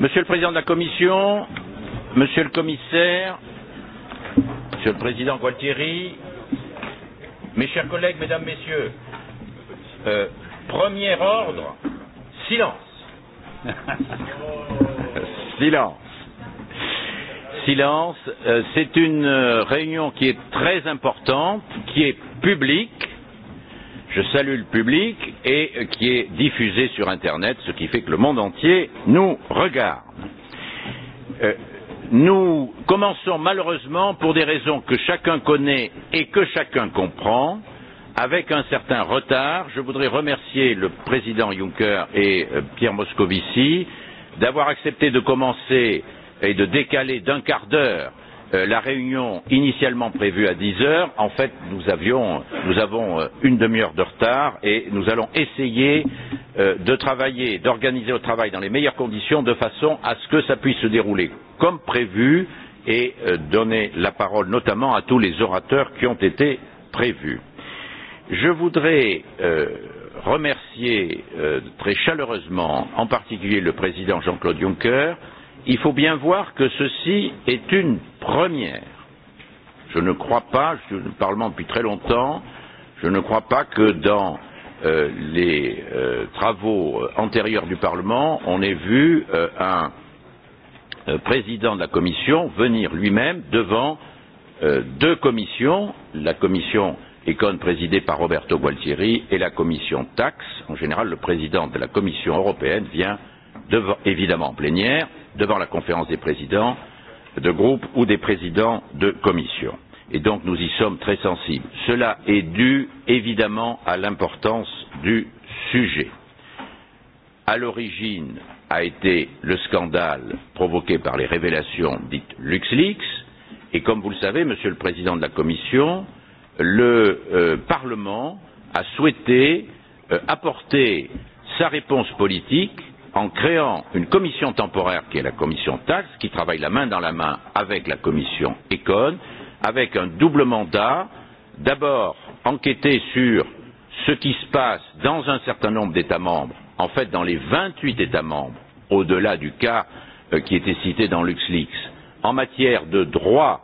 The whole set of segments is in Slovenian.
Monsieur le Président de la Commission, Monsieur le Commissaire, Monsieur le Président Gualtieri, mes chers collègues, Mesdames, Messieurs, euh, premier ordre, silence. silence. Silence. Euh, C'est une euh, réunion qui est très importante, qui est publique. Je salue le public et qui est diffusée sur Internet, ce qui fait que le monde entier nous regarde. Euh, nous commençons malheureusement, pour des raisons que chacun connaît et que chacun comprend, avec un certain retard. Je voudrais remercier le président Juncker et euh, Pierre Moscovici d'avoir accepté de commencer et de décaler d'un quart d'heure Euh, la réunion initialement prévue à 10 heures, en fait, nous, avions, nous avons euh, une demi-heure de retard et nous allons essayer euh, de travailler, d'organiser le travail dans les meilleures conditions de façon à ce que ça puisse se dérouler comme prévu et donner la parole notamment à tous les orateurs qui ont été prévus. Je voudrais remercier très chaleureusement en particulier le président Jean-Claude Juncker. Il faut bien voir que ceci est une première. Je ne crois pas, je suis au Parlement depuis très longtemps, je ne crois pas que dans euh, les euh, travaux euh, antérieurs du Parlement, on ait vu euh, un euh, président de la Commission venir lui-même devant euh, deux commissions, la commission Econ présidée par Roberto Gualtieri et la commission Taxe. En général, le président de la Commission européenne vient devant, évidemment en plénière, devant la conférence des présidents, de groupe ou des présidents de commission. Et donc nous y sommes très sensibles. Cela est dû évidemment à l'importance du sujet. À l'origine a été le scandale provoqué par les révélations dites LuxLeaks. Et comme vous le savez, Monsieur le Président de la Commission, le euh, Parlement a souhaité euh, apporter sa réponse politique en créant une commission temporaire qui est la commission taxe, qui travaille la main dans la main avec la commission Econ, avec un double mandat d'abord enquêter sur ce qui se passe dans un certain nombre d'États membres, en fait dans les vingt huit États membres, au delà du cas euh, qui était cité dans LuxLeaks, en matière de droit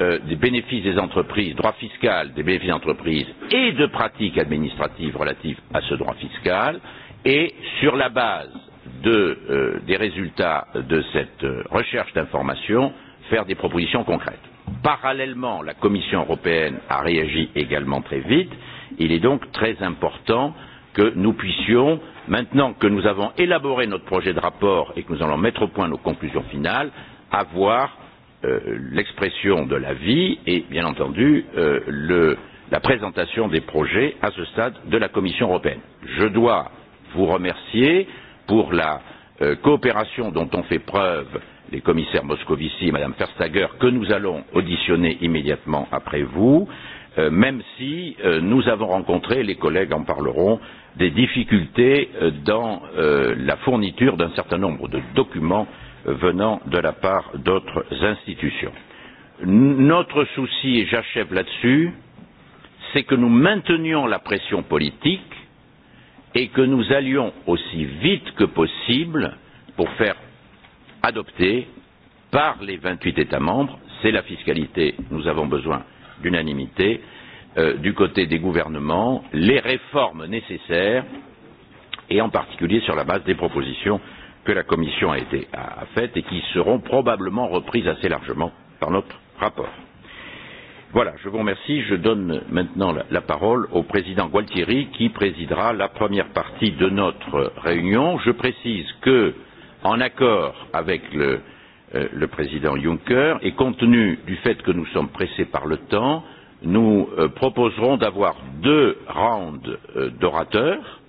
euh, des bénéfices des entreprises, droit fiscal des bénéfices d'entreprise et de pratiques administratives relatives à ce droit fiscal, et sur la base de, euh, des résultats de cette euh, recherche d'information, faire des propositions concrètes. Parallèlement, la Commission européenne a réagi également très vite. Il est donc très important que nous puissions, maintenant que nous avons élaboré notre projet de rapport et que nous allons mettre au point nos conclusions finales, avoir euh, l'expression de l'avis et, bien entendu, euh, le, la présentation des projets à ce stade de la Commission européenne. Je dois vous remercier euh, pour la euh, coopération dont ont fait preuve les commissaires Moscovici et Mme Verstager, que nous allons auditionner immédiatement après vous, euh, même si euh, nous avons rencontré, les collègues en parleront, des difficultés euh, dans euh, la fourniture d'un certain nombre de documents euh, venant de la part d'autres institutions. N notre souci, et j'achève là-dessus, c'est que nous maintenions la pression politique et que nous allions aussi vite que possible pour faire adopter par les vingt huit États membres c'est la fiscalité nous avons besoin d'unanimité euh, du côté des gouvernements les réformes nécessaires et en particulier sur la base des propositions que la Commission a, a faites et qui seront probablement reprises assez largement par notre rapport voilà je vous remercie je donne maintenant la, la parole au président gualtieri qui présidera la première partie de notre réunion. je précise que en accord avec le, euh, le président juncker et compte tenu du fait que nous sommes pressés par le temps nous euh, proposerons d'avoir deux rounds euh, d'orateurs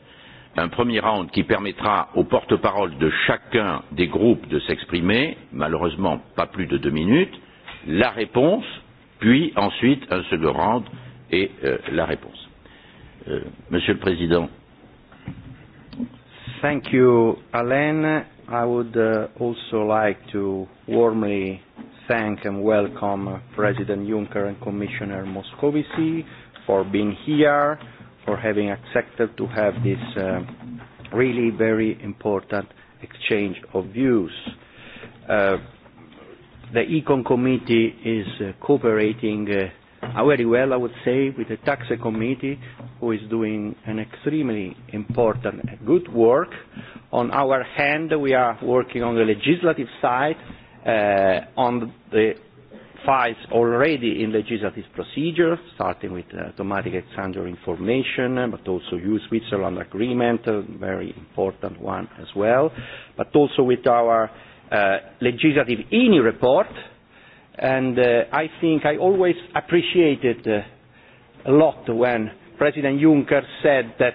un premier round qui permettra aux porte parole de chacun des groupes de s'exprimer malheureusement pas plus de deux minutes la réponse puis ensuite un second round et euh, la réponse. Euh, Monsieur le Président. Thank you, Alain. I would uh, also like to warmly thank and welcome President Juncker and Commissioner Moscovici for being here, for having accepted to have this uh, really very important exchange of views. Uh, Econ Committee is uh, cooperating uh, very well, I would say, with the Tax Committee, who is doing an extremely important and good work. On our hand, we are working on the legislative side, uh, on the files already in legislative procedure, starting with automatic exchange of information, but also EU-Switzerland agreement, a very important one as well. Also with our Uh, legislative ENI report and uh, I think I always appreciated uh, a lot when President Juncker said that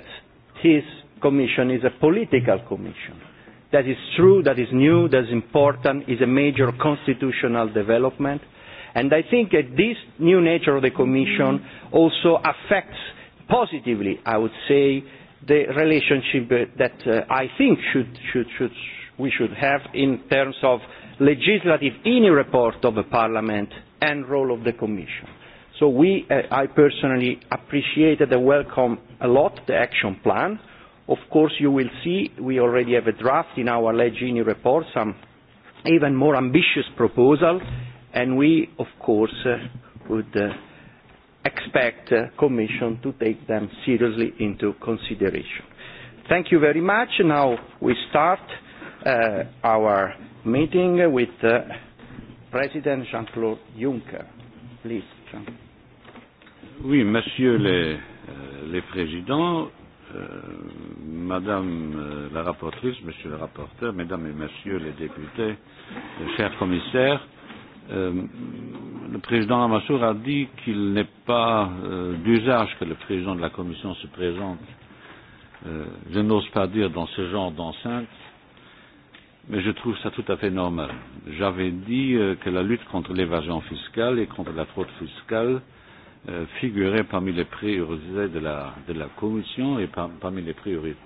his commission is a political commission. That is true, that is new, that is important, is a major constitutional development. And I think that this new nature of the Commission also affects positively, I would say, the relationship uh, that uh, I think should, should, should, we should have in terms of legislative any report of the parliament and role of the commission. So we, uh, I personally appreciated and welcome a lot the action plan. Of course, you will see we already have a draft in our Legini report, some even more ambitious proposal, and we, of course, uh, would uh, expect the uh, Commission to take them seriously into consideration. Thank you very much. Now we start uh, our meeting with uh, President Jean-Claude Juncker. Please, Jean. Oui, Monsieur le euh, Président, euh, Madame euh, la Rapporteuse, Monsieur le Rapporteur, Mesdames et Messieurs les députés, euh, chers commissaires, euh, le Président Lamassoure a dit qu'il n'est pas euh, d'usage que le Président de la Commission se présente, euh, je n'ose pas dire, dans ce genre d'enceinte, Mais je trouve ça tout à fait normal. J'avais dit euh, que la lutte contre l'évasion fiscale et contre la fraude fiscale euh, figurait parmi les priorités de la, de la Commission et par, parmi les priorités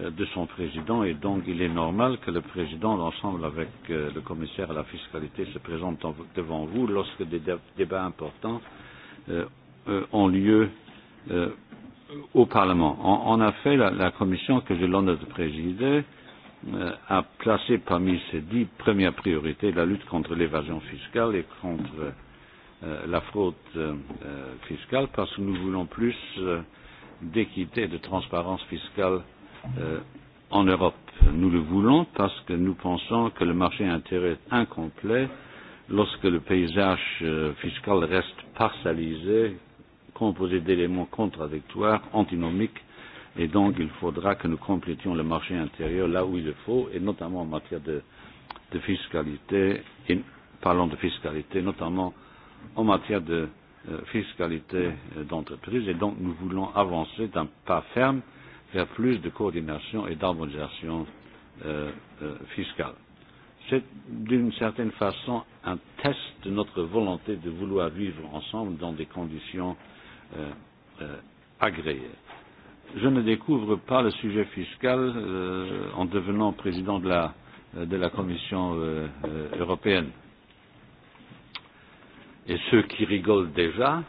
euh, de son président, et donc il est normal que le président, ensemble avec le commissaire à la fiscalité, se présente devant vous lorsque des débats importants ont lieu au Parlement. En effet, la, la Commission que j'ai l'honneur de présider euh, Euh, a placé parmi ses dix premières priorités la lutte contre l'évasion fiscale et contre euh, la fraude euh, fiscale parce que nous voulons plus d'équité et de transparence fiscale en Europe. Nous le voulons parce que nous pensons que le marché intérieur est incomplet lorsque le paysage fiscal reste parcellisé, composé d'éléments contradictoires, antinomiques Et donc, il faudra que nous complétions le marché intérieur là où il le faut, et notamment en matière de, de fiscalité, et parlons de fiscalité, notamment en matière de euh, fiscalité euh, d'entreprise. Et donc, nous voulons avancer d'un pas ferme vers plus de coordination et d'harmonisation euh, euh, fiscale. C'est d'une certaine façon un test de notre volonté de vouloir vivre ensemble dans des conditions euh, euh, agréées. Je ne découvre pas le sujet fiscal euh, en devenant président de la, euh, de la Commission euh, euh, européenne. Et ceux qui rigolent déjà,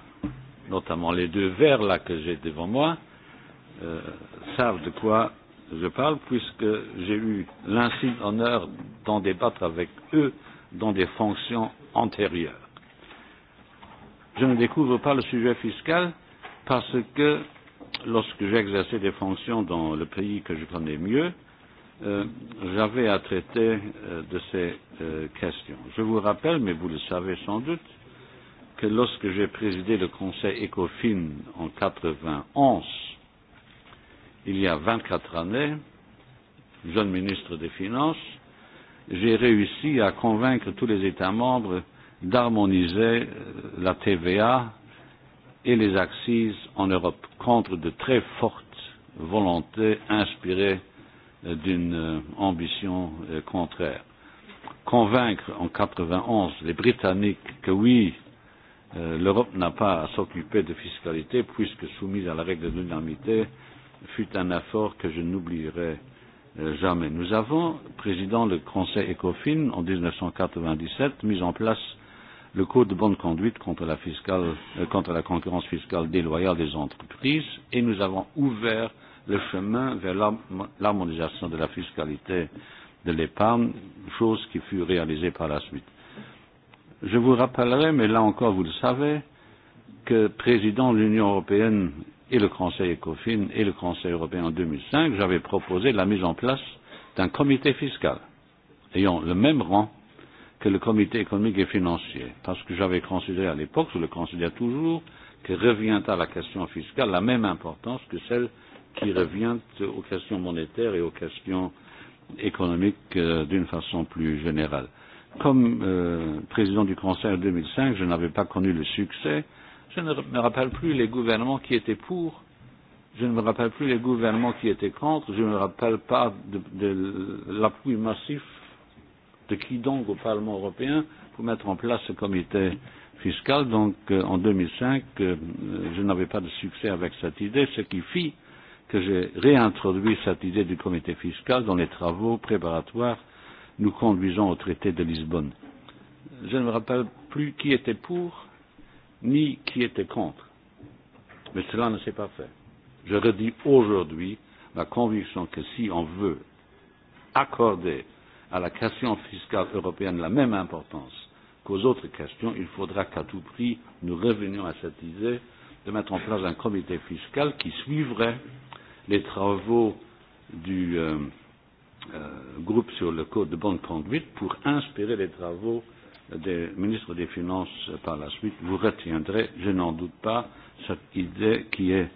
notamment les deux verts là que j'ai devant moi, euh, savent de quoi je parle, puisque j'ai eu l'insigne honneur d'en débattre avec eux dans des fonctions antérieures. Je ne découvre pas le sujet fiscal parce que lorsque j'exerçais des fonctions dans le pays que je connais mieux, euh, j'avais à traiter euh, de ces euh, questions. Je vous rappelle, mais vous le savez sans doute, que lorsque j'ai présidé le Conseil ECOFIN en 91, il y a 24 années, jeune ministre des Finances, j'ai réussi à convaincre tous les États membres d'harmoniser euh, la TVA et les axes en Europe contre de très fortes volontés inspirées euh, d'une euh, ambition euh, contraire. Convaincre en 91 les Britanniques que oui, l'Europe n'a pas à s'occuper de fiscalité puisque soumise à la règle de l'unanimité fut un effort que je n'oublierai jamais. Nous avons, président le Conseil ECOFIN en 1997, mis en place le code de bonne conduite contre la, fiscale, euh, contre la concurrence fiscale déloyale des entreprises et nous avons ouvert le chemin vers l'harmonisation de la fiscalité de l'épargne, chose qui fut réalisée par la suite. Je vous rappellerai, mais là encore vous le savez, que président de l'Union européenne et le Conseil ECOFIN et le Conseil européen en 2005, j'avais proposé la mise en place d'un comité fiscal ayant le même rang que le comité économique et financier, parce que j'avais considéré à l'époque, je le considère toujours, que revient à la question fiscale la même importance que celle qui revient aux questions monétaires et aux questions économiques euh, d'une façon plus générale. Comme euh, président du Conseil en 2005, je n'avais pas connu le succès. Je ne me rappelle plus les gouvernements qui étaient pour. Je ne me rappelle plus les gouvernements qui étaient contre. Je ne me rappelle pas de, de l'appui massif de qui donc au Parlement européen pour mettre en place ce comité fiscal. Donc euh, en 2005, euh, je n'avais pas de succès avec cette idée, ce qui fit que j'ai réintroduit cette idée du comité fiscal dans les travaux préparatoires nous conduisant au traité de Lisbonne. Je ne me rappelle plus qui était pour ni qui était contre. Mais cela ne s'est pas fait. Je redis aujourd'hui ma conviction que si on veut accorder à la question fiscale européenne la même importance qu'aux autres questions, il faudra qu'à tout prix nous revenions à cette idée de mettre en place un comité fiscal qui suivrait les travaux du euh, euh, groupe sur le code de bonne conduite pour inspirer les travaux des ministres des Finances par la suite. Vous retiendrez, je n'en doute pas, cette idée qui est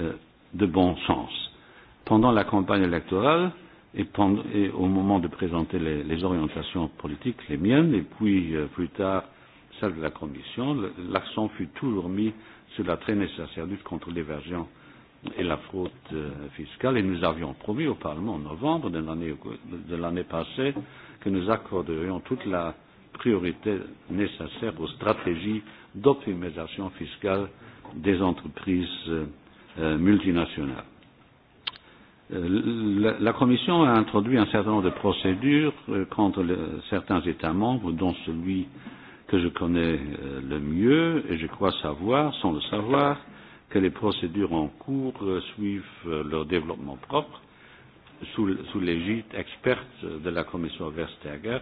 euh, de bon sens. Pendant la campagne électorale, et pendant, et au moment de présenter les, les orientations politiques, les miennes, et puis euh, plus tard celles de la Commission, l'accent fut toujours mis sur la très nécessaire lutte contre l'évasion et la fraude euh, fiscale. Et nous avions promis au Parlement en novembre de l'année passée que nous accorderions toute la priorité nécessaire aux stratégies d'optimisation fiscale des entreprises euh, euh multinationales la Commission a introduit un certain nombre de procédures euh, contre le, certains États membres, dont celui que je connais euh, le mieux, et je crois savoir, sans le savoir, que les procédures en cours euh, suivent euh, leur développement propre, sous, sous l'égide experte de la Commission Versteger,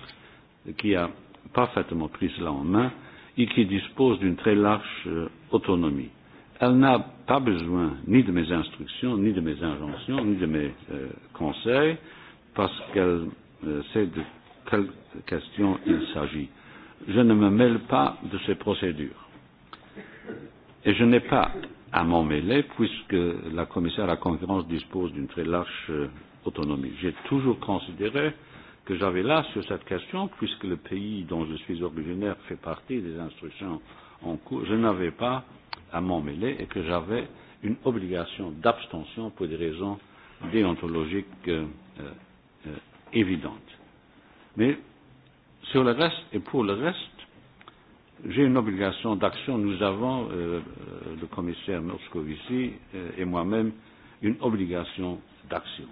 qui a parfaitement pris cela en main et qui dispose d'une très large euh, autonomie elle n'a pas besoin ni de mes instructions, ni de mes injonctions, ni de mes euh, conseils, parce qu'elle euh, sait de quelle question il s'agit. Je ne me mêle pas de ces procédures. Et je n'ai pas à m'en mêler, puisque la commissaire à la concurrence dispose d'une très large euh, autonomie. J'ai toujours considéré que j'avais là sur cette question, puisque le pays dont je suis originaire fait partie des instructions en cours, je n'avais pas à m'en mêler et que j'avais une obligation d'abstention pour des raisons déontologiques euh, euh, euh, évidentes. Mais sur le reste et pour le reste, j'ai une obligation d'action. Nous avons, euh, euh, le commissaire Moscovici euh, et moi-même, une obligation d'action.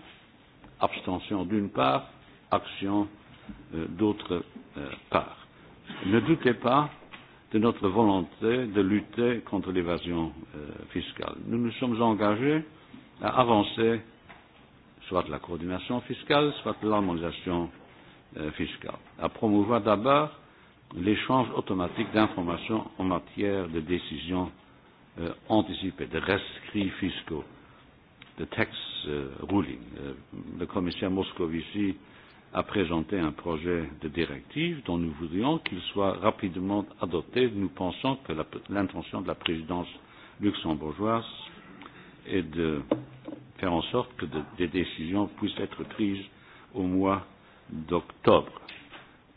Abstention d'une part, action euh, d'autre euh, part. Ne doutez pas de notre volonté de lutter contre l'évasion euh, fiscale. Nous nous sommes engagés à avancer soit la coordination fiscale, soit l'harmonisation euh, fiscale, à promouvoir d'abord l'échange automatique d'informations en matière de décisions euh, anticipées, de rescrits fiscaux, de tax euh, ruling. Euh, le commissaire Moscovici euh, a présenté un projet de directive dont nous voudrions qu'il soit rapidement adopté. Nous pensons que l'intention de la présidence luxembourgeoise est de faire en sorte que de, des décisions puissent être prises au mois d'octobre.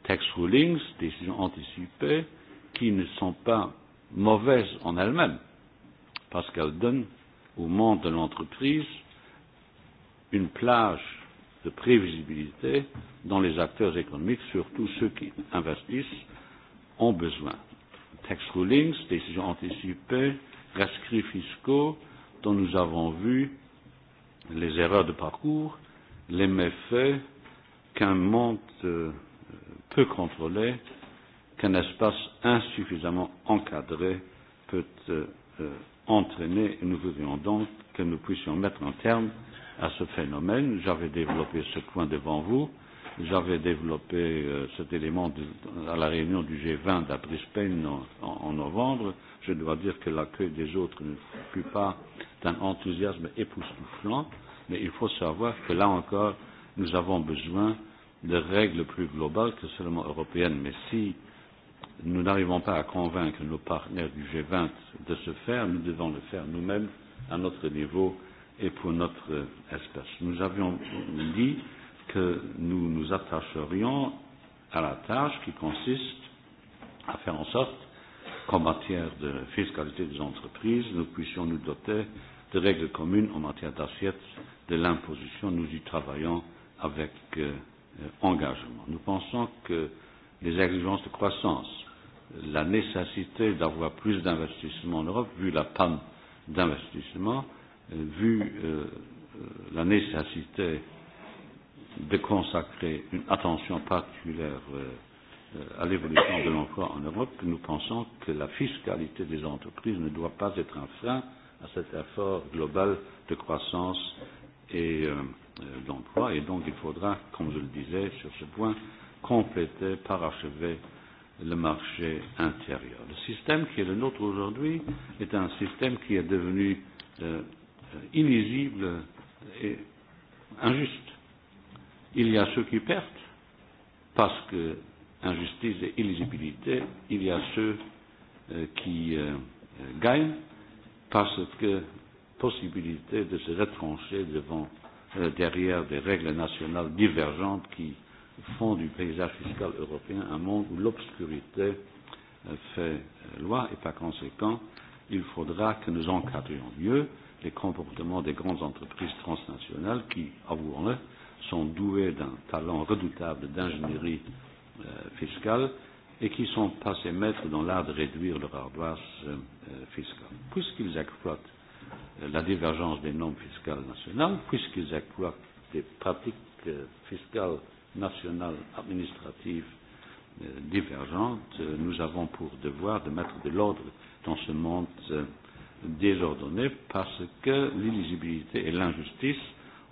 Tax rulings, décisions anticipées, qui ne sont pas mauvaises en elles-mêmes, parce qu'elles donnent au monde de l'entreprise une plage de prévisibilité dont les acteurs économiques, surtout ceux qui investissent, ont besoin. Tax rulings, décisions anticipées, rescrits fiscaux dont nous avons vu les erreurs de parcours, les méfaits qu'un monde euh, peu contrôlé, qu'un espace insuffisamment encadré peut euh, euh entraîner. Nous voudrions donc que nous puissions mettre un terme à ce phénomène. J'avais développé ce point devant vous. J'avais développé euh, cet élément de, à la réunion du G20 à Brisbane en, en, en novembre. Je dois dire que l'accueil des autres ne fut pas d'un enthousiasme époustouflant, mais il faut savoir que là encore, nous avons besoin de règles plus globales que seulement européennes. Mais si nous n'arrivons pas à convaincre nos partenaires du G20 de se faire, nous devons le faire nous-mêmes à notre niveau et pour notre espèce. Nous avions dit que nous nous attacherions à la tâche qui consiste à faire en sorte qu'en matière de fiscalité des entreprises, nous puissions nous doter de règles communes en matière d'assiette de l'imposition. Nous y travaillons avec euh, engagement. Nous pensons que les exigences de croissance, la nécessité d'avoir plus d'investissements en Europe, vu la panne d'investissements, Euh, vu euh, euh, la nécessité de consacrer une attention particulière euh, euh, à l'évolution de l'emploi en Europe, nous pensons que la fiscalité des entreprises ne doit pas être un frein à cet effort global de croissance et euh, d'emploi. Et donc, il faudra, comme je le disais sur ce point, compléter, parachever le marché intérieur. Le système qui est le nôtre aujourd'hui est un système qui est devenu euh, illisible et injuste. Il y a ceux qui perdent parce que injustice et illisibilité, il y a ceux euh, qui euh, gagnent parce que possibilité de se retrancher devant, euh, derrière des règles nationales divergentes qui font du paysage fiscal européen un monde où l'obscurité fait loi et par conséquent il faudra que nous encadrions mieux les comportements des grandes entreprises transnationales qui, avouons-le, sont douées d'un talent redoutable d'ingénierie euh, fiscale et qui sont passés maîtres dans l'art de réduire leur ardoise euh, euh, fiscale. Puisqu'ils exploitent euh, la divergence des normes fiscales nationales, puisqu'ils exploitent des pratiques euh, fiscales nationales administratives euh, divergentes, euh, nous avons pour devoir de mettre de l'ordre euh, dans ce monde euh, désordonné parce que l'illisibilité et l'injustice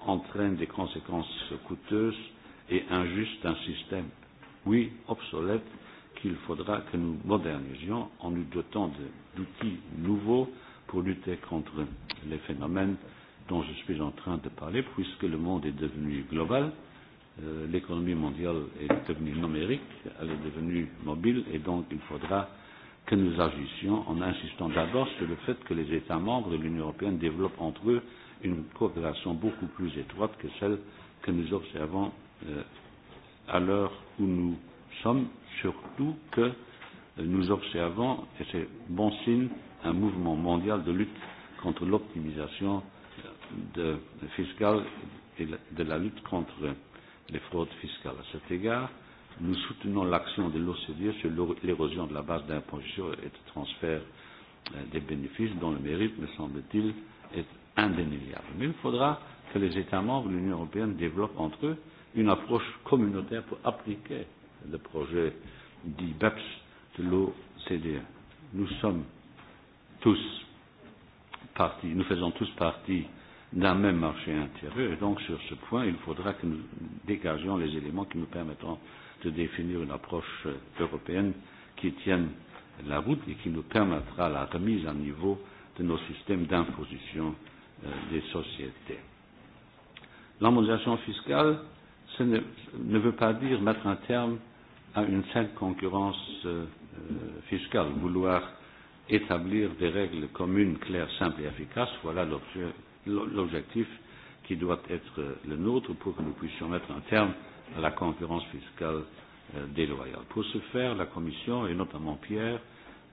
entraînent des conséquences coûteuses et injustes d'un système, oui, obsolète, qu'il faudra que nous modernisions en nous dotant d'outils nouveaux pour lutter contre les phénomènes dont je suis en train de parler, puisque le monde est devenu global, euh, l'économie mondiale est devenue numérique, elle est devenue mobile, et donc il faudra euh, que nous agissions en insistant d'abord sur le fait que les États membres de l'Union européenne développent entre eux une coopération beaucoup plus étroite que celle que nous observons euh, à l'heure où nous sommes, surtout que euh, nous observons, et c'est bon signe, un mouvement mondial de lutte contre l'optimisation de, euh, de fiscale et de la lutte contre les fraudes fiscales. À cet égard, euh, nous soutenons l'action de l'OCDE sur l'érosion de la base d'imposition et de transfert euh, des bénéfices dont le mérite, me semble-t-il, est indéniable. Mais il faudra que les États membres de l'Union européenne développent entre eux une approche communautaire pour appliquer le projet dit BEPS de l'OCDE. Nous sommes tous partis, nous faisons tous partie d'un même marché intérieur et donc sur ce point, il faudra que nous dégagions les éléments qui nous permettront de définir une approche euh, européenne qui tienne la route et qui nous permettra la remise à niveau de nos systèmes d'imposition euh, des sociétés. L'harmonisation fiscale, ce ne, ne veut pas dire mettre un terme à une saine concurrence euh, euh fiscale, vouloir établir des règles communes, claires, simples et efficaces, voilà l'objectif qui doit être le nôtre pour que nous puissions mettre un terme la concurrence fiscale euh, déloyale. Pour ce faire, la Commission, et notamment Pierre,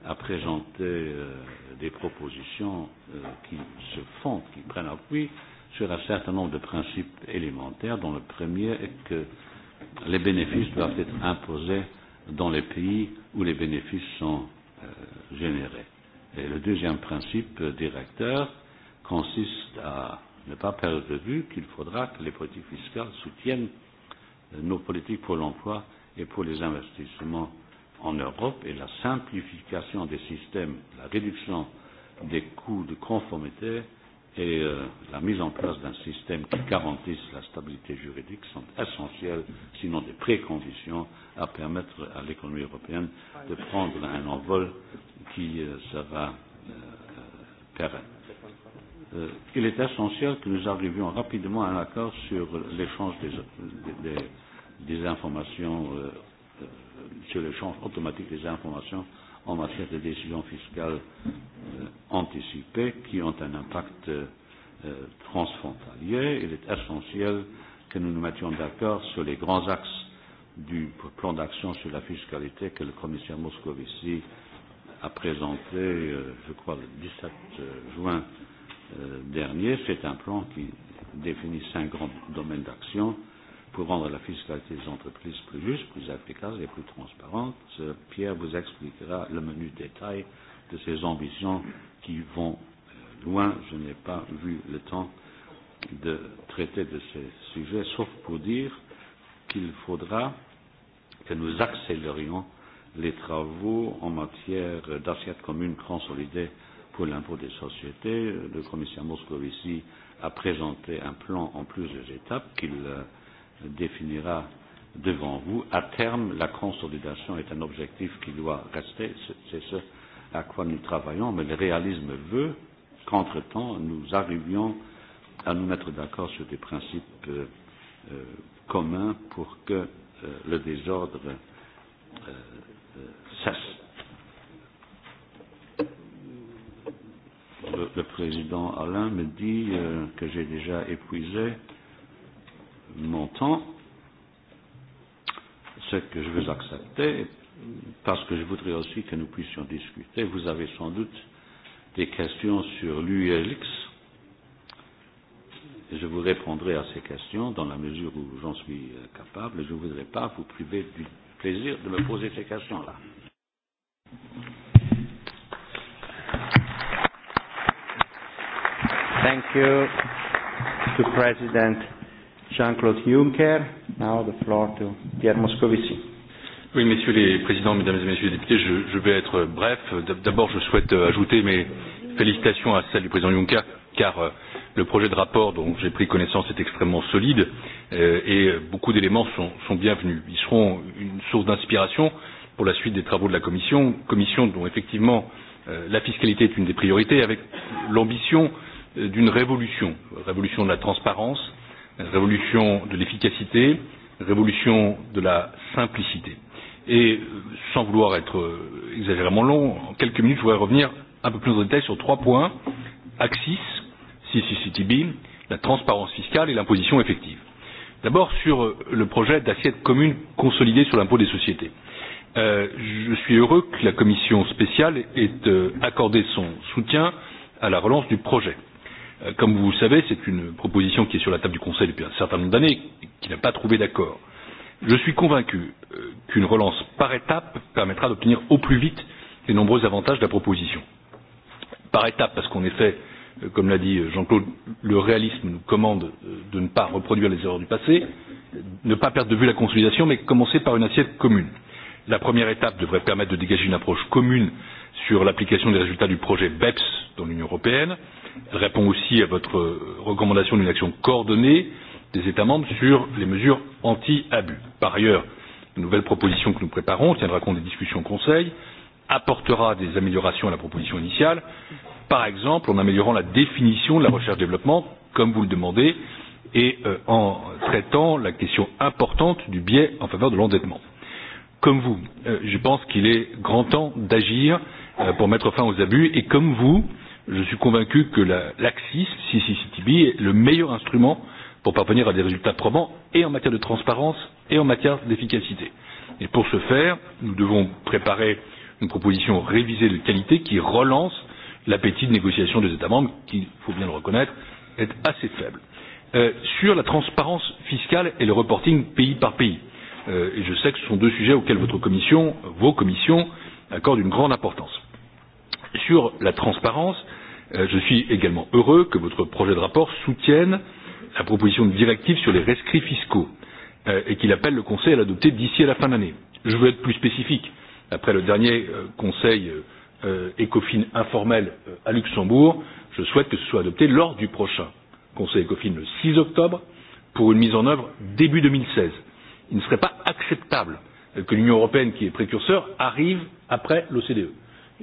a présenté euh, des propositions euh, qui se font, qui prennent appui sur un certain nombre de principes élémentaires, dont le premier est que les bénéfices doivent être imposés dans les pays où les bénéfices sont euh, générés. Et le deuxième principe euh, directeur consiste à ne pas perdre de vue qu'il faudra que les politiques fiscales soutiennent euh, nos politiques pour l'emploi et pour les investissements en Europe et la simplification des systèmes, la réduction des coûts de conformité et euh, la mise en place d'un système qui garantisse la stabilité juridique sont essentielles, sinon des préconditions, à permettre à l'économie européenne de prendre un envol qui euh, sera euh, euh pérenne euh, il est essentiel que nous arrivions rapidement à un accord sur l'échange des, des, des informations, euh, euh, sur l'échange automatique des informations en matière de décisions fiscales euh, anticipées qui ont un impact euh, transfrontalier. Il est essentiel que nous nous mettions d'accord sur les grands axes du plan d'action sur la fiscalité que le commissaire Moscovici a présenté, euh, je crois, le 17 euh, juin euh, Euh, dernier, c'est un plan qui définissait un grand domaine d'action pour rendre la fiscalité des entreprises plus juste, plus efficace et plus transparente. Pierre vous expliquera le menu détail de ces ambitions qui vont euh, loin. Je n'ai pas vu le temps de traiter de ces sujets, sauf pour dire qu'il faudra que nous accélérions les travaux en matière d'assiette commune consolidée que l'impôt des sociétés. Le commissaire Moscovici a présenté un plan en plusieurs étapes qu'il euh, définira devant vous. À terme, la consolidation est un objectif qui doit rester. C'est ce à quoi nous travaillons, mais le réalisme veut qu'entre-temps, nous arrivions à nous mettre d'accord sur des principes euh, euh communs pour que euh, le désordre euh, euh, cesse. le président Alain me dit euh, que j'ai déjà épuisé mon temps, ce que je veux accepter, parce que je voudrais aussi que nous puissions discuter. Vous avez sans doute des questions sur l'ULX. Je vous répondrai à ces questions dans la mesure où j'en suis euh, capable et je ne voudrais pas vous priver du plaisir de me poser ces questions-là. Thank you. Thank you to President Jean-Claude Juncker. Now the floor to Pierre Moscovici. Oui, messieurs les présidents, mesdames et messieurs les députés, je, je vais être bref. D'abord, je souhaite euh, ajouter mes félicitations à celles du président Juncker, car euh, le projet de rapport dont j'ai pris connaissance est extrêmement solide euh, et beaucoup d'éléments sont, sont bienvenus. Ils seront une source d'inspiration pour la suite des travaux de la Commission, Commission dont effectivement euh, la fiscalité est une des priorités, avec l'ambition euh, d'une révolution révolution de la transparence révolution de l'efficacité révolution de la simplicité et euh, sans vouloir être euh, exagérément long en quelques minutes je voudrais revenir un peu plus en détail sur trois points axis CCCTB, la transparence fiscale et l'imposition effective. D'abord sur euh, le projet d'assiette commune consolidée sur l'impôt des sociétés. Euh, je suis heureux que la commission spéciale ait euh, accordé son soutien à la relance du projet. Euh, comme vous le savez, c'est une proposition qui est sur la table du Conseil depuis un certain nombre d'années, qui n'a pas trouvé d'accord. Je suis convaincu euh, qu'une relance par étapes permettra d'obtenir au plus vite les nombreux avantages de la proposition. Par étapes, parce qu'en effet, euh, comme l'a dit Jean-Claude, le réalisme nous commande de ne pas reproduire les erreurs du passé, ne pas perdre de vue la consolidation, mais commencer par une assiette commune. La première étape devrait permettre de dégager une approche commune sur l'application des résultats du projet BEPS dans l'Union européenne. Elle répond aussi à votre recommandation d'une action coordonnée des États membres sur les mesures anti-abus. Par ailleurs, la nouvelle proposition que nous préparons tiendra compte des discussions au Conseil, apportera des améliorations à la proposition initiale, par exemple en améliorant la définition de la recherche-développement, comme vous le demandez, et euh, en traitant la question importante du biais en faveur de l'endettement. Comme vous, euh, je pense qu'il est grand temps d'agir euh, Euh, pour mettre fin aux abus. Et comme vous, je suis convaincu que l'AXIS, la, CCCTB, est le meilleur instrument pour parvenir à des résultats probants et en matière de transparence et en matière d'efficacité. Et pour ce faire, nous devons préparer une proposition révisée de qualité qui relance l'appétit de négociation des États membres, qui, il faut bien le reconnaître, est assez faible. Euh, sur la transparence fiscale et le reporting pays par pays, euh, et je sais que ce sont deux sujets auxquels votre commission, vos commissions, accordent une grande importance sur la transparence, euh, je suis également heureux que votre projet de rapport soutienne la proposition de directive sur les rescrits fiscaux euh, et qu'il appelle le Conseil à l'adopter d'ici à la fin de l'année. Je veux être plus spécifique. Après le dernier euh, Conseil ECOFIN informel à Luxembourg, je souhaite que ce soit adopté lors du prochain Conseil ECOFIN le 6 octobre pour une mise en œuvre début 2016. Il ne serait pas acceptable que l'Union européenne, qui est précurseur, arrive après l'OCDE.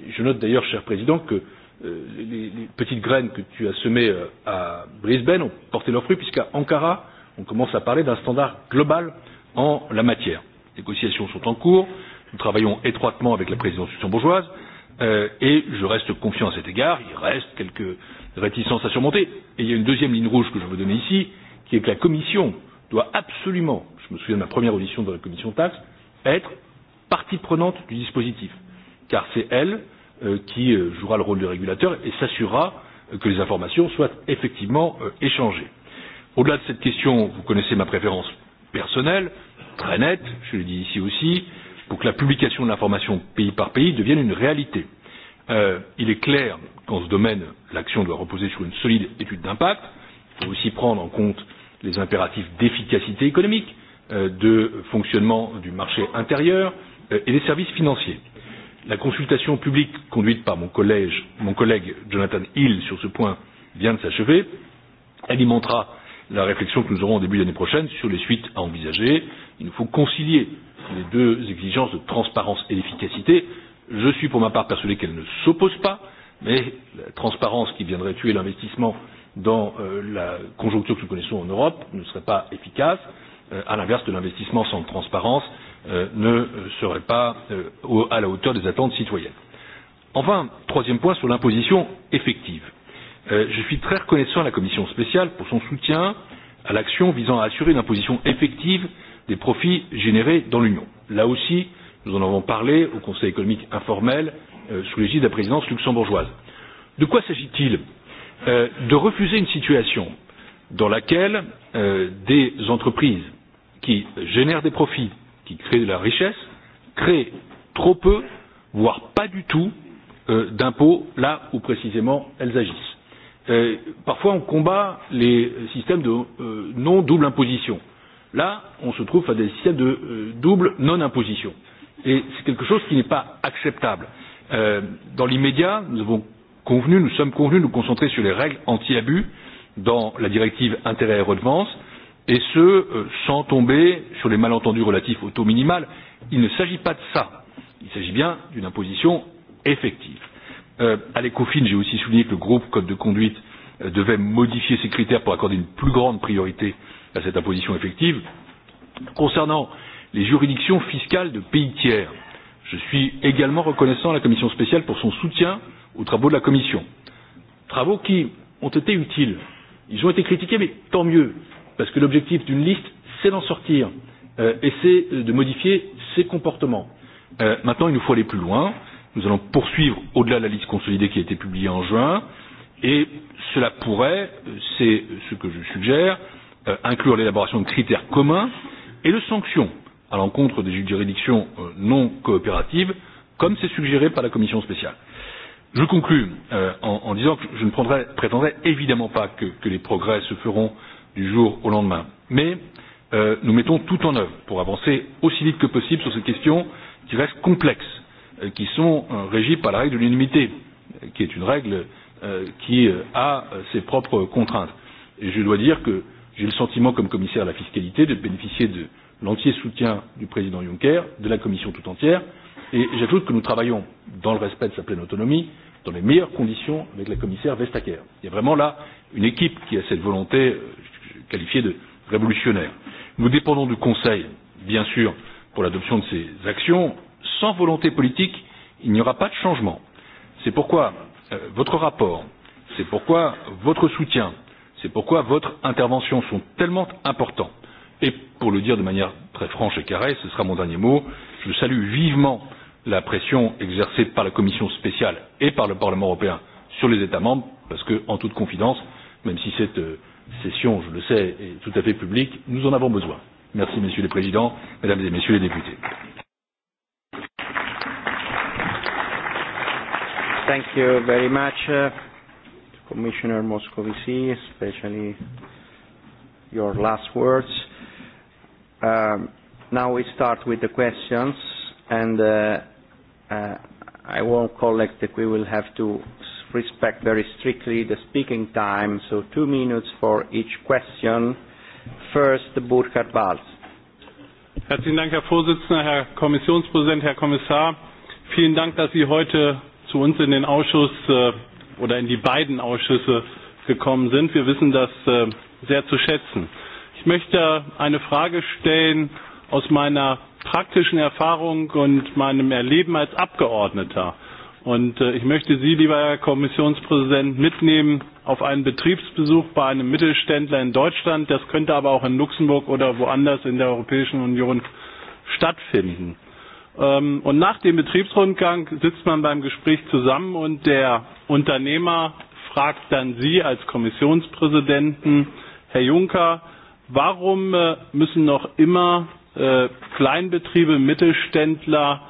Je note d'ailleurs, cher président, que euh, les, les petites graines que tu as semées euh, à Brisbane ont porté leurs fruits, puisqu'à Ankara, on commence à parler d'un standard global en la matière. Les négociations sont en cours, nous travaillons étroitement avec la présidence luxembourgeoise, euh, et je reste confiant à cet égard, il reste quelques réticences à surmonter. Et il y a une deuxième ligne rouge que je veux donner ici, qui est que la Commission doit absolument, je me souviens de ma première audition dans la Commission taxe, être partie prenante du dispositif car c'est elle euh, qui euh, jouera le rôle du régulateur et s'assurera euh, que les informations soient effectivement euh, échangées. Au delà de cette question, vous connaissez ma préférence personnelle, très nette, je l'ai dit ici aussi, pour que la publication de l'information pays par pays devienne une réalité. Euh, il est clair qu'en ce domaine, l'action doit reposer sur une solide étude d'impact. Il faut aussi prendre en compte les impératifs d'efficacité économique, euh, de fonctionnement du marché intérieur euh, et des services financiers la consultation publique conduite par mon collègue jonathan hill sur ce point vient de s'achever alimentera la réflexion que nous aurons au début de l'année prochaine sur les suites à envisager. il nous faut concilier les deux exigences de transparence et d'efficacité. je suis pour ma part persuadé qu'elles ne s'opposent pas mais la transparence qui viendrait tuer l'investissement dans euh, la conjoncture que nous connaissons en europe ne serait pas efficace euh, à l'inverse de l'investissement sans transparence. Euh, ne serait pas euh, à la hauteur des attentes citoyennes. Enfin, troisième point sur l'imposition effective. Euh, je suis très reconnaissant à la Commission spéciale pour son soutien à l'action visant à assurer une imposition effective des profits générés dans l'Union. Là aussi, nous en avons parlé au Conseil économique informel sous l'égide de la présidence luxembourgeoise. De quoi s'agit-il De refuser une situation dans laquelle des entreprises qui génèrent des profits qui crée de la richesse, crée trop peu, voire pas du tout, euh, d'impôts là où précisément elles agissent. Euh, parfois, on combat les systèmes de euh, non double imposition. Là, on se trouve à des systèmes de euh, double non imposition. Et c'est quelque chose qui n'est pas acceptable. Euh, dans l'immédiat, nous avons convenu, nous sommes convenus de nous concentrer sur les règles anti-abus dans la directive intérêt et redevances et ce euh, sans tomber sur les malentendus relatifs au taux minimal il ne s'agit pas de cela il s'agit bien d'une imposition effective. Euh, à l'ecofin j'ai aussi souligné que le groupe code de conduite euh, devait modifier ses critères pour accorder une plus grande priorité à cette imposition effective. concernant les juridictions fiscales de pays tiers je suis également reconnaissant à la commission spéciale pour son soutien aux travaux de la commission travaux qui ont été utiles. ils ont été critiqués mais tant mieux! parce que l'objectif d'une liste, c'est d'en sortir euh, et c'est euh, de modifier ses comportements. Euh, maintenant, il nous faut aller plus loin. Nous allons poursuivre au-delà de la liste consolidée qui a été publiée en juin et cela pourrait, euh, c'est euh, ce que je suggère, euh, inclure l'élaboration de critères communs et de sanctions à l'encontre des juridictions euh, non coopératives, comme c'est suggéré par la Commission spéciale. Je conclue euh, en, en disant que je ne prétendrai évidemment pas que, que les progrès se feront euh, du jour au lendemain mais euh, nous mettons tout en œuvre pour avancer aussi vite que possible sur ces questions qui restent complexes et euh, qui sont euh, régies par la règle de l'unanimité qui est une règle qui a ses propres contraintes. Et je dois dire que j'ai le sentiment comme commissaire à la fiscalité de bénéficier de l'entier soutien du président Juncker, de la commission tout entière et j'ajoute que nous travaillons dans le respect de sa pleine autonomie dans les meilleures conditions avec la commissaire Vestager. Il y a vraiment là une équipe qui a cette volonté je qualifié de révolutionnaire. Nous dépendons du Conseil, bien sûr, pour l'adoption de ces actions. Sans volonté politique, il n'y aura pas de changement. C'est pourquoi euh, votre rapport, c'est pourquoi votre soutien, c'est pourquoi votre intervention sont tellement importants. Et pour le dire de manière très franche et carrée, ce sera mon dernier mot, je salue vivement la pression exercée par la Commission spéciale et par le Parlement européen sur les États membres, parce que, en toute confidence, même si c'est euh, session, je le sais, est tout à fait publique, nous en avons besoin. Merci, Messieurs les Présidents, Mesdames et Messieurs les députés. Thank you very much, uh, Commissioner Moscovici, especially your last words. Um, now we start with the questions, and uh, uh, I won't collect that we will have to respect very strictly the speaking time, so two minutes for each question. First, Burkhard Balz. Herzlichen Dank, Herr Vorsitzender, Herr Kommissionspräsident, Herr Kommissar. Vielen Dank, dass Sie heute zu uns in den Ausschuss äh, oder in die beiden Ausschüsse gekommen sind. Wir wissen das äh, sehr zu schätzen. Ich möchte eine Frage stellen aus meiner praktischen Erfahrung und meinem Erleben als Abgeordneter. Und äh, ich möchte Sie, lieber Herr Kommissionspräsident, mitnehmen auf einen Betriebsbesuch bei einem Mittelständler in Deutschland. Das könnte aber auch in Luxemburg oder woanders in der Europäischen Union stattfinden. Ähm, und nach dem Betriebsrundgang sitzt man beim Gespräch zusammen und der Unternehmer fragt dann Sie als Kommissionspräsidenten, Herr Juncker, warum äh, müssen noch immer äh, Kleinbetriebe, Mittelständler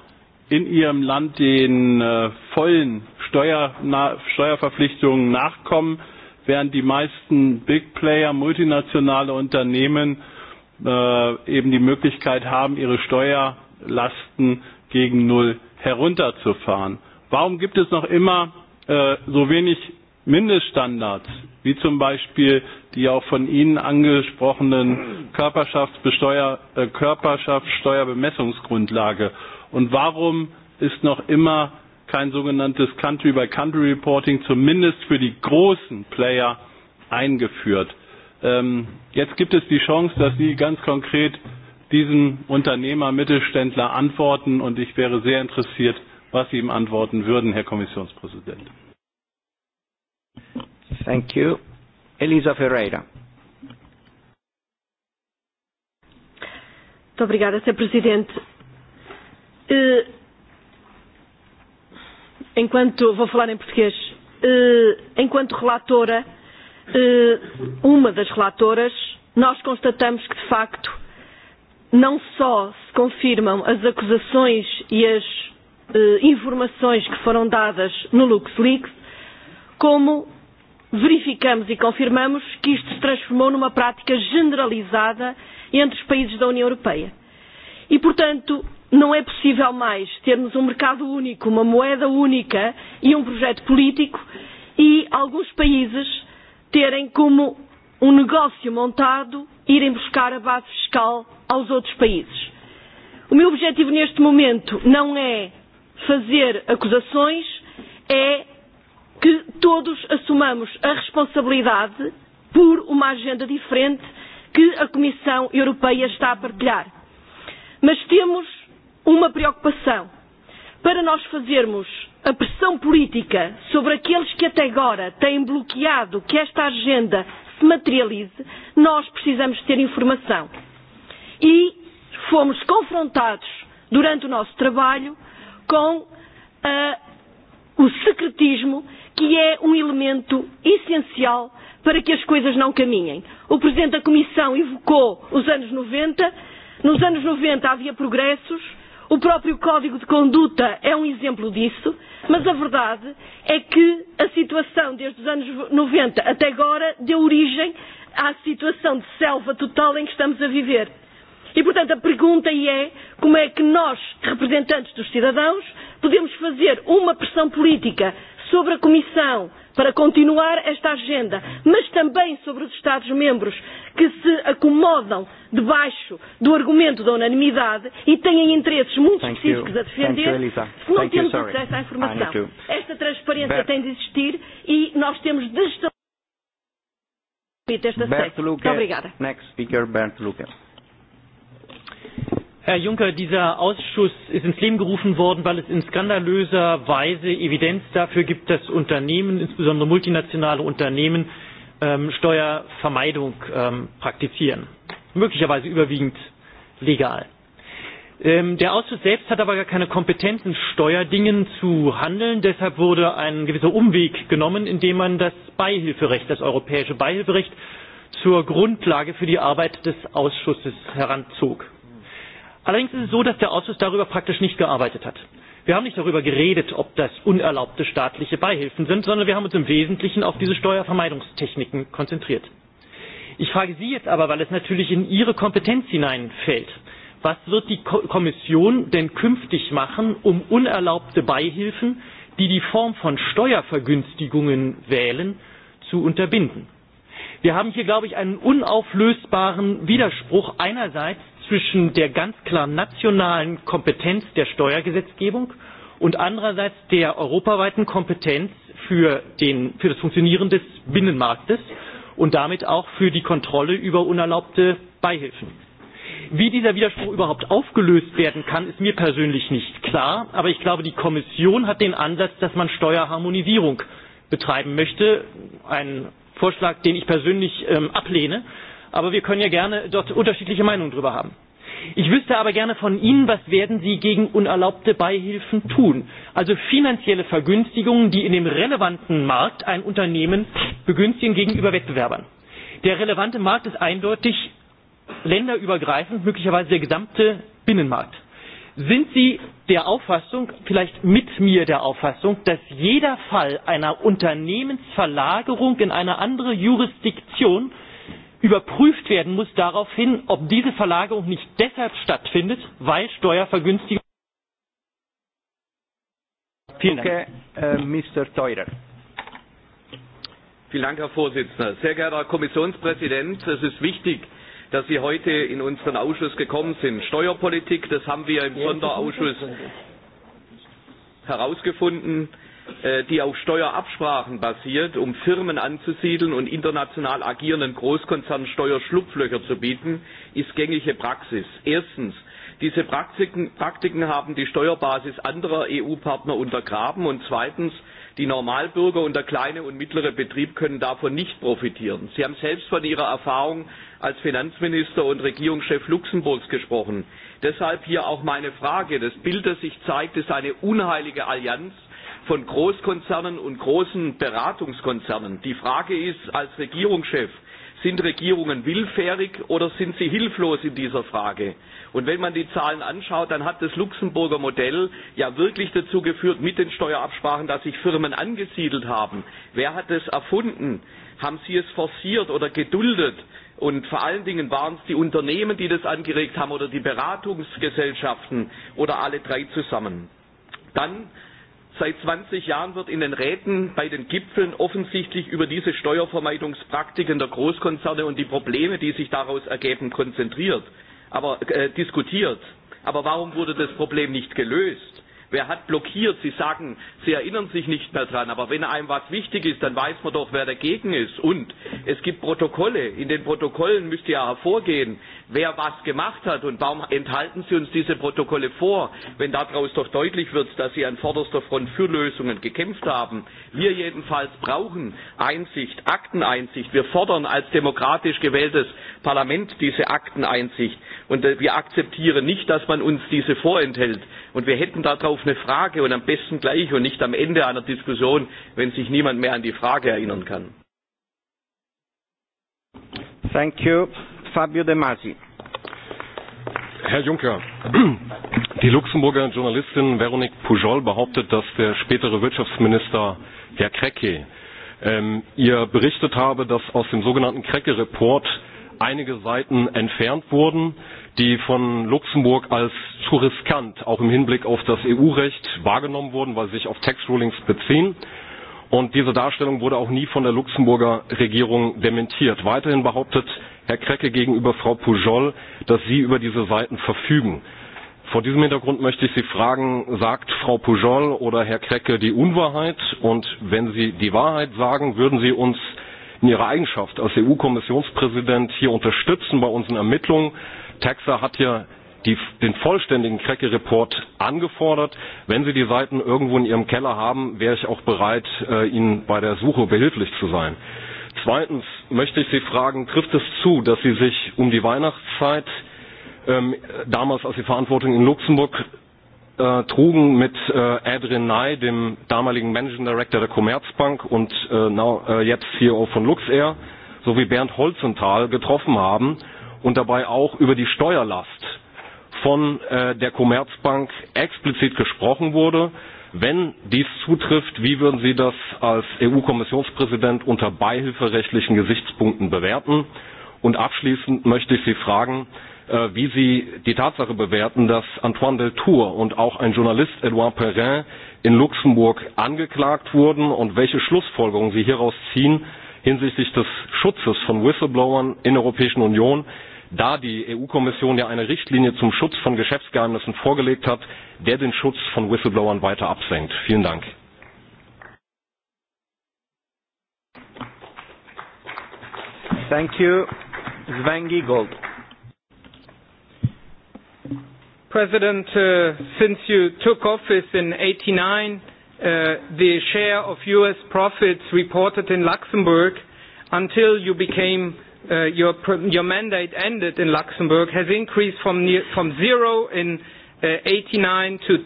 in ihrem Land den äh, vollen Steuer, na, Steuerverpflichtungen nachkommen, während die meisten Big Player, multinationale Unternehmen äh, eben die Möglichkeit haben, ihre Steuerlasten gegen Null herunterzufahren. Warum gibt es noch immer äh, so wenig Mindeststandards, wie zum Beispiel die auch von Ihnen angesprochenen Körperschaftsbesteuer, äh, Körperschaftssteuerbemessungsgrundlage? Und warum ist noch immer kein sogenanntes Country-by-Country-Reporting zumindest für die großen Player eingeführt? Ähm, jetzt gibt es die Chance, dass Sie ganz konkret diesen Unternehmer, Mittelständler antworten. Und ich wäre sehr interessiert, was Sie ihm antworten würden, Herr Kommissionspräsident. Thank you. Elisa Ferreira. Obrigada, Sr. Presidente. Eh, enquanto vou falar em português, eh, enquanto relatora, eh, uma das relatoras, nós constatamos que de facto não só se confirmam as acusações e as informações que foram dadas no LuxLeaks, como verificamos e confirmamos que isto se transformou numa prática generalizada entre os países da União Europeia. E, portanto, Não é possível mais termos um mercado único, uma moeda única e um projeto político e alguns países terem como um negócio montado irem buscar a base fiscal aos outros países. O meu objetivo neste momento não é fazer acusações, é que todos assumamos a responsabilidade por uma agenda diferente que a Comissão Europeia está a partilhar. Mas temos uma preocupação. Para nós fazermos a pressão política sobre aqueles que até agora têm bloqueado que esta agenda se materialize, nós precisamos ter informação. E fomos confrontados, durante o nosso trabalho, com uh, o secretismo, que é um elemento essencial para que as coisas não caminhem. O Presidente da Comissão evocou os anos 90. Nos anos 90 havia progressos. O próprio Código de Conduta é um exemplo disso, mas a verdade é que a situação desde os anos 90 até agora deu origem à situação de selva total em que estamos a viver. E, portanto, a pergunta aí é como é que nós, representantes dos cidadãos, podemos fazer uma pressão política sobre a Comissão, para continuar esta agenda, mas também sobre os Estados-membros que se acomodam debaixo do argumento da unanimidade e têm interesses muito Thank específicos you. a defender, you, não Thank temos you, acesso à informação. Esta transparência Bert... tem de existir e nós temos de estabelecer esta Bert Luque, Muito obrigada. Next speaker, Bert Luque. Herr Juncker, dieser Ausschuss ist ins Leben gerufen worden, weil es in skandalöser Weise Evidenz dafür gibt, dass Unternehmen, insbesondere multinationale Unternehmen, ähm, Steuervermeidung ähm, praktizieren. Möglicherweise überwiegend legal. Ähm, der Ausschuss selbst hat aber gar keine Kompetenz, in Steuerdingen zu handeln. Deshalb wurde ein gewisser Umweg genommen, indem man das Beihilferecht, das europäische Beihilferecht, zur Grundlage für die Arbeit des Ausschusses heranzog. Allerdings ist es so, dass der Ausschuss darüber praktisch nicht gearbeitet hat. Wir haben nicht darüber geredet, ob das unerlaubte staatliche Beihilfen sind, sondern wir haben uns im Wesentlichen auf diese Steuervermeidungstechniken konzentriert. Ich frage Sie jetzt aber, weil es natürlich in Ihre Kompetenz hineinfällt, was wird die Ko Kommission denn künftig machen, um unerlaubte Beihilfen, die die Form von Steuervergünstigungen wählen, zu unterbinden? Wir haben hier, glaube ich, einen unauflösbaren Widerspruch einerseits zwischen der ganz klaren nationalen Kompetenz der Steuergesetzgebung und andererseits der europaweiten Kompetenz für, den, für das Funktionieren des Binnenmarktes und damit auch für die Kontrolle über unerlaubte Beihilfen. Wie dieser Widerspruch überhaupt aufgelöst werden kann, ist mir persönlich nicht klar, aber ich glaube, die Kommission hat den Ansatz, dass man Steuerharmonisierung betreiben möchte, einen Vorschlag, den ich persönlich ähm, ablehne aber wir können ja gerne dort unterschiedliche Meinungen darüber haben. Ich wüsste aber gerne von Ihnen, was werden Sie gegen unerlaubte Beihilfen tun? Also finanzielle Vergünstigungen, die in dem relevanten Markt ein Unternehmen begünstigen gegenüber Wettbewerbern. Der relevante Markt ist eindeutig länderübergreifend, möglicherweise der gesamte Binnenmarkt. Sind Sie der Auffassung, vielleicht mit mir der Auffassung, dass jeder Fall einer Unternehmensverlagerung in eine andere Jurisdiktion überprüft werden muss darauf hin, ob diese Verlagerung nicht deshalb stattfindet, weil Steuervergünstigung. Vielen Dank. Okay, äh, Mr. Theurer. Vielen Dank, Herr Vorsitzender. Sehr geehrter Herr Kommissionspräsident, es ist wichtig, dass Sie heute in unseren Ausschuss gekommen sind. Steuerpolitik, das haben wir im ja, Sonderausschuss herausgefunden. Ja, Äh, die auf Steuerabsprachen basiert, um Firmen anzusiedeln und international agierenden Großkonzernen Steuerschlupflöcher zu bieten, ist gängige Praxis. Erstens, diese Praktiken, Praktiken haben die Steuerbasis anderer EU-Partner untergraben und zweitens, die Normalbürger und der kleine und mittlere Betrieb können davon nicht profitieren. Sie haben selbst von Ihrer Erfahrung als Finanzminister und Regierungschef Luxemburgs gesprochen. Deshalb hier auch meine Frage. Das Bild, das sich zeigt, ist eine unheilige Allianz von Großkonzernen und großen Beratungskonzernen. Die Frage ist als Regierungschef, sind Regierungen willfährig oder sind sie hilflos in dieser Frage? Und wenn man die Zahlen anschaut, dann hat das Luxemburger Modell ja wirklich dazu geführt, mit den Steuerabsprachen, dass sich Firmen angesiedelt haben. Wer hat es erfunden? Haben sie es forciert oder geduldet? Und vor allen Dingen waren es die Unternehmen, die das angeregt haben oder die Beratungsgesellschaften oder alle drei zusammen. Dann Seit 20 Jahren wird in den Räten bei den Gipfeln offensichtlich über diese Steuervermeidungspraktiken der Großkonzerne und die Probleme, die sich daraus ergeben, konzentriert, aber äh, diskutiert. Aber warum wurde das Problem nicht gelöst? Wer hat blockiert? Sie sagen, Sie erinnern sich nicht mehr daran. Aber wenn einem was wichtig ist, dann weiß man doch, wer dagegen ist. Und es gibt Protokolle. In den Protokollen müsste ja hervorgehen, wer was gemacht hat. Und warum enthalten Sie uns diese Protokolle vor, wenn daraus doch deutlich wird, dass Sie an vorderster Front für Lösungen gekämpft haben? Wir jedenfalls brauchen Einsicht, Akteneinsicht. Wir fordern als demokratisch gewähltes Parlament diese Akteneinsicht. Und äh, wir akzeptieren nicht, dass man uns diese vorenthält. Und wir hätten darauf eine Frage und am besten gleich und nicht am Ende einer Diskussion, wenn sich niemand mehr an die Frage erinnern kann. Thank you. Fabio De Masi. Herr Juncker, die Luxemburger Journalistin Veronique Pujol behauptet, dass der spätere Wirtschaftsminister Herr Krecke ähm, ihr berichtet habe, dass aus dem sogenannten Krecke-Report einige Seiten entfernt wurden, die von Luxemburg als zu riskant auch im Hinblick auf das EU-Recht wahrgenommen wurden, weil sie sich auf Tax-Rulings beziehen und diese Darstellung wurde auch nie von der Luxemburger Regierung dementiert. Weiterhin behauptet Herr Krecke gegenüber Frau Pujol, dass Sie über diese Seiten verfügen. Vor diesem Hintergrund möchte ich Sie fragen, sagt Frau Pujol oder Herr Krecke die Unwahrheit? Und wenn Sie die Wahrheit sagen, würden Sie uns in Ihrer Eigenschaft als EU-Kommissionspräsident hier unterstützen bei unseren Ermittlungen? Taxa hat ja die, den vollständigen Krecke Report angefordert. Wenn Sie die Seiten irgendwo in Ihrem Keller haben, wäre ich auch bereit, äh, Ihnen bei der Suche behilflich zu sein. Zweitens möchte ich Sie fragen, trifft es zu, dass Sie sich um die Weihnachtszeit ähm, damals als die Verantwortung in Luxemburg äh, trugen mit äh, Adrian Ney, dem damaligen Managing Director der Commerzbank und äh, now, äh, jetzt CEO von Luxair, sowie Bernd Holzenthal getroffen haben und dabei auch über die Steuerlast von äh, der Commerzbank explizit gesprochen wurde. Wenn dies zutrifft, wie würden Sie das als EU-Kommissionspräsident unter beihilferechtlichen Gesichtspunkten bewerten? Und abschließend möchte ich Sie fragen, äh, wie Sie die Tatsache bewerten, dass Antoine Deltour und auch ein Journalist Edouard Perrin in Luxemburg angeklagt wurden und welche Schlussfolgerungen Sie hieraus ziehen hinsichtlich des Schutzes von Whistleblowern in der Europäischen Union da die EU Kommission ja eine Richtlinie zum Schutz von Geschäftsgeheimnissen vorgelegt hat, der den Schutz von Whistleblowern weiter absenkt. Vielen Dank. Thank you, Sven Giegold. President, uh, since you took office in 89, uh, the share of U.S. profits reported in Luxembourg until you became uh, your, your mandate ended in Luxembourg has increased from, near, from zero in uh, 89 to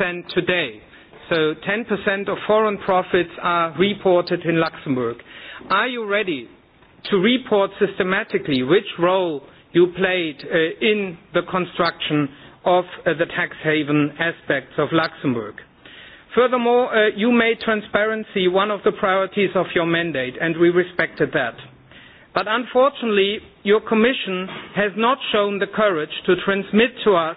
10% today. So 10% of foreign profits are reported in Luxembourg. Are you ready to report systematically which role you played uh, in the construction of uh, the tax haven aspects of Luxembourg? Furthermore, uh, you made transparency one of the priorities of your mandate, and we respected that. But unfortunately, your Commission has not shown the courage to transmit to us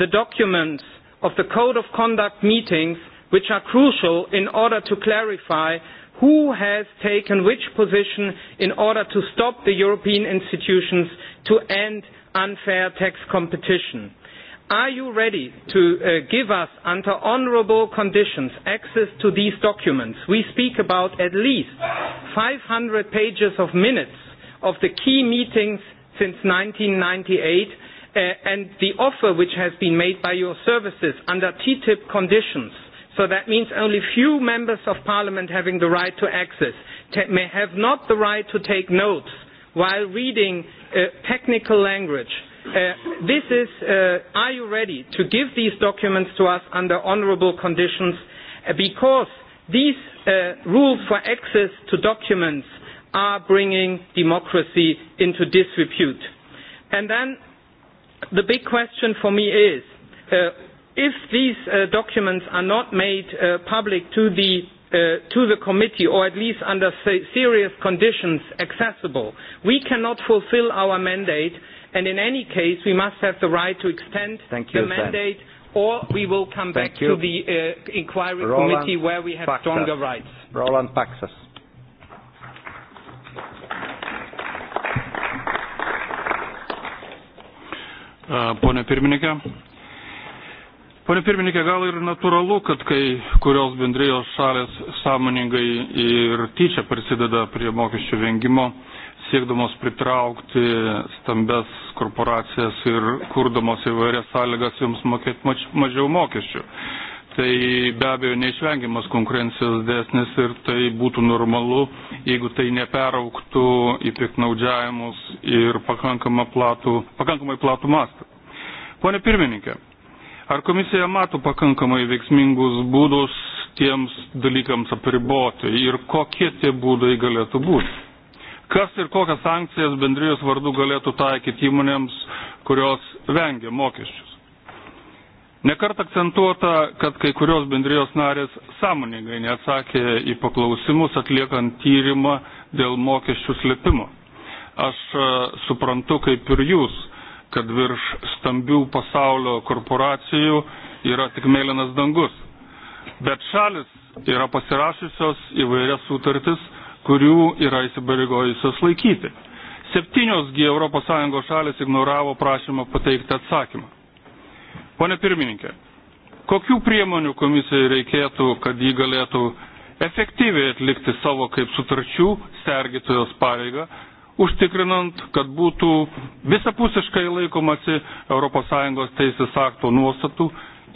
the documents of the Code of Conduct meetings, which are crucial in order to clarify who has taken which position in order to stop the European institutions to end unfair tax competition. Are you ready to uh, give us, under honourable conditions, access to these documents? We speak about at least 500 pages of minutes of the key meetings since 1998 uh, and the offer which has been made by your services under TTIP conditions. So that means only few members of parliament having the right to access te- may have not the right to take notes while reading uh, technical language. Uh, this is, uh, are you ready to give these documents to us under honourable conditions? Uh, because these uh, rules for access to documents are bringing democracy into disrepute. And then the big question for me is uh, if these uh, documents are not made uh, public to the, uh, to the committee, or at least under say, serious conditions accessible, we cannot fulfill our mandate, and in any case, we must have the right to extend Thank you, the mandate. Sam. Or we will come back to the uh, inquiry Roland committee where we have Paxas. stronger rights. Roland Paxas. ponia pirmininkė. Pone pirmininkė, gal ir natūralu, kad kai kurios bendrijos šalės sąmoningai ir tyčia prisideda prie mokesčių vengimo, siekdamos pritraukti stambes korporacijas ir kurdamos įvairias sąlygas jums mokėti mažiau mokesčių tai be abejo neišvengiamas konkurencijos dėsnis ir tai būtų normalu, jeigu tai neperauktų į piknaudžiavimus ir pakankamą platų, pakankamai platų mastą. Pone pirmininkė, ar komisija mato pakankamai veiksmingus būdus tiems dalykams apriboti ir kokie tie būdai galėtų būti? Kas ir kokias sankcijas bendrijos vardu galėtų taikyti įmonėms, kurios vengia mokesčius? Nekart akcentuota, kad kai kurios bendrijos narės sąmoningai neatsakė į paklausimus atliekant tyrimą dėl mokesčių slėpimo. Aš e, suprantu, kaip ir jūs, kad virš stambių pasaulio korporacijų yra tik mėlynas dangus. Bet šalis yra pasirašysios įvairias sutartis, kurių yra įsibarygojusios laikyti. Septynios G. ES šalis ignoravo prašymą pateikti atsakymą. Pone pirmininkė, kokių priemonių komisijai reikėtų, kad jį galėtų efektyviai atlikti savo kaip sutarčių sergitojos pareigą, užtikrinant, kad būtų visapusiškai laikomasi ES teisės akto nuostatų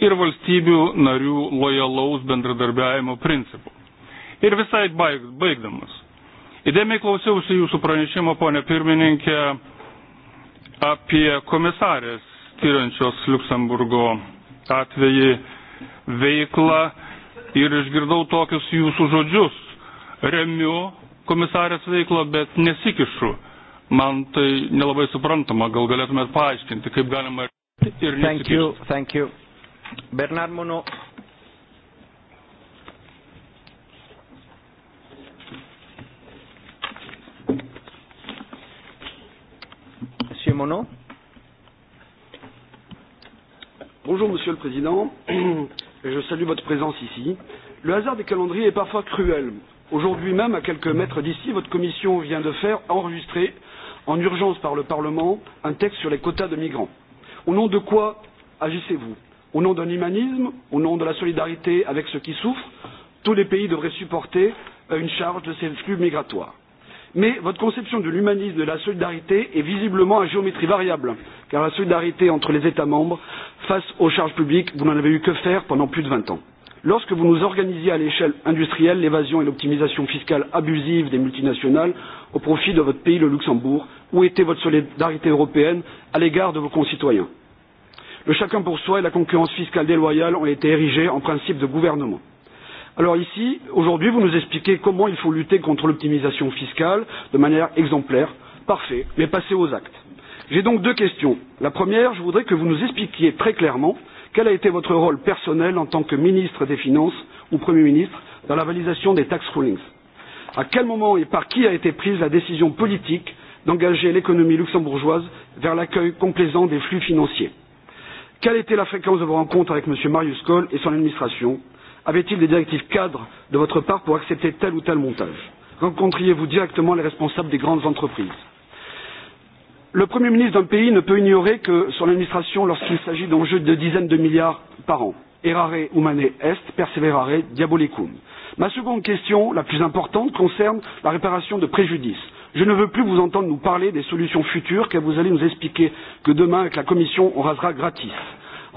ir valstybių narių lojalaus bendradarbiavimo principų. Ir visai baigdamas. Įdėmiai klausiausi jūsų pranešimo, ponė pirmininkė, apie komisarės tyrančios Luxemburgo atvejį veiklą ir išgirdau tokius jūsų žodžius. Remiu komisarės veiklą, bet nesikišu. Man tai nelabai suprantama, gal galėtumėt paaiškinti, kaip galima ir nesikišti. Thank you, thank you. Bernard Mono. Monsieur Mono. Bonjour Monsieur le Président, je salue votre présence ici. Le hasard des calendriers est parfois cruel. Aujourd'hui même, à quelques mètres d'ici, votre commission vient de faire enregistrer en urgence par le Parlement un texte sur les quotas de migrants. Au nom de quoi agissez-vous Au nom d'un humanisme Au nom de la solidarité avec ceux qui souffrent Tous les pays devraient supporter euh, une charge de ces flux migratoires. Mais votre conception de l'humanisme de la solidarité est visiblement à géométrie variable, car la solidarité entre les États membres face aux charges publiques, vous n'en avez eu que faire pendant plus de vingt ans. Lorsque vous nous organisiez à l'échelle industrielle l'évasion et l'optimisation fiscale abusive des multinationales au profit de votre pays, le Luxembourg, où était votre solidarité européenne à l'égard de vos concitoyens? Le chacun pour soi et la concurrence fiscale déloyale ont été érigés en principe de gouvernement. Alors ici, aujourd'hui, vous nous expliquez comment il faut lutter contre l'optimisation fiscale de manière exemplaire. Parfait, mais passez aux actes. J'ai donc deux questions. La première, je voudrais que vous nous expliquiez très clairement quel a été votre rôle personnel en tant que ministre des Finances ou Premier ministre dans la validation des tax rulings. À quel moment et par qui a été prise la décision politique d'engager l'économie luxembourgeoise vers l'accueil complaisant des flux financiers Quelle était la fréquence de vos rencontres avec M. Marius Kohl et son administration Avait-il des directives cadres de votre part pour accepter tel ou tel montage Rencontriez-vous directement les responsables des grandes entreprises Le Premier ministre d'un pays ne peut ignorer que son administration, lorsqu'il s'agit d'enjeux de dizaines de milliards par an, errare humane est, perseverare diabolicum. Ma seconde question, la plus importante, concerne la réparation de préjudices. Je ne veux plus vous entendre nous parler des solutions futures que vous allez nous expliquer que demain, avec la Commission, on rasera gratis.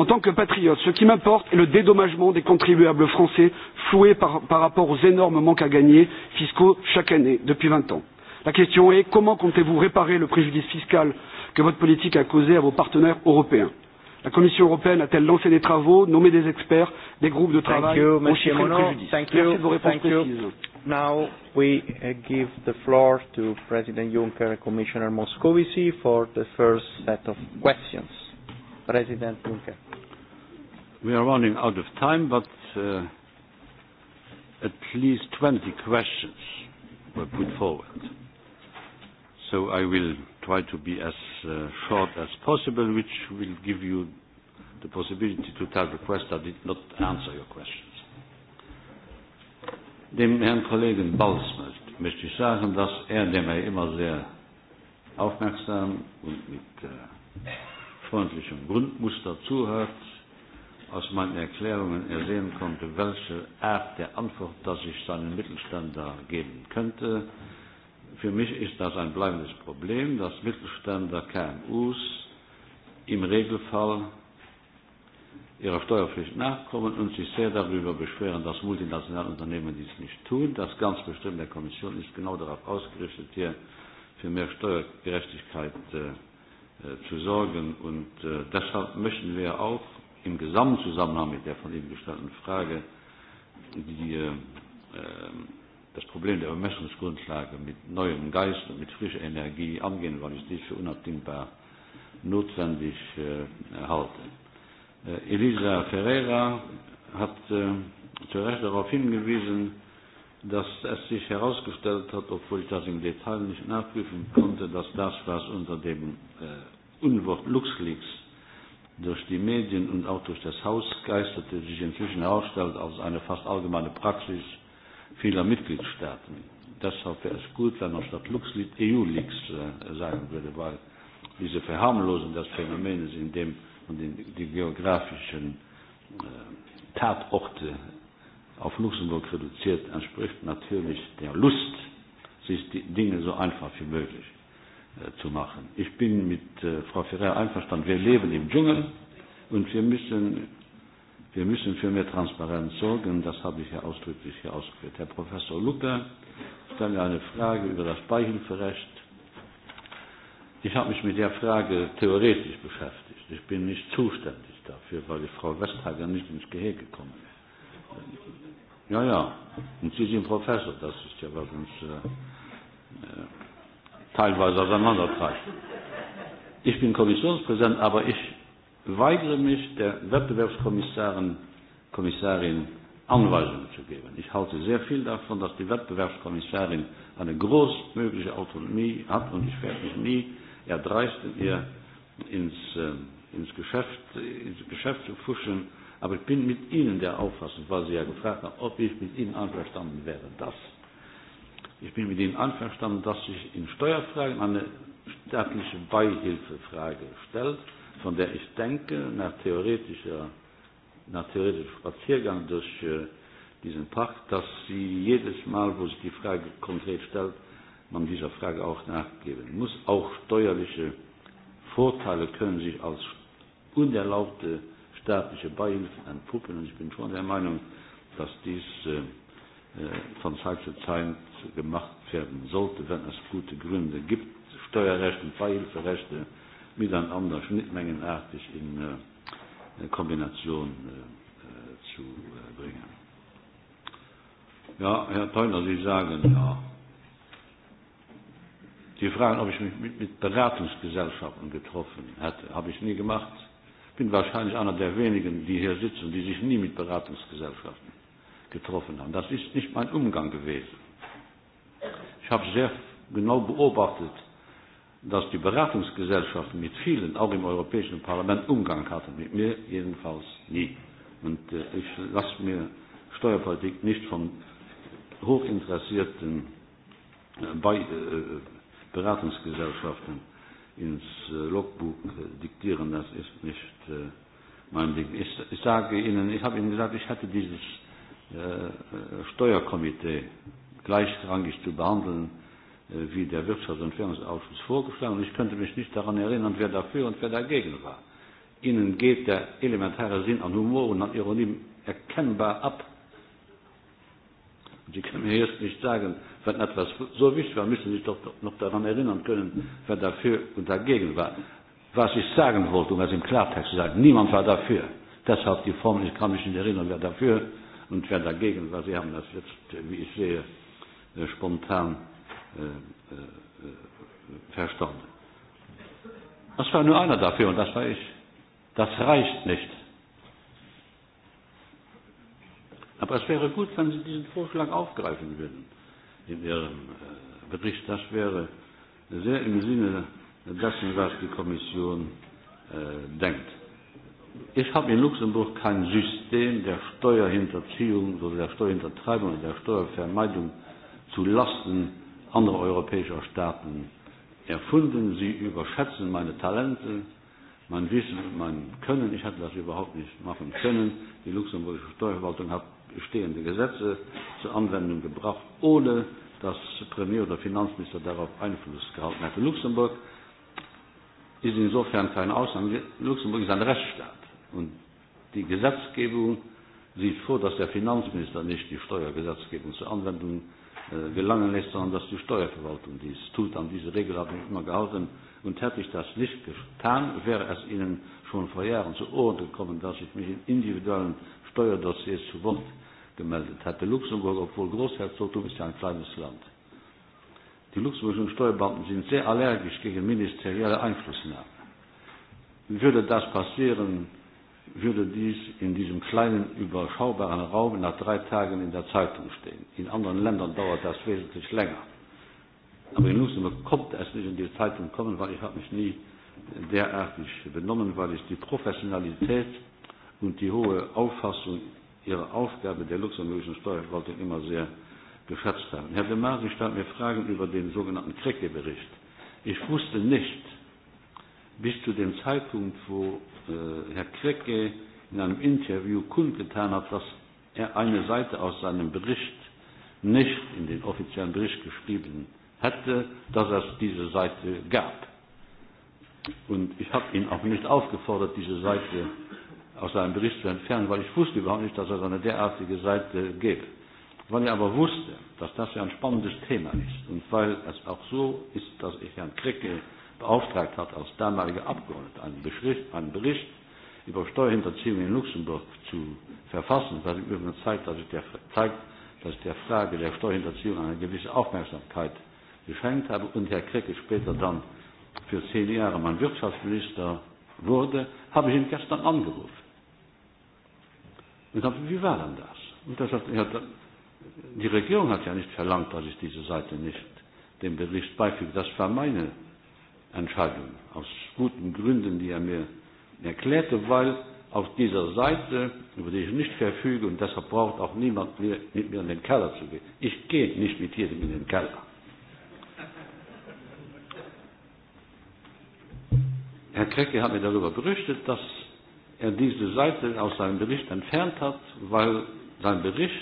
En tant que patriote, ce qui m'importe est le dédommagement des contribuables français floués par, par rapport aux énormes manques à gagner fiscaux chaque année depuis 20 ans. La question est comment comptez-vous réparer le préjudice fiscal que votre politique a causé à vos partenaires européens La Commission européenne a-t-elle lancé des travaux, nommé des experts, des groupes de travail Thank you, pour chiffrer Mono. le préjudice Thank you. Merci de vos réponses Thank précises. You. Now we uh, give the floor to President Juncker and Commissioner Moscovici for the first set of questions. President Juncker. We are running out of time, but uh, at least 20 questions were put forward. So I will try to be as uh, short as possible, which will give you the possibility to tell requests that did not answer your questions. Dem Herrn Kollegen Balsmert möchte ich sagen, dass er, dem er immer sehr aufmerksam und mit äh, freundlichem Grundmuster zuhört, aus meinen Erklärungen ersehen konnte, welche Art der Antwort, dass ich seinen Mittelständler geben könnte. Für mich ist das ein bleibendes Problem, dass Mittelständler KMUs im Regelfall ihrer Steuerpflicht nachkommen und sich sehr darüber beschweren, dass multinationale Unternehmen dies nicht tun. Das ganz bestimmt der Kommission ist genau darauf ausgerichtet, hier für mehr Steuergerechtigkeit äh, Äh, zu sorgen. Und äh, deshalb möchten wir auch im Gesamtzusammenhang mit der von Ihnen gestellten Frage die, äh, das Problem der Bemessungsgrundlage mit neuem Geist und mit frischer Energie angehen, weil ich dies für unabdingbar notwendig äh, halte. Äh, Elisa Ferreira hat äh, zu Recht darauf hingewiesen, dass es sich herausgestellt hat, obwohl ich das im Detail nicht nachprüfen konnte, dass das, was unter dem äh, Unwort Luxleaks durch die Medien und auch durch das Haus geisterte, sich inzwischen herausstellt als eine fast allgemeine Praxis vieler Mitgliedstaaten. Deshalb wäre es gut, wenn man statt Luxleaks EU-Leaks äh, sagen würde, weil diese Verharmlosung des Phänomens in dem und in die geografischen äh, Tatorte auf Luxemburg reduziert, entspricht natürlich der Lust, sich die Dinge so einfach wie möglich äh, zu machen. Ich bin mit äh, Frau Ferrer einverstanden. Wir leben im Dschungel und wir müssen, wir müssen für mehr Transparenz sorgen. Das habe ich ja ausdrücklich hier ausgeführt. Herr Professor Lucke, stellen mir eine Frage über das Beihilferecht. Ich habe mich mit der Frage theoretisch beschäftigt. Ich bin nicht zuständig dafür, weil die Frau Westhager nicht ins Gehege gekommen ist. 洋洋，你最近跑派出所去接个公司，呃，他说让咱忙着他。Ich ja, ja. e, bin Kommissionspräsident, aber ich weigere mich, der Wettbewerbskommissarin, Kommissarin Anweisungen zu geben. Ich halte sehr viel davon, dass die Wettbewerbskommissarin eine großmögliche Autonomie hat und ich werde mich nie erdreisten, ihr ins, ins, Geschäft, ins Geschäft zu pfuschen. Aber ich bin mit Ihnen der Auffassung, weil Sie ja gefragt haben, ob ich mit Ihnen einverstanden wäre, dass ich bin mit Ihnen einverstanden, dass sich in Steuerfragen eine staatliche Beihilfefrage stellt, von der ich denke, nach theoretischer, nach theoretischem Spaziergang durch äh, diesen Pakt, dass Sie jedes Mal, wo sich die Frage konkret stellt, man dieser Frage auch nachgeben muss. Auch steuerliche Vorteile können sich als unerlaubte staatliche Beihilfen an Puppen. Und ich bin schon der Meinung, dass dies äh, äh, von Zeit zu Zeit gemacht werden sollte, wenn es gute Gründe gibt, Steuerrechte, Beihilferechte miteinander schnittmengenartig in äh, Kombination zu bringen. Ja, Herr Theuner, Sie sagen ja. Sie fragen, ob ich mich mit Beratungsgesellschaften getroffen hätte. Habe ich nie gemacht bin wahrscheinlich einer der wenigen, die hier sitzen, die sich nie mit Beratungsgesellschaften getroffen haben. Das ist nicht mein Umgang gewesen. Ich habe sehr genau beobachtet, dass die Beratungsgesellschaften mit vielen, auch im Europäischen Parlament, Umgang hatten. Mit mir jedenfalls nie. Und äh, ich lasse mir Steuerpolitik nicht von hochinteressierten äh, bei, äh, Beratungsgesellschaften ins äh, Logbuch äh, diktieren, das ist nicht äh, mein Ding. Ich, ich sage Ihnen, ich habe Ihnen gesagt, ich hatte dieses äh, äh, Steuerkomitee gleichrangig zu behandeln, äh, wie der Wirtschafts- und Währungsausschuss vorgeschlagen, und ich könnte mich nicht daran erinnern, wer dafür und wer dagegen war. Ihnen geht der elementare Sinn an Humor und an Ironie erkennbar ab, Und die können mir jetzt nicht sagen, wenn etwas so wichtig war, müssen sich doch noch daran erinnern können, wer dafür und dagegen war. Was ich sagen wollte, um es im Klartext zu sagen, niemand war dafür. Deshalb die Formel, ich kann mich nicht erinnern, wer dafür und wer dagegen war. Sie haben das jetzt, wie ich sehe, äh, spontan äh, äh, verstanden. Es war nur einer dafür und das war ich. Das reicht nicht. Aber es wäre gut, wenn Sie diesen Vorschlag aufgreifen würden in Ihrem äh, Bericht. Das wäre sehr im Sinne dessen, was die Kommission äh, denkt. Ich habe in Luxemburg kein System der Steuerhinterziehung oder der Steuerhintertreibung oder der Steuervermeidung zu Lasten anderer europäischer Staaten erfunden. Sie überschätzen meine Talente, mein Wissen, mein Können. Ich hätte das überhaupt nicht machen können. Die luxemburgische Steuerverwaltung hat bestehende Gesetze zur Anwendung gebracht, ohne dass Premier oder Finanzminister darauf Einfluss gehalten hätte. Luxemburg ist insofern keine Ausnahme. Luxemburg ist ein Rechtsstaat. Und die Gesetzgebung sieht vor, dass der Finanzminister nicht die Steuergesetzgebung zur Anwendung äh, gelangen lässt, sondern dass die Steuerverwaltung dies tut. An diese Regel habe ich immer gehalten. Und hätte ich das nicht getan, wäre es Ihnen schon vor Jahren zu Ohren gekommen, dass ich mich in individuellen Steuer, das ihr zu Wort gemeldet hat. Der Luxemburg, obwohl Großherzogtum ist ja ein kleines Land. Die luxemburgischen Steuerbeamten sind sehr allergisch gegen ministerielle Einflussnahme. Würde das passieren, würde dies in diesem kleinen, überschaubaren Raum nach drei Tagen in der Zeitung stehen. In anderen Ländern dauert das wesentlich länger. Aber in Luxemburg kommt es nicht in die Zeitung kommen, weil ich habe mich nie derartig benommen, weil ich die Professionalität und die hohe Auffassung ihrer Aufgabe der luxemburgischen Steuerverwaltung immer sehr geschätzt haben. Herr de Maas, ich stand mir Fragen über den sogenannten Krecke-Bericht. Ich wusste nicht, bis zu dem Zeitpunkt, wo äh, Herr Krecke in einem Interview kundgetan hat, dass er eine Seite aus seinem Bericht nicht in den offiziellen Bericht geschrieben hätte, dass es diese Seite gab. Und ich habe ihn auch nicht aufgefordert, diese Seite aus seinem Bericht zu entfernen, weil ich wusste überhaupt nicht, dass es er eine derartige Seite gäbe. Weil ich er aber wusste, dass das ja ein spannendes Thema ist und weil es auch so ist, dass ich Herrn Krickel beauftragt hat, als damaliger Abgeordneter einen, einen Bericht über Steuerhinterziehung in Luxemburg zu verfassen, was übrigens zeigt, dass ich der, zeigt, dass ich der Frage der Steuerhinterziehung eine gewisse Aufmerksamkeit geschenkt habe und Herr Krickel später dann für zehn Jahre mein Wirtschaftsminister wurde, habe ich ihn gestern angerufen. Und dann, wie war denn das? Und er sagt, ja, da, die Regierung hat ja nicht verlangt, dass ich diese Seite nicht dem Bericht beifüge. Das war meine Entscheidung, aus guten Gründen, die er mir erklärte, weil auf dieser Seite, über die ich nicht verfüge, und deshalb braucht auch niemand mehr, mit mir in den Keller zu gehen. Ich gehe nicht mit jedem in den Keller. Herr Krecke hat mir darüber berichtet, dass er diese Seite aus seinem Bericht entfernt hat, weil sein Bericht,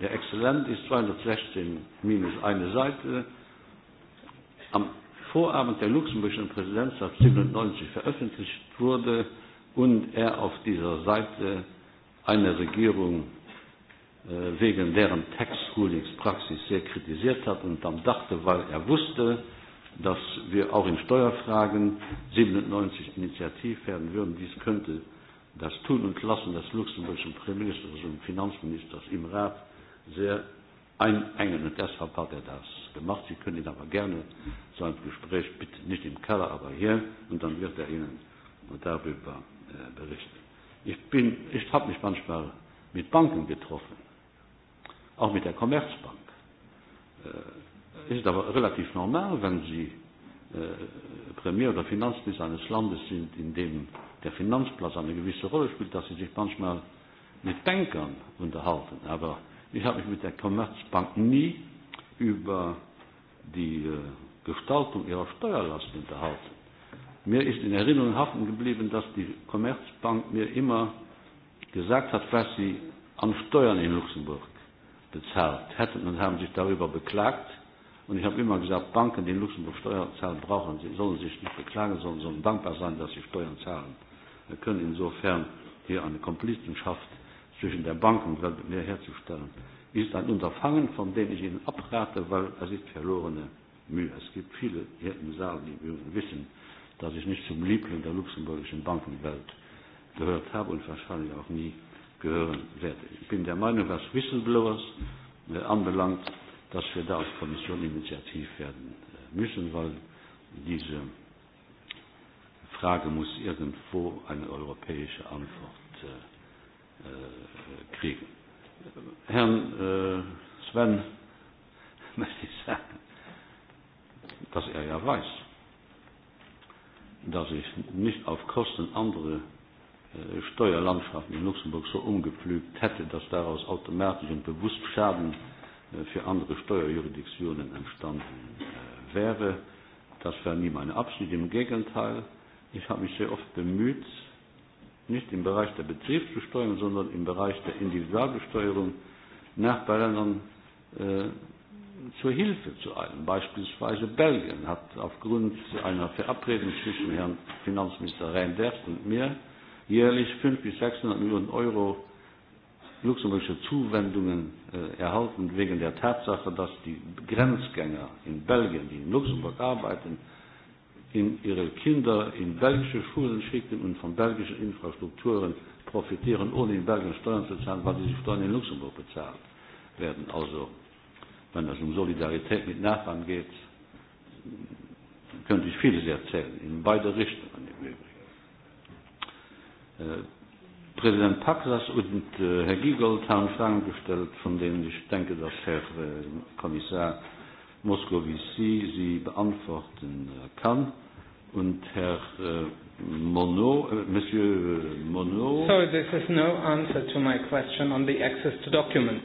der Exzellent, ist 216 minus eine Seite, am Vorabend der luxemburgischen Präsidentschaft 97 veröffentlicht wurde und er auf dieser Seite eine Regierung äh, wegen deren Tax-Rulings-Praxis sehr kritisiert hat und dann dachte, weil er wusste, dass wir auch in Steuerfragen 97 initiativ werden würden, dies könnte das Tun und Lassen des luxemburgischen Premierministers und Finanzministers im Rat sehr einengen und deshalb hat er das gemacht. Sie können ihn aber gerne so ein Gespräch bitte nicht im Keller, aber hier und dann wird er Ihnen darüber äh, berichten. Ich, ich habe mich manchmal mit Banken getroffen, auch mit der Commerzbank. Es äh, ist aber relativ normal, wenn Sie Eh, premier oder Finanzminister eines Landes sind, in dem der Finanzplatz eine gewisse Rolle spielt, dass sie sich manchmal mit Bankern unterhalten. Aber ich habe mich mit der Commerzbank nie über die äh, eh, Gestaltung ihrer Steuerlast unterhalten. Mir ist in Erinnerung haften geblieben, dass die Commerzbank mir immer gesagt hat, was sie an Steuern in Luxemburg bezahlt hätten und haben sich darüber beklagt. Und ich habe immer gesagt, Banken, die Luxemburg Steuern zahlen, brauchen sie, sollen sich nicht beklagen, sondern sollen dankbar sein, dass sie Steuern zahlen. Wir können insofern hier eine Komplizenschaft zwischen der Bank und Weltmeer herzustellen. Ist ein Unterfangen, von dem ich Ihnen abrate, weil es ist verlorene Mühe. Es gibt viele hier im Saal, die wissen, dass ich nicht zum Liebling der luxemburgischen Bankenwelt gehört habe und wahrscheinlich auch nie gehören werde. Ich bin der Meinung, was Whistleblowers äh, anbelangt, dass wir da als Kommission initiativ werden äh, müssen, weil diese Frage muss irgendwo eine europäische Antwort äh, äh, kriegen. Herrn Sven möchte ich sagen, dass er ja weiß, dass ich nicht auf Kosten anderer Steuerlandschaften in Luxemburg so umgepflügt hätte, dass daraus automatisch und bewusst Schaden äh, Äh, für andere Steuerjurisdiktionen entstanden äh, wäre. Das war nie meine Absicht. Im Gegenteil, ich habe mich sehr oft bemüht, nicht im Bereich der Betriebsbesteuerung, sondern im Bereich der Individualbesteuerung Nachbarländern äh, zur Hilfe zu eilen. Beispielsweise Belgien hat aufgrund einer Verabredung zwischen Herrn Finanzminister Reinders und mir jährlich 500 bis 600 Millionen Euro äh, luxemburgische Zuwendungen äh, erhalten, wegen der Tatsache, dass die Grenzgänger in Belgien, die in Luxemburg arbeiten, in ihre Kinder in belgische Schulen schicken und von belgischen Infrastrukturen profitieren, ohne in Belgien Steuern zu zahlen, weil diese Steuern in Luxemburg bezahlt werden. Also, wenn es um Solidarität mit Nachbarn geht, könnte ich vieles erzählen, in beide Richtungen im Übrigen. Äh, Präsident Paksas und äh, Herr Giegold haben Fragen gestellt, von denen ich denke, dass Herr äh, Kommissar Moscovici sie beantworten äh, kann. Und Herr äh, Monod, äh, Monsieur äh, Monod. So, this is no answer to my question on the access to document.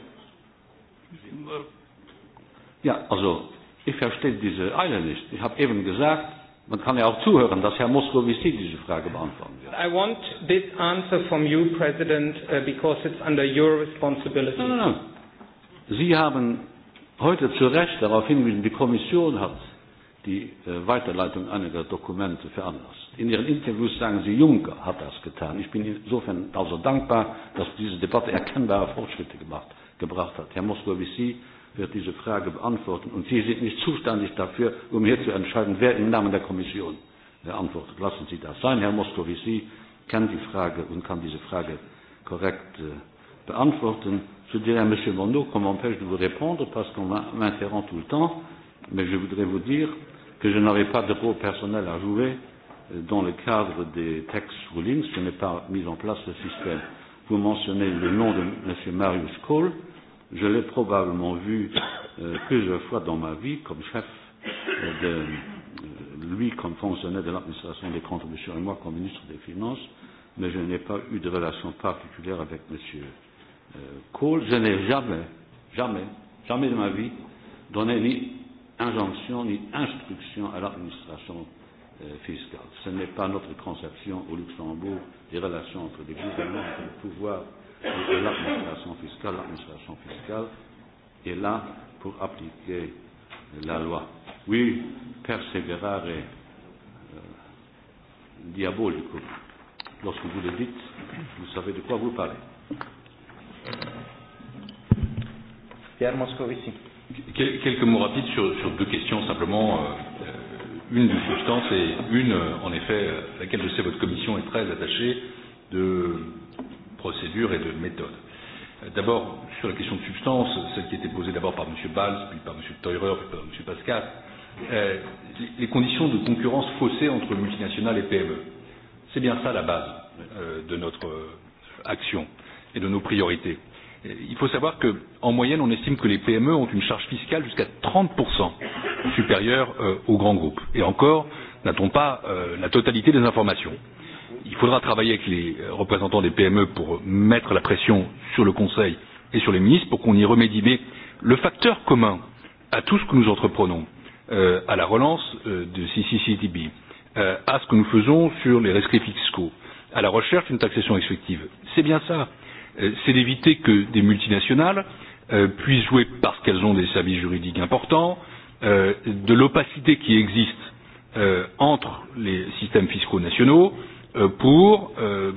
Ja, also, ich verstehe diese Eile nicht. Ich habe eben gesagt, Man kann ja auch zuhören, dass Herr Moskow wie Sie diese Frage beantworten wird. I want this answer from you, President, uh, because it's under your responsibility. Nein, no, nein, no, nein. No. Sie haben heute zu Recht darauf hingewiesen, die Kommission hat die äh, Weiterleitung einiger Dokumente veranlasst. In Ihren Interviews sagen Sie, Juncker hat das getan. Ich bin insofern also dankbar, dass diese Debatte erkennbare Fortschritte gemacht, gebracht hat. Herr Moskow, wie Sie wird diese Frage beantworten. Und Sie sind nicht zuständig dafür, um hier zu entscheiden, wer im Namen der Kommission antwortet. Lassen Sie das sein, Herr Moscovici kennt die Frage und kann diese Frage korrekt äh, beantworten. Je dirais, Monsieur Bondo, qu'on m'empêche de vous répondre parce qu'on m'interrompt tout le temps, mais je voudrais vous dire que je n'aurai pas de rôle personnel à jouer euh, dans le cadre des tax rulings. Je n'ai pas mis en place ce système. Vous mentionnez le nom de Monsieur Marius Cole. Je l'ai probablement vu euh, plusieurs fois dans ma vie comme chef euh, de euh, lui comme fonctionnaire de l'administration des contributions et moi comme ministre des Finances, mais je n'ai pas eu de relation particulière avec M. Euh, Cole. Je n'ai jamais, jamais, jamais de ma vie donné ni injonction ni instruction à l'administration euh, fiscale. Ce n'est pas notre conception au Luxembourg des relations entre les gouvernements et le pouvoir euh, de l'administration fiscale, l'administration fiscale est là pour appliquer la loi. Oui, persévérer est euh, diabolique. Lorsque vous le dites, vous savez de quoi vous parlez. Pierre Moscovici. Quel, quelques mots rapides sur, sur deux questions, simplement. Euh, euh une de substance et une, euh, en effet, à laquelle je sais votre commission est très attachée, de procédure et de méthode. Euh, d'abord, sur la question de substance, celle qui était posée d'abord par M. Valls, puis par M. Teurer, puis par M. Pascal, euh, les conditions de concurrence faussée entre multinationales et PME. C'est bien ça la base euh, de notre euh, action et de nos priorités. Il faut savoir qu'en moyenne, on estime que les PME ont une charge fiscale jusqu'à 30% supérieure euh, aux grands groupes. Et encore, n'a-t-on pas euh, la totalité des informations il faudra travailler avec les euh, représentants des PME pour euh, mettre la pression sur le Conseil et sur les ministres pour qu'on y remédie. Mais le facteur commun à tout ce que nous entreprenons, euh, à la relance euh, de CCCTB, euh, à ce que nous faisons sur les rescrits fiscaux, à la recherche d'une taxation effective, c'est bien ça. Euh, c'est d'éviter que des multinationales euh, puissent jouer parce qu'elles ont des services juridiques importants, euh, de l'opacité qui existe euh, entre les systèmes fiscaux nationaux, euh, Euh, pour euh,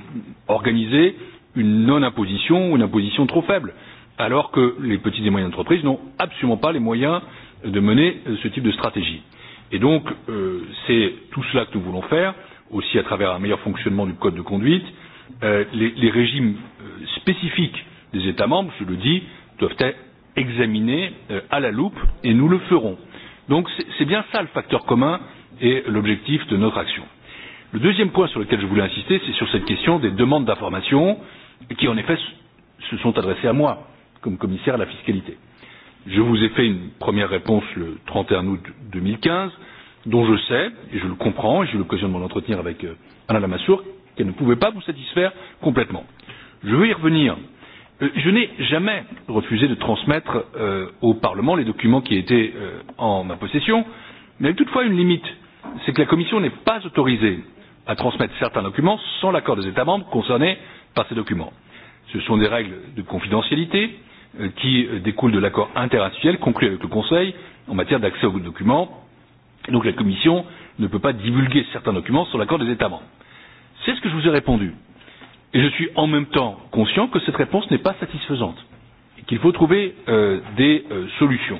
organiser une non-imposition ou une imposition trop faible, alors que les petites et moyennes entreprises n'ont absolument pas les moyens de mener euh, ce type de stratégie. Et donc, euh, c'est tout cela que nous voulons faire, aussi à travers un meilleur fonctionnement du code de conduite. Euh, les, les régimes euh, spécifiques des États membres, je le dis, doivent être examinés euh, à la loupe, et nous le ferons. Donc, c'est bien ça le facteur commun et l'objectif de notre action. Le deuxième point sur lequel je voulais insister, c'est sur cette question des demandes d'information qui, en effet, se sont adressées à moi, comme commissaire à la fiscalité. Je vous ai fait une première réponse le 31 août 2015, dont je sais, et je le comprends, et j'ai eu l'occasion de m'en entretenir avec euh, Alain Lamassoure, qu'elle ne pouvait pas vous satisfaire complètement. Je veux y revenir. Euh, je n'ai jamais refusé de transmettre euh, au Parlement les documents qui étaient euh, en ma possession, mais avec toutefois une limite, c'est que la Commission n'est pas autorisée à transmettre certains documents sans l'accord des États membres concernés par ces documents. Ce sont des règles de confidentialité euh, qui euh, découlent de l'accord interinstitutionnel conclu avec le Conseil en matière d'accès aux documents. Donc la Commission ne peut pas divulguer certains documents sans l'accord des États membres. C'est ce que je vous ai répondu. Et je suis en même temps conscient que cette réponse n'est pas satisfaisante et qu'il faut trouver euh, des euh, solutions.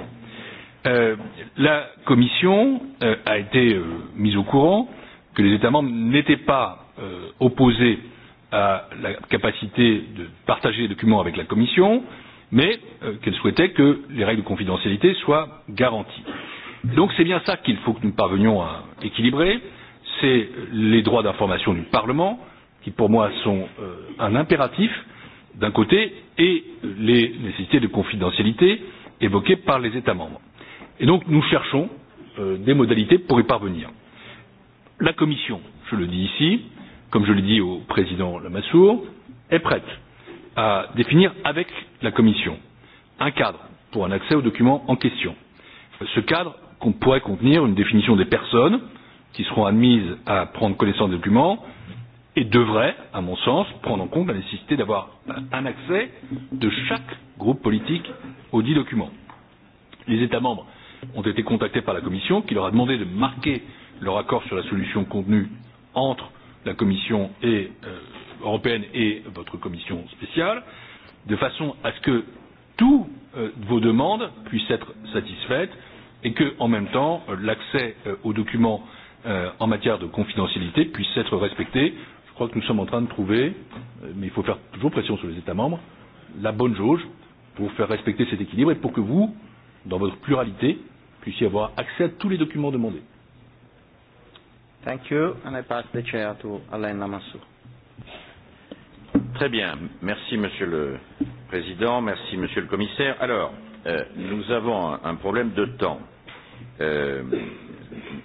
Euh, la Commission euh, a été euh, mise au courant euh, que les États membres n'étaient pas euh, opposés à la capacité de partager les documents avec la Commission, mais euh, qu'elle souhaitait que les règles de confidentialité soient garanties. Donc c'est bien ça qu'il faut que nous parvenions à équilibrer, c'est les droits d'information du Parlement, qui pour moi sont euh, un impératif d'un côté, et les nécessités de confidentialité évoquées par les États membres. Et donc nous cherchons euh, des modalités pour y parvenir. La Commission, je le dis ici, comme je l'ai dit au président Lamassour, est prête à définir avec la Commission un cadre pour un accès aux documents en question. Ce cadre pourrait contenir une définition des personnes qui seront admises à prendre connaissance des documents et devrait, à mon sens, prendre en compte la nécessité d'avoir un accès de chaque groupe politique aux dix documents. Les États membres ont été contactés par la Commission qui leur a demandé de marquer euh, leur accord sur la solution contenue entre la Commission et, euh, européenne et votre Commission spéciale, de façon à ce que toutes euh, vos demandes puissent être satisfaites et que, en même temps, euh, l'accès euh, aux documents euh, en matière de confidentialité puisse être respecté. Je crois que nous sommes en train de trouver, euh, mais il faut faire toujours pression sur les États membres, la bonne jauge pour faire respecter cet équilibre et pour que vous, dans votre pluralité, puissiez avoir accès à tous les documents demandés. Thank you, and I pass the chair to Alain Lamassou. Très bien. Merci, Monsieur le Président. Merci, Monsieur le Commissaire. Alors, euh, nous avons un, un problème de temps. Euh,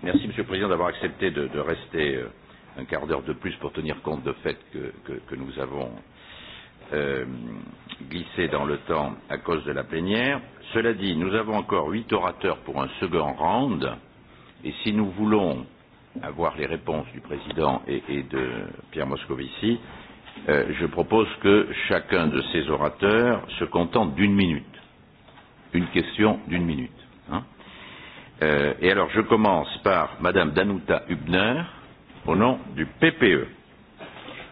merci, Monsieur le Président, d'avoir accepté de, de rester euh, un quart d'heure de plus pour tenir compte du fait que, que, que nous avons euh, glissé dans le temps à cause de la plénière. Cela dit, nous avons encore huit orateurs pour un second round. Et si nous voulons avoir les réponses du président et, et de Pierre Moscovici, euh, je propose que chacun de ces orateurs se contente d'une minute, une question d'une minute. Hein. Euh, et alors, je commence par Madame Danuta Hübner au nom du PPE.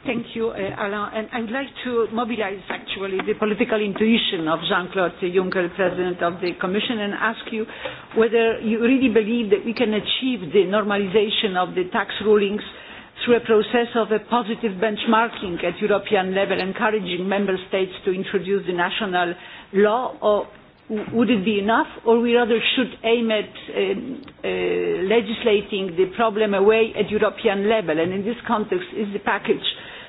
Thank you, uh, Alain. I'd like to mobilize actually the political intuition of Jean-Claude Juncker, President of the Commission, and ask you whether you really believe that we can achieve the normalization of the tax rulings through a process of a positive benchmarking at European level, encouraging member states to introduce the national law, or would it be enough, or we rather should aim at um, uh, legislating the problem away at European level? In this context, is the package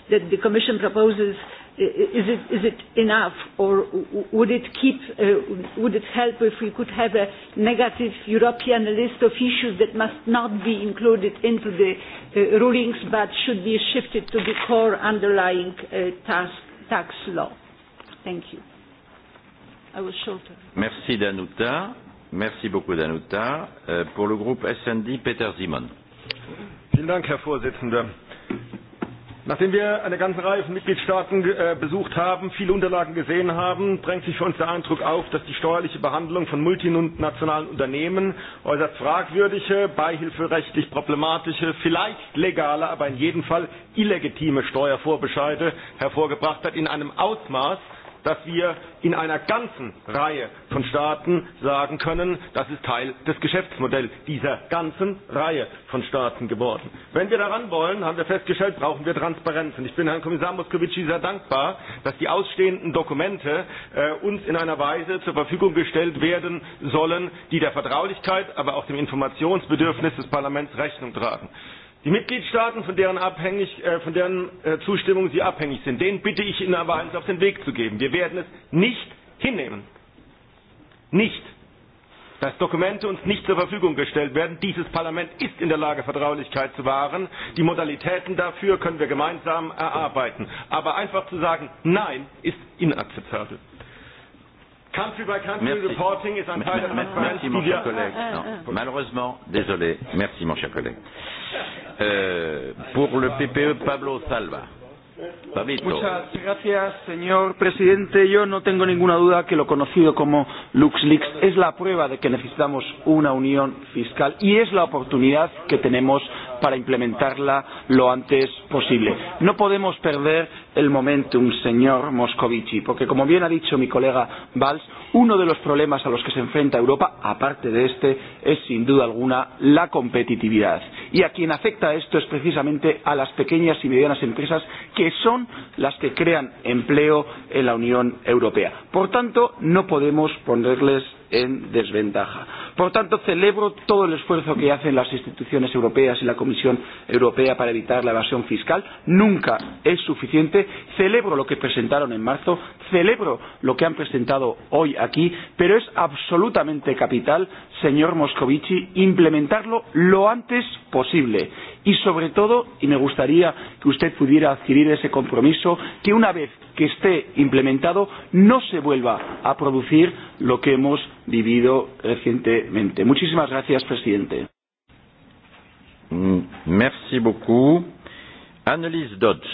that the Commission proposes is it, is it enough, or would it keep, uh, would it help if we could have a negative European list of issues that must not be included into the uh, rulings, but should be shifted to the core underlying uh, task, tax law? Thank you. I was shorter. Merci, Danuta. Merci beaucoup, Danuta. Uh, pour le groupe SND, Peter Simon. Vielen Dank, Herr Vorsitzender. Nachdem wir eine ganze Reihe von Mitgliedstaaten äh, besucht haben, viele Unterlagen gesehen haben, drängt sich für uns der Eindruck auf, dass die steuerliche Behandlung von multinationalen Unternehmen äußerst fragwürdige, beihilferechtlich problematische, vielleicht legale, aber in jedem Fall illegitime Steuervorbescheide hervorgebracht hat in einem Ausmaß, dass wir in einer ganzen Reihe von Staaten sagen können, das ist Teil des Geschäftsmodells dieser ganzen Reihe von Staaten geworden. Wenn wir daran wollen, haben wir festgestellt, brauchen wir Transparenz. Und ich bin Herrn Kommissar Moscovici sehr dankbar, dass die ausstehenden Dokumente äh, uns in einer Weise zur Verfügung gestellt werden sollen, die der Vertraulichkeit, aber auch dem Informationsbedürfnis des Parlaments Rechnung tragen. Die Mitgliedstaaten, von deren, abhängig, äh, von deren äh, Zustimmung Sie abhängig sind, denen bitte ich Ihnen aber eins auf den Weg zu geben. Wir werden es nicht hinnehmen. Nicht. Dass Dokumente uns nicht zur Verfügung gestellt werden. Dieses Parlament ist in der Lage, Vertraulichkeit zu wahren. Die Modalitäten dafür können wir gemeinsam erarbeiten. Aber einfach zu sagen, nein, ist inakzeptabel country by country merci. reporting is M M merci mon cher collègue non. malheureusement désolé merci mon cher collègue euh, pour le PPE Pablo Salva Muchas gracias, señor presidente. Yo no tengo ninguna duda que lo conocido como LuxLeaks es la prueba de que necesitamos una unión fiscal y es la oportunidad que tenemos para implementarla lo antes posible. No podemos perder el momentum, señor Moscovici, porque, como bien ha dicho mi colega Valls, uno de los problemas a los que se enfrenta Europa, aparte de este, es sin duda alguna la competitividad. Y a quien afecta esto es precisamente a las pequeñas y medianas empresas que son las que crean empleo en la Unión Europea. Por tanto, no podemos ponerles en desventaja. Por tanto, celebro todo el esfuerzo que hacen las instituciones europeas y la Comisión Europea para evitar la evasión fiscal. Nunca es suficiente. Celebro lo que presentaron en marzo, celebro lo que han presentado hoy aquí, pero es absolutamente capital, señor Moscovici, implementarlo lo antes posible y sobre todo, y me gustaría que usted pudiera adquirir ese compromiso, que una vez que esté implementado no se vuelva a producir lo que hemos vivido recientemente. Muchísimas gracias, presidente. Mm, merci beaucoup. Annelies Dodds.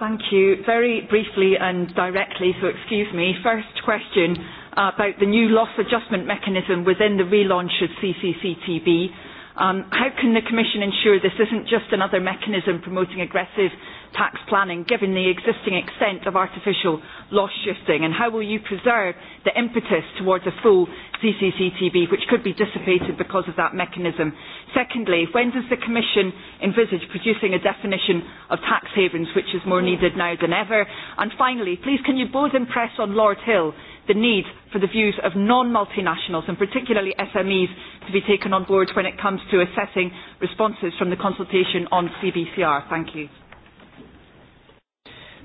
Thank you. Very briefly and directly, so excuse me. First question about the new loss adjustment mechanism within the relaunch of CCCTB. Um, how can the Commission ensure this isn't just another mechanism promoting aggressive tax planning, given the existing extent of artificial loss shifting? And how will you preserve the impetus towards a full CCCTB, which could be dissipated because of that mechanism? Secondly, when does the Commission envisage producing a definition of tax havens, which is more needed now than ever? And finally, please, can you both impress on Lord Hill? the need for the views of non-multinationals and particularly SMEs to be taken on board when it comes to assessing responses from the consultation on CBCR. Thank you.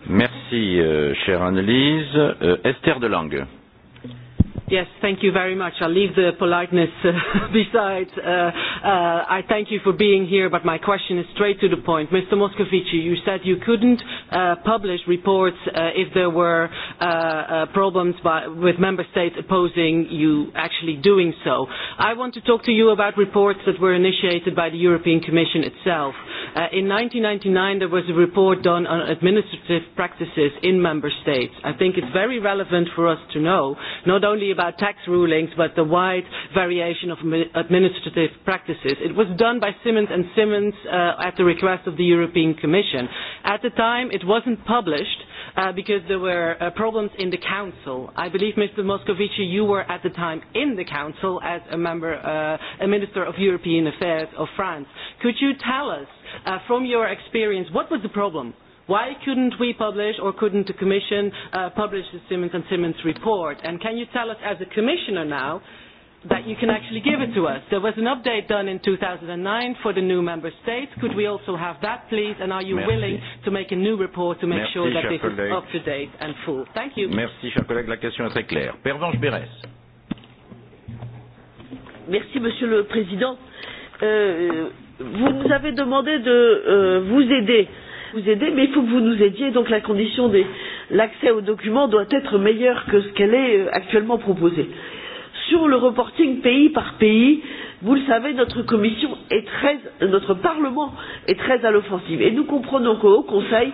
Merci, euh, chère Annelise. Euh, Esther Delangue. Yes, thank you very much. I'll leave the politeness uh, beside. Uh, uh, I thank you for being here, but my question is straight to the point. Mr. Moscovici, you said you couldn't uh, publish reports uh, if there were uh, uh, problems by, with member states opposing you actually doing so. I want to talk to you about reports that were initiated by the European Commission itself. Uh, in 1999, there was a report done on administrative practices in member states. I think it's very relevant for us to know, not only about about tax rulings, but the wide variation of administrative practices. It was done by Simmons and Simmons uh, at the request of the European Commission. At the time, it wasn't published. Uh, because there were uh, problems in the council. I believe, Mr. Moscovici, you were at the time in the council as a member, uh, a minister of European affairs of France. Could you tell us, uh, from your experience, what was the problem? why couldn't we publish or couldn't the Commission uh, publish the Simmons and Simmons report? And can you tell us as a Commissioner now that you can actually give it to us? There was an update done in 2009 for the new Member States. Could we also have that, please? And are you Merci. willing to make a new report to make Merci, sure that this collègue. is up to date and full? Thank you. Merci, cher collègue. La question est très claire. Pervenche Beres. Merci, Monsieur le Président. Euh, vous nous avez demandé de euh, vous aider euh, vous aider, mais il faut que vous nous aidiez. Donc la condition de l'accès aux documents doit être meilleure que ce qu'elle est euh, actuellement proposée. Sur le reporting pays par pays, vous le savez, notre commission est très, notre parlement est très à l'offensive. Et nous comprenons qu'au Conseil,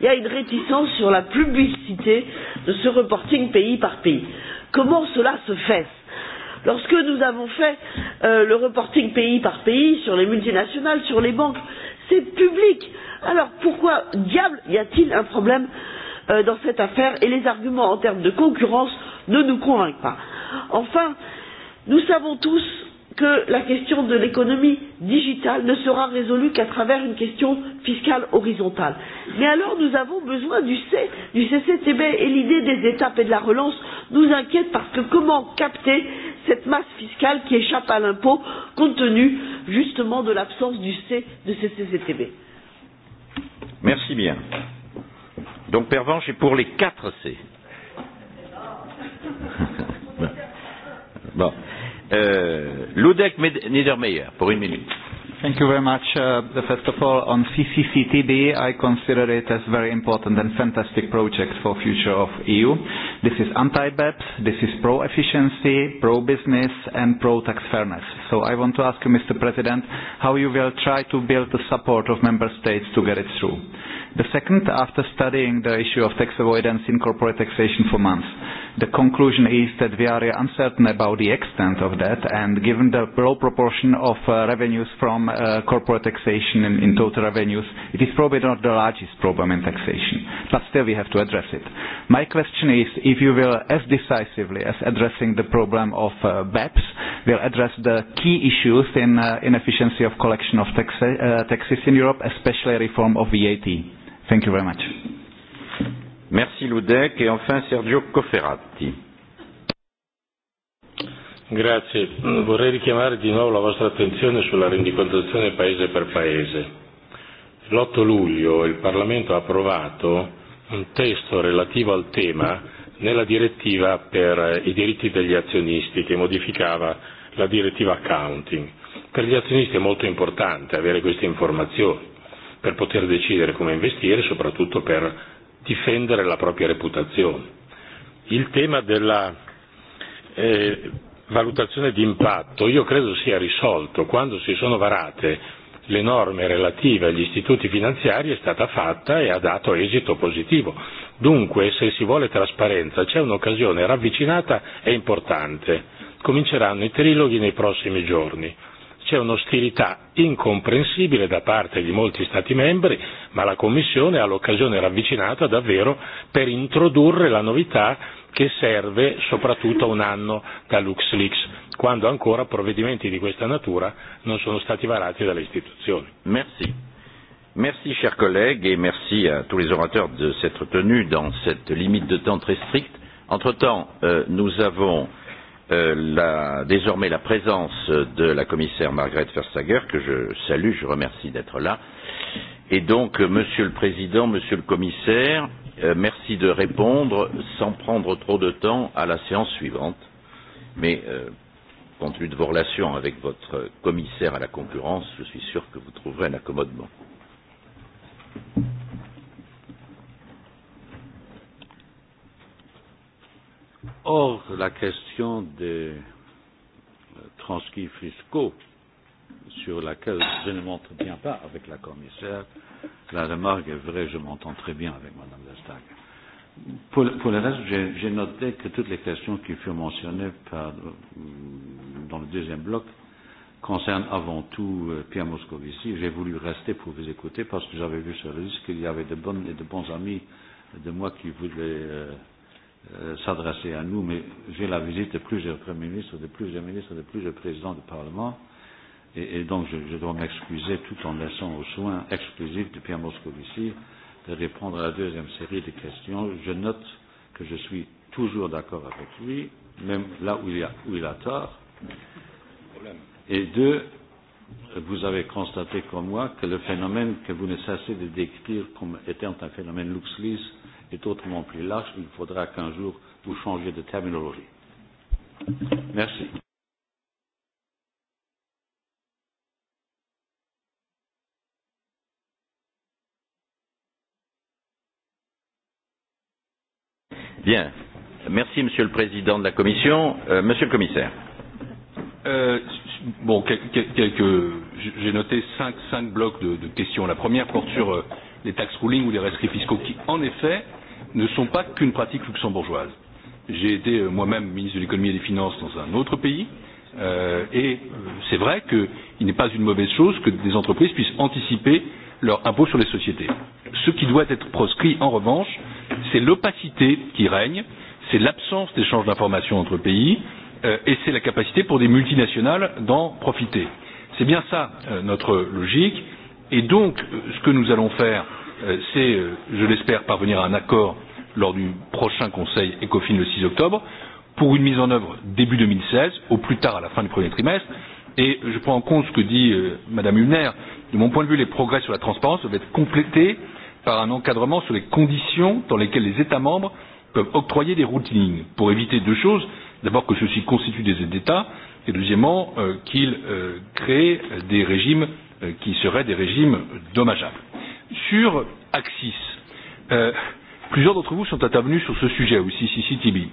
il y a une réticence sur la publicité de ce reporting pays par pays. Comment cela se fait Lorsque nous avons fait euh, le reporting pays par pays sur les multinationales, sur les banques, c'est public. Alors pourquoi diable y a-t-il un problème euh, dans cette affaire et les arguments en termes de concurrence ne nous convainquent pas Enfin, nous savons tous que la question de l'économie digitale ne sera résolue qu'à travers une question fiscale horizontale. Mais alors nous avons besoin du, c, du CCTB et l'idée des étapes et de la relance nous inquiète parce que comment capter cette masse fiscale qui échappe à l'impôt compte tenu justement de l'absence du C de ces CCTB Merci bien. Donc Pervenche est pour les 4 C. bon. Euh, Ludek Niedermeyer, pour une minute. Thank you very much. Uh, first of all, on CCCTB, I consider it as very important and fantastic project for future of EU. This is anti-BEPS, this is pro-efficiency, pro-business and pro-tax fairness. So I want to ask you, Mr. President, how you will try to build the support of member states to get it through. The second, after studying the issue of tax avoidance in corporate taxation for months, the conclusion is that we are uncertain about the extent of that, and given the low proportion of uh, revenues from uh, corporate taxation in, in total revenues, it is probably not the largest problem in taxation, but still we have to address it. My question is if you will, as decisively as addressing the problem of uh, BEPS, will address the key issues in uh, inefficiency of collection of taxa- uh, taxes in Europe, especially reform of VAT. Thank you very much. Thank you. Merci Ludec. Et enfin Sergio Cofferati. Grazie. Vorrei richiamare di nuovo la vostra attenzione sulla rendicontazione paese per paese. L'8 luglio il Parlamento ha approvato un testo relativo al tema nella direttiva per i diritti degli azionisti che modificava la direttiva accounting. Per gli azionisti è molto importante avere queste informazioni per poter decidere come investire e soprattutto per difendere la propria reputazione. Il tema della eh, valutazione di impatto io credo sia risolto quando si sono varate le norme relative agli istituti finanziari è stata fatta e ha dato esito positivo. Dunque, se si vuole trasparenza, c'è un'occasione ravvicinata e importante. Cominceranno i triloghi nei prossimi giorni c'è un'ostilità incomprensibile da parte di molti Stati membri, ma la Commissione ha l'occasione ravvicinata davvero per introdurre la novità che serve soprattutto a un anno da LuxLeaks, quando ancora provvedimenti di questa natura non sono stati varati dalle istituzioni. Merci. Merci, chers collègues, et merci à tous les orateurs de s'être tenus dans cette limite de temps très stricte. Entre-temps, euh, nous avons. Euh, la, désormais la présence de la commissaire Margrethe Verstager, que je salue, je remercie d'être là. Et donc, euh, Monsieur le Président, Monsieur le Commissaire, euh, merci de répondre sans prendre trop de temps à la séance suivante. Mais, euh, compte tenu de vos relations avec votre commissaire à la concurrence, je suis sûr que vous trouverez un accommodement. Thank you. Or, la question des euh, transcrits fiscaux, sur laquelle je ne m'entretiens pas avec la commissaire, la remarque est vraie, je m'entends très bien avec Mme Destac. Pour, pour le reste, j'ai noté que toutes les questions qui furent mentionnées par, euh, dans le deuxième bloc concernent avant tout euh, Pierre Moscovici. J'ai voulu rester pour vous écouter parce que j'avais vu sur le risque qu'il y avait de bonnes et de bons amis de moi qui voulaient. Euh, Euh, s'adresser à nous, mais j'ai la visite de plusieurs premiers ministres, de plusieurs ministres, de plusieurs présidents du Parlement, et, et donc je, je dois m'excuser tout en laissant aux soins exclusifs de Pierre Moscovici de répondre à la deuxième série de questions. Je note que je suis toujours d'accord avec lui, même là où il, y a, où il a tort. Et deux, vous avez constaté comme moi que le phénomène que vous ne cessez de décrire comme étant un phénomène luxlis est autrement plus large, il faudra qu'un jour vous changiez de terminologie. Merci. Bien. Merci, Monsieur le Président de la Commission. Euh, monsieur le Commissaire. Euh, bon, quelques, j'ai noté cinq, cinq blocs de, de questions. La première porte sur euh, les taxes ruling ou les rescrits fiscaux qui, en effet, ne sont pas qu'une pratique luxembourgeoise. J'ai été euh, moi même ministre de l'économie et des finances dans un autre pays euh, et euh, c'est vrai qu'il n'est pas une mauvaise chose que des entreprises puissent anticiper leur impôt sur les sociétés. Ce qui doit être proscrit, en revanche, c'est l'opacité qui règne, c'est l'absence d'échanges d'informations entre pays euh, et c'est la capacité pour des multinationales d'en profiter. C'est bien ça euh, notre logique et donc euh, ce que nous allons faire euh, Euh, c'est, euh, je l'espère, parvenir à un accord lors du prochain Conseil ECOFIN le 6 octobre pour une mise en œuvre début 2016, au plus tard à la fin du premier trimestre. Et je prends en compte ce que dit euh, Mme Hulner. De mon point de vue, les progrès sur la transparence doivent être complétés par un encadrement sur les conditions dans lesquelles les États membres peuvent octroyer des routines pour éviter deux choses. D'abord, que ceux-ci constituent des aides d'État et deuxièmement, euh, qu'ils euh, créent des régimes euh, qui seraient des régimes dommageables sur Axis. Euh, plusieurs d'entre vous sont intervenus sur ce sujet aussi, CCTV.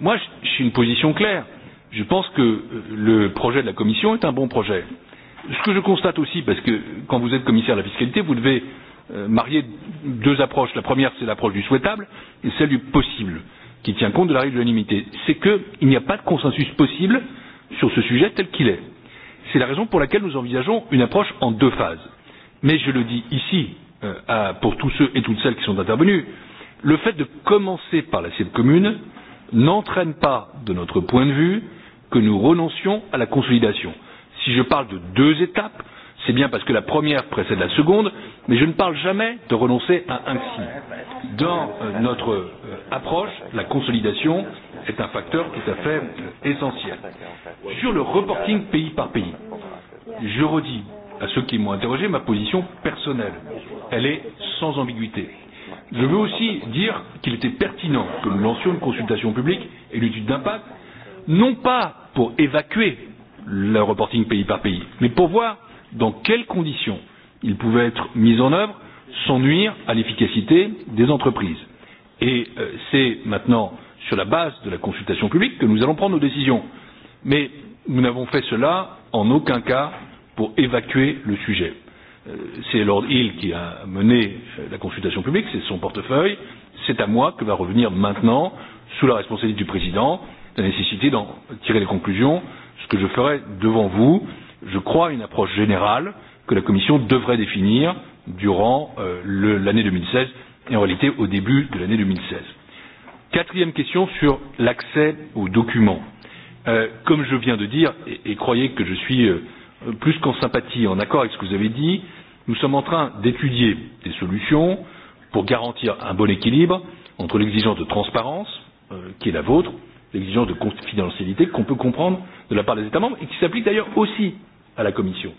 Moi, j'ai une position claire. Je pense que euh, le projet de la Commission est un bon projet. Ce que je constate aussi, parce que quand vous êtes commissaire à la fiscalité, vous devez euh, marier deux approches. La première, c'est l'approche du souhaitable et celle du possible, qui tient compte de la règle de l'unanimité. C'est qu'il n'y a pas de consensus possible sur ce sujet tel qu'il est. C'est la raison pour laquelle nous envisageons une approche en deux phases. Mais je le dis ici, euh, à, pour tous ceux et toutes celles qui sont intervenus, le fait de commencer par la cible commune n'entraîne pas, de notre point de vue, que nous renoncions à la consolidation. Si je parle de deux étapes, c'est bien parce que la première précède la seconde, mais je ne parle jamais de renoncer à ainsi. Dans euh, notre euh, approche, la consolidation est un facteur tout à fait euh, essentiel. Sur le reporting pays par pays, je redis à ceux qui m'ont interrogé, ma position personnelle. Elle est sans ambiguïté. Je veux aussi dire qu'il était pertinent que nous lancions une consultation publique et une étude d'impact, non pas pour évacuer le reporting pays par pays, mais pour voir dans quelles conditions il pouvait être mis en œuvre sans nuire à l'efficacité des entreprises. Et euh, c'est maintenant sur la base de la consultation publique que nous allons prendre nos décisions. Mais nous n'avons fait cela en aucun cas pour évacuer le sujet. Euh, c'est Lord Hill qui a mené euh, la consultation publique, c'est son portefeuille, c'est à moi que va revenir maintenant, sous la responsabilité du Président, la nécessité d'en tirer les conclusions, ce que je ferai devant vous, je crois, une approche générale que la Commission devrait définir durant euh, l'année 2016 et en réalité au début de l'année 2016. Quatrième question sur l'accès aux documents. Euh, comme je viens de dire, et, et croyez que je suis euh, plus qu'en sympathie, en accord avec ce que vous avez dit, nous sommes en train d'étudier des solutions pour garantir un bon équilibre entre l'exigence de transparence, euh, qui est la vôtre, l'exigence de confidentialité qu'on peut comprendre de la part des États membres et qui s'applique d'ailleurs aussi à la Commission.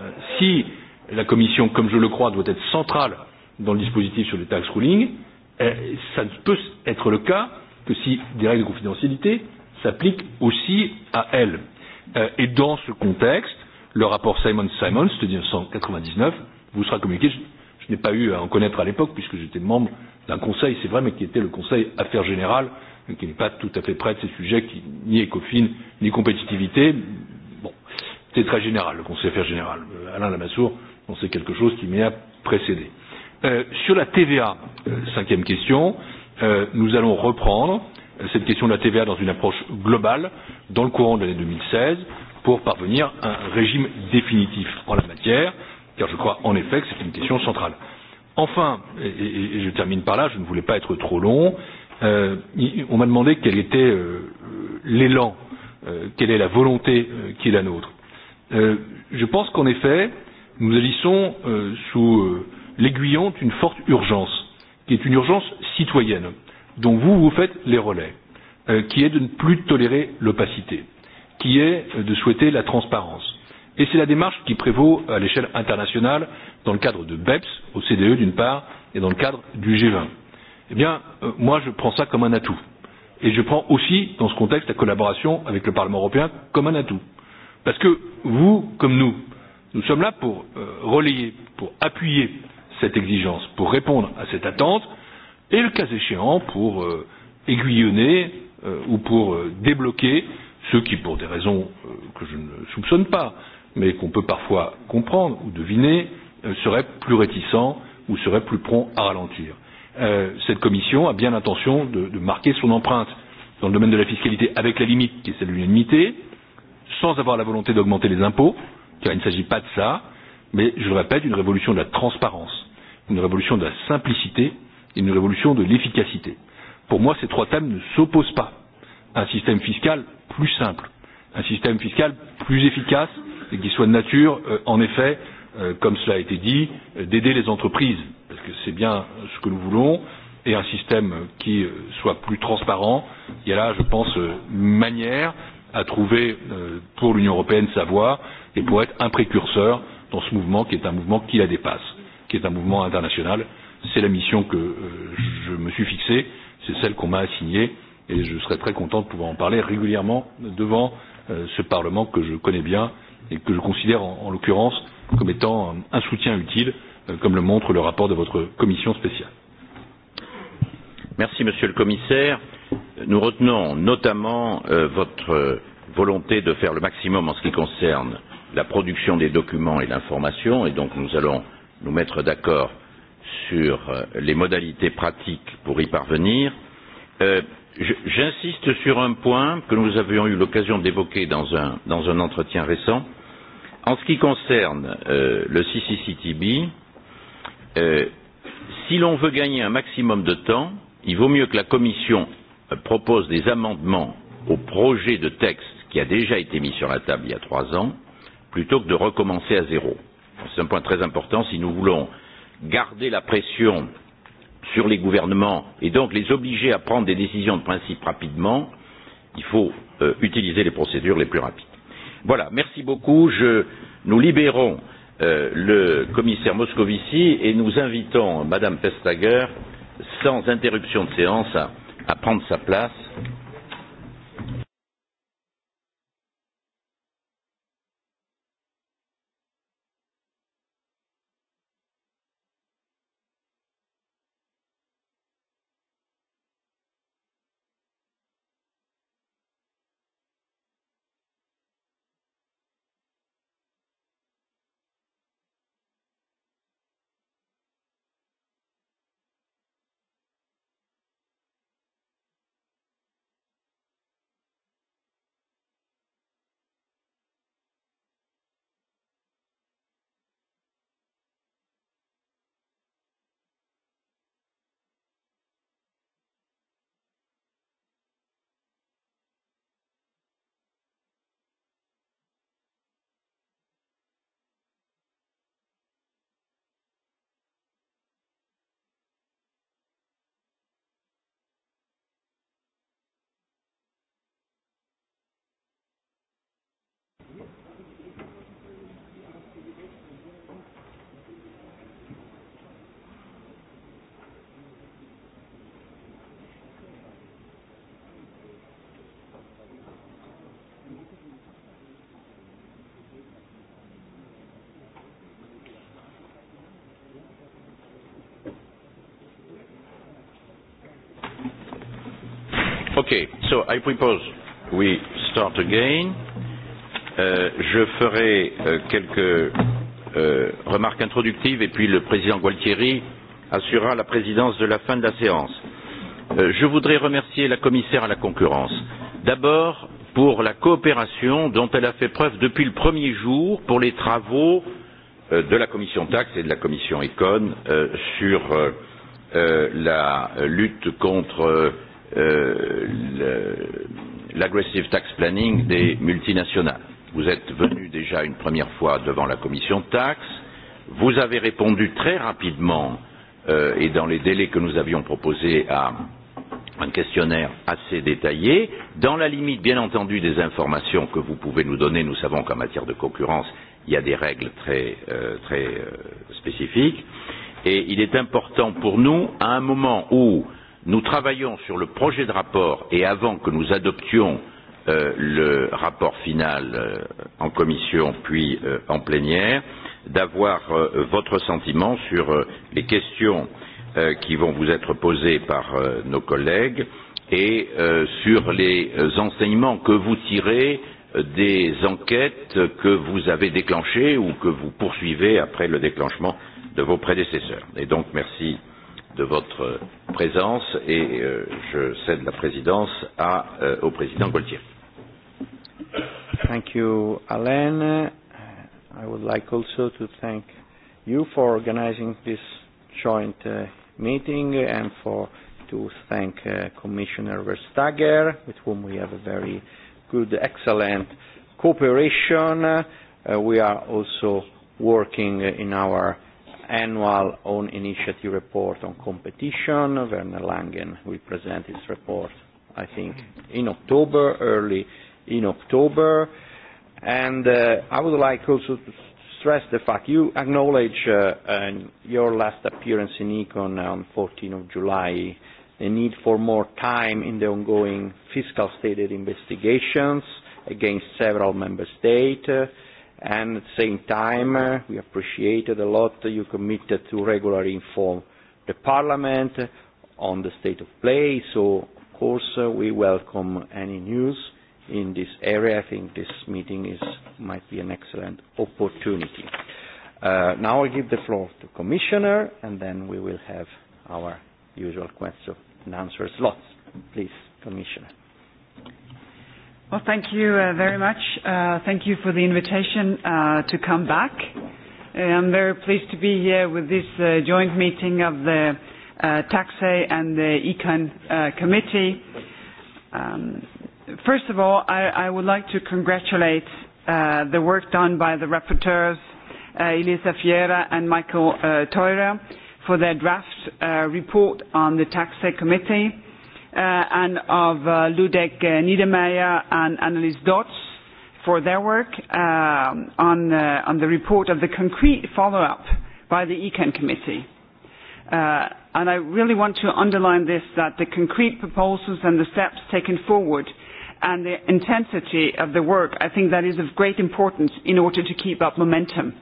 Euh, si la Commission, comme je le crois, doit être centrale dans le dispositif sur les tax ruling, euh, ça ne peut être le cas que si des règles de confidentialité s'appliquent aussi à elle. Euh, et dans ce contexte, le rapport Simon-Simons de 1999 vous sera communiqué. Je, je n'ai pas eu à en connaître à l'époque puisque j'étais membre d'un conseil, c'est vrai, mais qui était le conseil Affaires Générales, qui n'est pas tout à fait près de ces sujets, qui, ni Ecofin, ni compétitivité. Bon, c'est très général, le conseil Affaires Générales. Euh, Alain Lamassoure, on sait quelque chose qui m'y a précédé. Euh, sur la TVA, euh, cinquième question, euh, nous allons reprendre euh, cette question de la TVA dans une approche globale dans le courant de l'année 2016 pour parvenir à un régime définitif en la matière, car je crois en effet que c'est une question centrale. Enfin, et, et, et je termine par là, je ne voulais pas être trop long, euh, on m'a demandé quel était euh, l'élan, euh, quelle est la volonté euh, qui est la nôtre. Euh, je pense qu'en effet, nous agissons euh, sous euh, l'aiguillon d'une forte urgence, qui est une urgence citoyenne, dont vous, vous faites les relais, euh, qui est de ne plus tolérer l'opacité qui est euh, de souhaiter la transparence. Et c'est la démarche qui prévaut à l'échelle internationale dans le cadre de BEPS, au CDE d'une part, et dans le cadre du G20. Eh bien, euh, moi, je prends ça comme un atout. Et je prends aussi, dans ce contexte, la collaboration avec le Parlement européen comme un atout. Parce que vous, comme nous, nous sommes là pour euh, relayer, pour appuyer cette exigence, pour répondre à cette attente, et le cas échéant, pour euh, aiguillonner euh, ou pour euh, débloquer euh, ceux qui, pour des raisons euh, que je ne soupçonne pas, mais qu'on peut parfois comprendre ou deviner, euh, seraient plus réticents ou seraient plus prompts à ralentir. Euh, cette commission a bien l'intention de, de marquer son empreinte dans le domaine de la fiscalité avec la limite qui est celle de l'unanimité, sans avoir la volonté d'augmenter les impôts, car il ne s'agit pas de ça, mais, je le répète, une révolution de la transparence, une révolution de la simplicité et une révolution de l'efficacité. Pour moi, ces trois thèmes ne s'opposent pas un système fiscal plus simple, un système fiscal plus efficace et qui soit de nature, euh, en effet, euh, comme cela a été dit, euh, d'aider les entreprises, parce que c'est bien ce que nous voulons, et un système qui euh, soit plus transparent. Il y a là, je pense, euh, une manière à trouver euh, pour l'Union européenne sa voie et pour être un précurseur dans ce mouvement qui est un mouvement qui la dépasse, qui est un mouvement international. C'est la mission que euh, je me suis fixée, c'est celle qu'on m'a assignée et je serai très content de pouvoir en parler régulièrement devant euh, ce Parlement que je connais bien et que je considère en, en l'occurrence comme étant un, un soutien utile, euh, comme le montre le rapport de votre commission spéciale. Merci Monsieur le Commissaire. Nous retenons notamment euh, votre volonté de faire le maximum en ce qui concerne la production des documents et l'information, et donc nous allons nous mettre d'accord sur euh, les modalités pratiques pour y parvenir. Euh, J'insiste sur un point que nous avions eu l'occasion d'évoquer dans un, dans un entretien récent. En ce qui concerne euh, le CCCTB, euh, si l'on veut gagner un maximum de temps, il vaut mieux que la Commission euh, propose des amendements au projet de texte qui a déjà été mis sur la table il y a trois ans, plutôt que de recommencer à zéro. C'est un point très important si nous voulons garder la pression euh, sur les gouvernements et donc les obliger à prendre des décisions de principe rapidement, il faut euh, utiliser les procédures les plus rapides. Voilà, merci beaucoup. Je, nous libérons euh, le commissaire Moscovici et nous invitons Madame Pestager, sans interruption de séance, à, à prendre sa place. Merci. Okay, so I propose we start again. Euh, je ferai euh, quelques euh, remarques introductives et puis le président Gualtieri assurera la présidence de la fin de la séance. Euh, je voudrais remercier la commissaire à la concurrence. D'abord, pour la coopération dont elle a fait preuve depuis le premier jour pour les travaux euh, de la commission taxe et de la commission Econ euh, sur euh, euh, la lutte contre euh, euh, l'aggressive tax planning des multinationales. Vous êtes venu déjà une première fois devant la commission de taxes, vous avez répondu très rapidement euh, et dans les délais que nous avions proposés à un questionnaire assez détaillé, dans la limite, bien entendu, des informations que vous pouvez nous donner, nous savons qu'en matière de concurrence, il y a des règles très, euh, très euh, spécifiques, et il est important pour nous, à un moment où euh, nous travaillons sur le projet de rapport et avant que nous adoptions euh, le rapport final euh, en commission puis euh, en plénière, d'avoir euh, votre sentiment sur euh, les questions euh, qui vont vous être posées par euh, nos collègues et euh, sur les euh, enseignements que vous tirez euh, des enquêtes que vous avez déclenchées ou que vous poursuivez après le déclenchement de vos prédécesseurs. Et donc, merci euh, de votre présence et euh, je cède la présidence à, euh, au président Gaultier. Thank you, Alain. Uh, I would like also to thank you for organizing this joint uh, meeting and for to thank uh, Commissioner Verstager, with whom we have a very good, excellent cooperation. Uh, we are also working in our annual own initiative report on competition. Werner Langen will present his report, I think, in October, early in October. And uh, I would like also to stress the fact you acknowledge uh, uh, your last appearance in ECON on 14th of July, the need for more time in the ongoing fiscal stated investigations against several member states. Uh, and at the same time uh, we appreciated a lot uh, you committed to regularly inform the parliament on the state of play so of course uh, we welcome any news in this area i think this meeting is might be an excellent opportunity uh, now i give the floor to commissioner and then we will have our usual question and answer slots please commissioner Well, thank you uh, very much. Uh, thank you for the invitation uh, to come back. Uh, I'm very pleased to be here with this uh, joint meeting of the uh, TAXE and the ECON uh, committee. Um, first of all, I, I would like to congratulate uh, the work done by the rapporteurs, uh, Elisa Fiera and Michael uh, Teurer, for their draft uh, report on the TAXE committee. Uh, Uh, and of uh, Ludek uh, Niedermaier and Annelis Dotz for their work um, on the report of the concrete follow-up by the ECN committee. I really want to underline this, that the concrete proposals and the steps taken forward and the intensity of the work, I think that is of great importance in order to keep up momentum.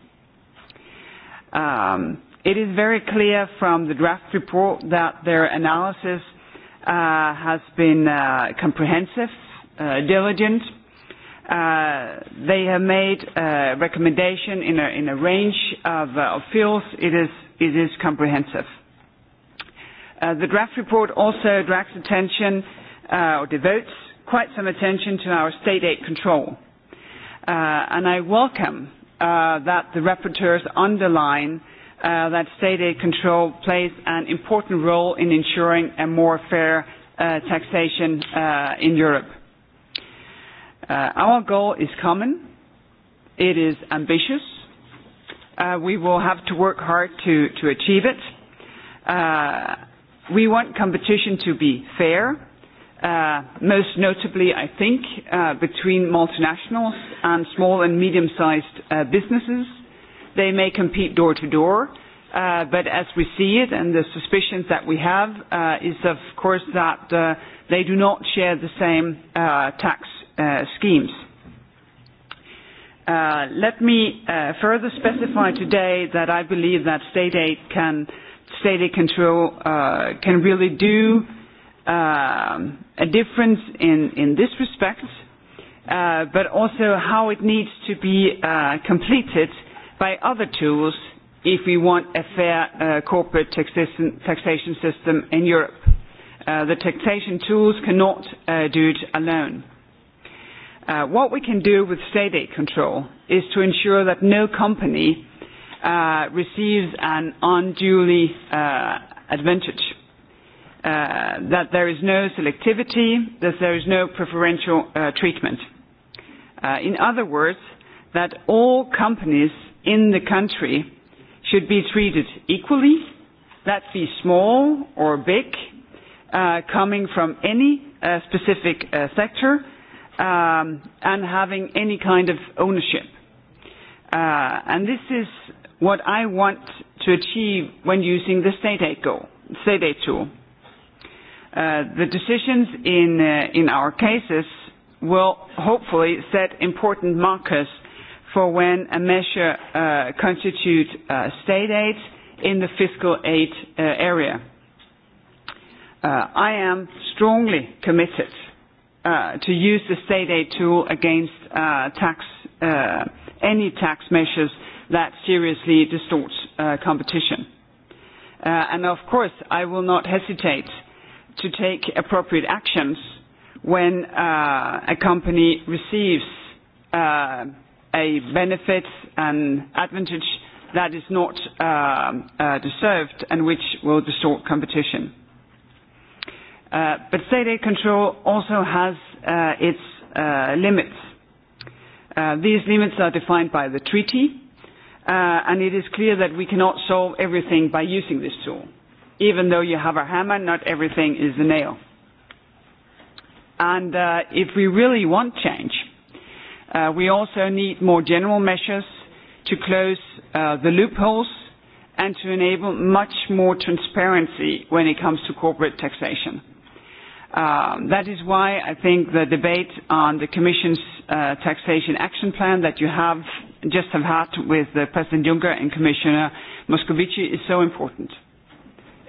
Um, it is very clear from the draft report that their analysis uh, has been uh, comprehensive, uh, diligent. Uh, they have made a uh, recommendation in a, in a range of, uh, of fields. It is, it is comprehensive. Uh, the draft report also drags attention uh, or devotes quite some attention to our state aid control. Uh, and I welcome uh, that the rapporteurs underline uh, Uh, that state-aid control plays an important role in ensuring a more fair uh, taxation uh, in Europe. Our goal is common. It is ambitious. We will have to work hard to achieve it. We want competition to be fair, most notably, I think, between multinationals and small and medium-sized businesses. They may compete door to door, uh, but as we see it, and the suspicions that we have, uh, is of course that uh, they do not share the same uh, tax uh, schemes. Uh, let me uh, further specify today that I believe that state aid can, state aid control uh, can really do um, a difference in, in this respect, uh, but also how it needs to be uh, completed uh, by other tools if we want a fair uh, corporate taxation, taxation system in Europe. Uh, the taxation tools cannot uh, do it alone. Uh, what we can do with state aid control is to ensure that no company uh, receives an unduly uh, advantage, uh, that there is no selectivity, that there is no preferential uh, treatment. Uh, in other words, that all companies in the country should be treated equally, that be small or big, uh, coming from any uh, specific uh, sector, um, and having any kind of ownership. Uh, and this is what I want to achieve when using the state aid, goal, state aid tool. Uh, the decisions in, uh, in our cases will hopefully set important markers for when a measure uh, constitutes uh, state aid in the fiscal aid uh, area. Uh, I am strongly committed uh, to use the state aid tool against uh, tax, uh, any tax measures that seriously distort uh, competition. Uh, and of course, I will not hesitate to take appropriate actions when uh, a company receives uh, a benefit, an advantage that is not um, uh, deserved and which will distort competition. Uh, state aid control also has uh, its limits. These limits are defined by the treaty, and it is clear that we cannot solve everything by using this tool. Even though you have a hammer, not everything is a nail. If we really want change, Uh, we also need more general measures to close uh, the loopholes and to enable much more transparency when it comes to corporate taxation. Um, that is why I think the debate on the Commission's uh, taxation action plan that you have just have had with uh, President Juncker and Commissioner Moscovici is so important.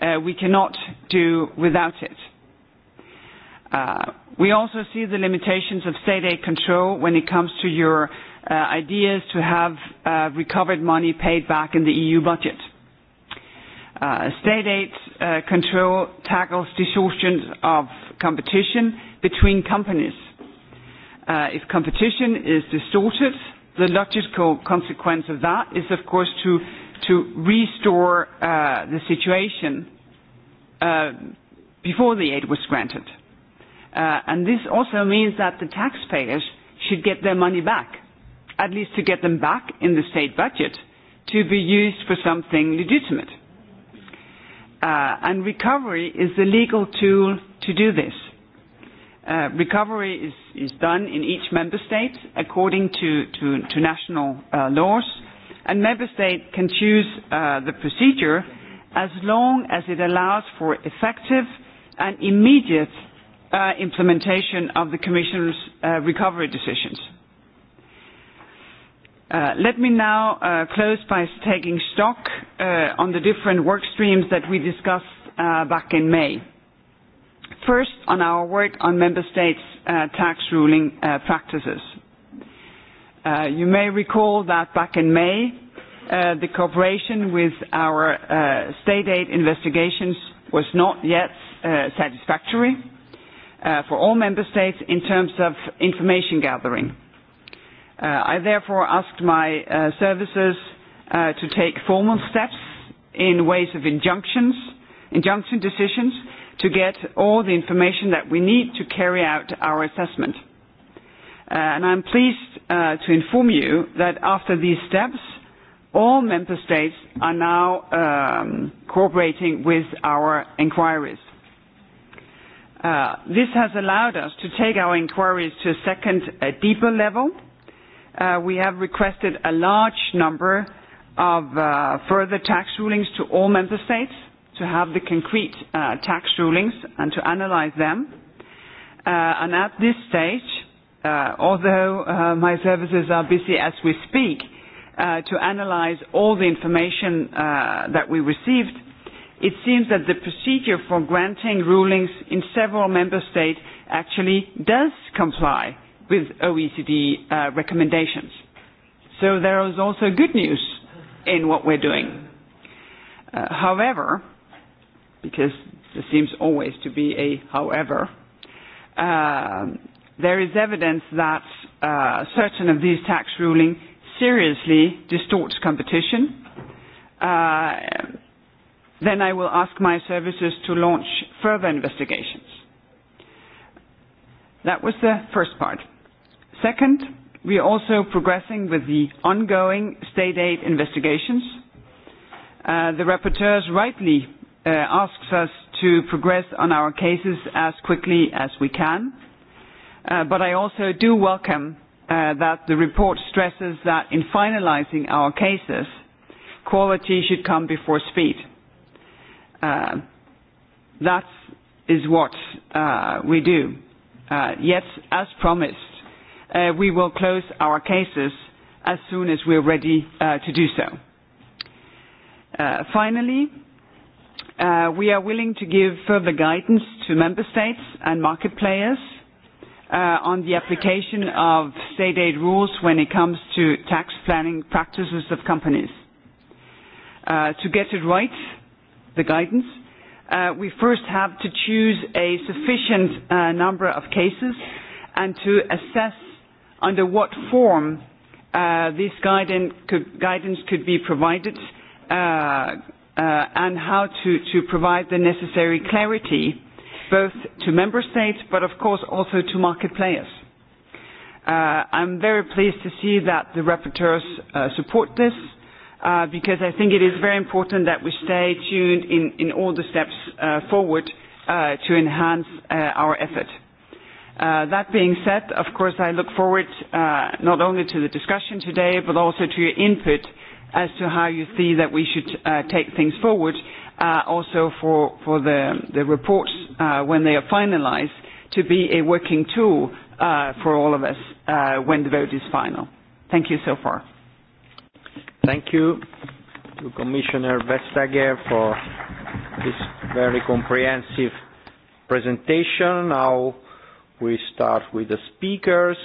Uh, we cannot do without it. Uh, we also see the limitations of state aid control when it comes to your uh, ideas to have uh, recovered money paid back in the EU budget. Uh, state aid uh, control tackles distortion of competition between companies. Uh, if competition is distorted, the logical consequence of that is, of course, to, to restore uh, the situation uh, before the aid was granted. Uh, and this also means that the taxpayers should get their money back, at least to get them back in the state budget to be used for something legitimate. Uh, and recovery is the legal tool to do this. Uh, recovery is, is done in each member state according to, to, to national uh, laws, and member state can choose uh, the procedure as long as it allows for effective and immediate Uh, implementation of the Commission's uh, recovery decisions. Uh, let me now close by taking stock on the different work streams that we discussed back in May. First, on our work on member states' tax ruling practices. You may recall that back in May, the cooperation with our state aid investigations was not yet satisfactory, uh, for all member states in terms of information gathering. Uh, I therefore asked my uh, services uh, to take formal steps in ways of injunctions, injunction decisions, to get all the information that we need to carry out our assessment. Uh, and I'm pleased uh, to inform you that after these steps, all member states are now um, cooperating with our inquiries. Uh, this has allowed us to take our inquiries to a second, a uh, deeper level. Uh, we have requested a large number of uh, further tax rulings to all member states to have the concrete uh, tax rulings and to analyze them. Uh, and at this stage, uh, although uh, my services are busy as we speak, uh, to analyze all the information uh, that we received, it seems that the procedure for granting rulings in several member states actually does comply with OECD uh, recommendations. So there is also good news in what we're doing. Uh, however, because there seems always to be a however, uh, there is evidence that uh, certain of these tax rulings seriously distorts competition. Uh, then I will ask my services to launch further investigations. That was the first part. Second, we are also progressing with the ongoing state aid investigations. Uh, the rapporteurs rightly uh, asks us to progress on our cases as quickly as we can. Uh, but I also do welcome uh, that the report stresses that in finalizing our cases, quality should come before speed. Uh, that is what uh, we do. Uh, yes, as promised, we will close our cases as soon as we're ready to do so. Finally, we are willing to give further guidance to member states and market players on the application of state aid rules when it comes to tax planning practices of companies. To get it right, the guidance. Uh, we first have to choose a sufficient uh, number of cases and to assess under what form uh, this guidance could, guidance could be provided uh, uh, and how to, to provide the necessary clarity both to member states but of course also to market players. Uh, I'm very pleased to see that the rapporteurs uh, support this Uh, because I think it is very important that we stay tuned in all the steps uh, forward uh, to enhance our effort. That being said, of course, I look forward not only to the discussion today, but also to your input as to how you see that we should take things forward, also for the reports when they are finalized to be a working tool for all of us when the vote is final. Thank you so far. Thank you to Commissioner Vestager for this very comprehensive presentation. Now we start with the speakers.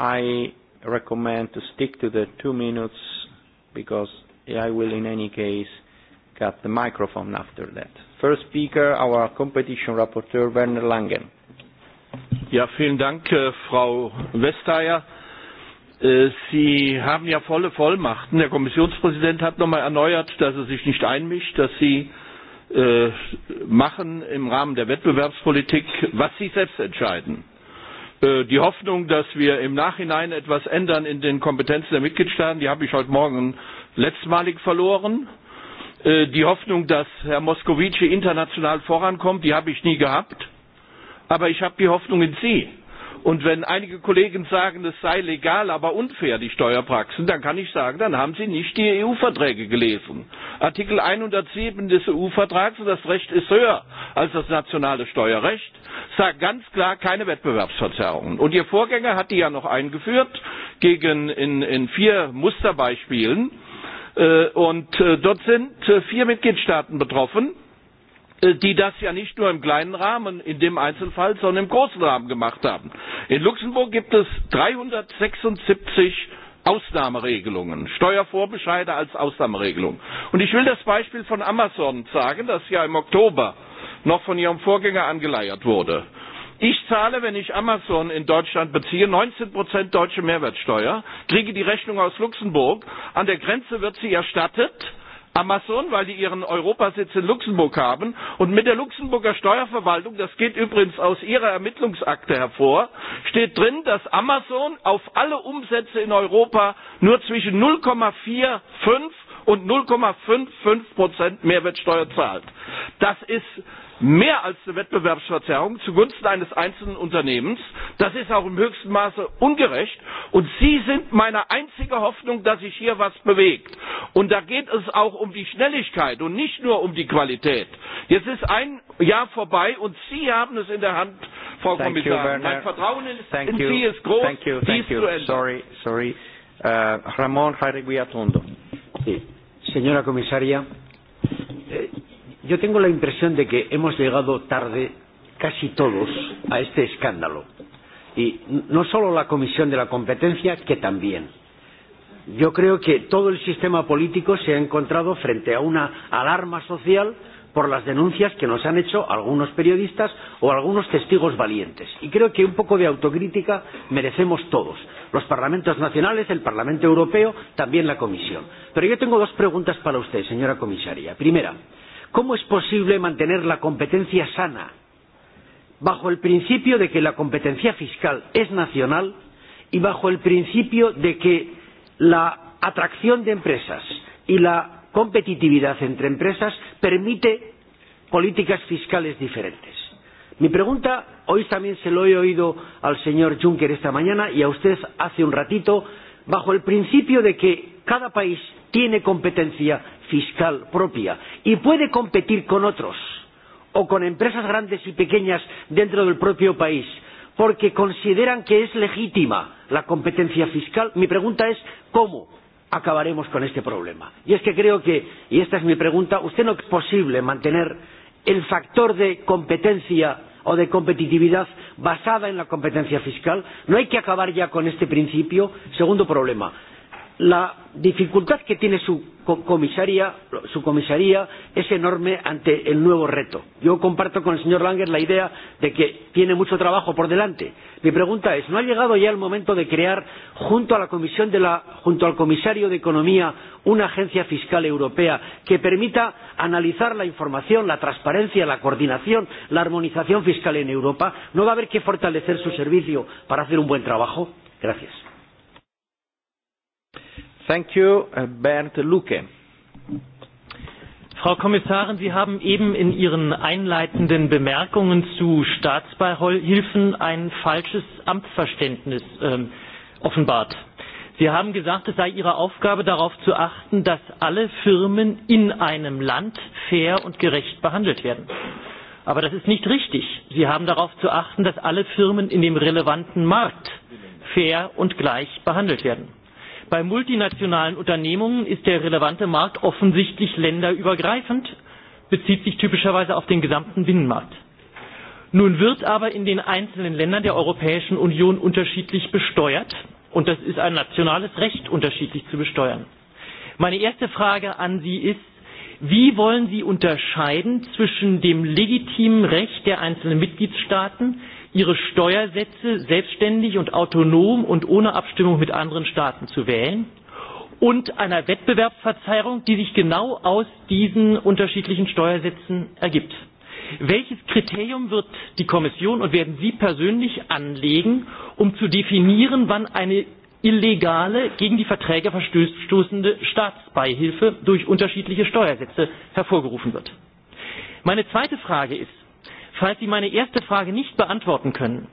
I recommend to stick to the two minutes because I will, in any case, cut the microphone after that. First speaker, our competition rapporteur, Werner Langen. Ja, vielen Dank, äh, Frau Vestager. Äh, Sie haben ja volle Vollmachten. Der Kommissionspräsident hat nochmal erneuert, dass er sich nicht einmischt, dass Sie äh, machen im Rahmen der Wettbewerbspolitik, was Sie selbst entscheiden. Äh, die Hoffnung, dass wir im Nachhinein etwas ändern in den Kompetenzen der Mitgliedstaaten, die habe ich heute Morgen letztmalig verloren. Äh, die Hoffnung, dass Herr Moscovici international vorankommt, die habe ich nie gehabt. Aber ich habe die Hoffnung in Sie. Und wenn einige Kollegen sagen, es sei legal, aber unfair, die Steuerpraxen, dann kann ich sagen, dann haben sie nicht die EU-Verträge gelesen. Artikel 107 des EU-Vertrags, und das Recht ist höher als das nationale Steuerrecht, sagt ganz klar keine Wettbewerbsverzerrungen. Und Ihr Vorgänger hat die ja noch eingeführt, gegen in, in vier Musterbeispielen. Äh, und äh, dort sind äh, vier Mitgliedstaaten betroffen. Äh, die das ja nicht nur im kleinen Rahmen in dem Einzelfall, sondern im großen Rahmen gemacht haben. In Luxemburg gibt es 376 Ausnahmeregelungen, Steuervorbescheide als Ausnahmeregelung. Und ich will das Beispiel von Amazon sagen, das ja im Oktober noch von ihrem Vorgänger angeleiert wurde. Ich zahle, wenn ich Amazon in Deutschland beziehe, 19 deutsche Mehrwertsteuer, kriege die Rechnung aus Luxemburg, an der Grenze wird sie erstattet, äh, Amazon, weil die ihren Europasitz in Luxemburg haben und mit der Luxemburger Steuerverwaltung, das geht übrigens aus ihrer Ermittlungsakte hervor, steht drin, dass Amazon auf alle Umsätze in Europa nur zwischen 0,45 und 0,55 Prozent Mehrwertsteuer zahlt. Das ist mehr als eine Wettbewerbsverzerrung zugunsten eines einzelnen Unternehmens. Das ist auch im höchsten Maße ungerecht. Und Sie sind meine einzige Hoffnung, dass sich hier was bewegt. Und da geht es auch um die Schnelligkeit und nicht nur um die Qualität. Jetzt ist ein Jahr vorbei und Sie haben es in der Hand, Frau thank Kommissarin. You, mein Vertrauen in, thank in you. Sie ist groß. Thank you. Thank you. Sorry, sorry. Uh, äh, Ramon Jareguia Tondo. Sí. Señora Comisaria. Yo tengo la impresión de que hemos llegado tarde, casi todos, a este escándalo. Y no solo la Comisión de la Competencia, que también. Yo creo que todo el sistema político se ha encontrado frente a una alarma social por las denuncias que nos han hecho algunos periodistas o algunos testigos valientes. Y creo que un poco de autocrítica merecemos todos, los parlamentos nacionales, el Parlamento Europeo, también la Comisión. Pero yo tengo dos preguntas para usted, señora comisaria. Primera, ¿cómo es posible mantener la competencia sana bajo el principio de que la competencia fiscal es nacional y bajo el principio de que la atracción de empresas y la competitividad entre empresas permite políticas fiscales diferentes? Mi pregunta hoy también se lo he oído al señor Juncker esta mañana y a usted hace un ratito bajo el principio de que cada país tiene competencia fiscal propia y puede competir con otros o con empresas grandes y pequeñas dentro del propio país porque consideran que es legítima la competencia fiscal, mi pregunta es ¿cómo acabaremos con este problema? Y es que creo que, y esta es mi pregunta, usted no es posible mantener el factor de competencia o de competitividad basada en la competencia fiscal, no hay que acabar ya con este principio. Segundo problema, la dificultad que tiene su comisaría, su comisaría es enorme ante el nuevo reto. Yo comparto con el señor Langer la idea de que tiene mucho trabajo por delante. Mi pregunta es, ¿no ha llegado ya el momento de crear junto, a la comisión de la, junto al comisario de Economía una agencia fiscal europea que permita analizar la información, la transparencia, la coordinación, la armonización fiscal en Europa? ¿No va a haber que fortalecer su servicio para hacer un buen trabajo? Gracias. Thank you, uh, Bernd Lucke. Frau Kommissarin, Sie haben eben in Ihren einleitenden Bemerkungen zu Staatsbeihilfen ein falsches Amtsverständnis ähm, offenbart. Sie haben gesagt, es sei Ihre Aufgabe, darauf zu achten, dass alle Firmen in einem Land fair und gerecht behandelt werden. Aber das ist nicht richtig. Sie haben darauf zu achten, dass alle Firmen in dem relevanten Markt fair und gleich behandelt werden bei multinationalen unternehmungen ist der relevante markt offensichtlich länderübergreifend bezieht sich typischerweise auf den gesamten binnenmarkt. nun wird aber in den einzelnen ländern der europäischen union unterschiedlich besteuert und das ist ein nationales recht unterschiedlich zu besteuern. meine erste frage an sie ist wie wollen sie unterscheiden zwischen dem legitimen recht der einzelnen mitgliedstaaten ihre Steuersätze selbstständig und autonom und ohne Abstimmung mit anderen Staaten zu wählen und einer Wettbewerbsverzerrung, die sich genau aus diesen unterschiedlichen Steuersätzen ergibt. Welches Kriterium wird die Kommission und werden Sie persönlich anlegen, um zu definieren, wann eine illegale, gegen die Verträge verstoßende Staatsbeihilfe durch unterschiedliche Steuersätze hervorgerufen wird? Meine zweite Frage ist, falls Sie meine erste Frage nicht beantworten können,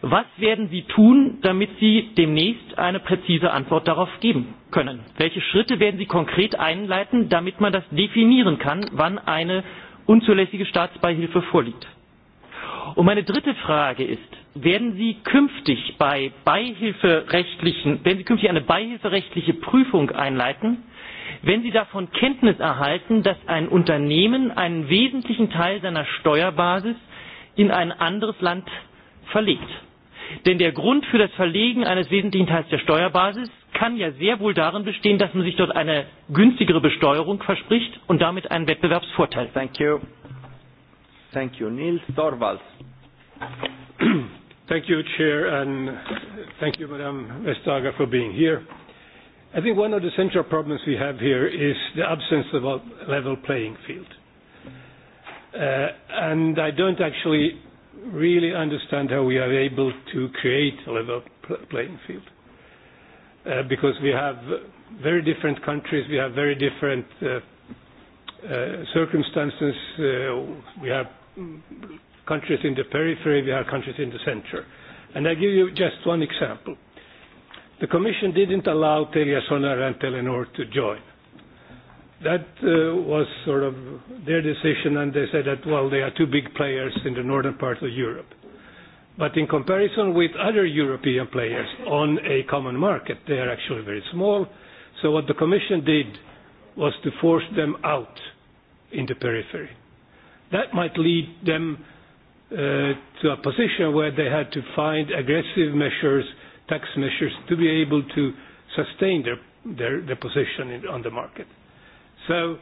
was werden Sie tun, damit Sie demnächst eine präzise Antwort darauf geben können? Welche Schritte werden Sie konkret einleiten, damit man das definieren kann, wann eine unzulässige Staatsbeihilfe vorliegt? Und meine dritte Frage ist, werden Sie künftig bei beihilferechtlichen, werden Sie künftig eine beihilferechtliche Prüfung einleiten, wenn Sie davon Kenntnis erhalten, dass ein Unternehmen einen wesentlichen Teil seiner Steuerbasis in ein anderes Land verlegt. Denn der Grund für das Verlegen eines wesentlichen Teils der ja Steuerbasis kann ja sehr wohl darin bestehen, dass man sich dort eine günstigere Besteuerung verspricht und damit einen Wettbewerbsvorteil. Thank you. Thank you. Nils Torvalds. Thank you, Chair, and thank you, Madam Vestager, for being here. I think one of the central problems we have here is the absence of a level playing field. Uh, and I don't actually really understand how we are able to create a level playing field. Uh, because we have very different countries, we have very different uh, circumstances. We have countries in the periphery, we have countries in the center. I give you just one example. The commission didn't allow TeliaSonera and Telenor to join. That uh, was sort of their decision, and they said that, well, they are two big players in the northern part of Europe. But in comparison with other European players on a common market, they are actually very small. So what the Commission did was to force them out in the periphery. That might lead them uh, to a position where they had to find aggressive measures, tax measures, to be able to sustain their, their, their position in, on the market. So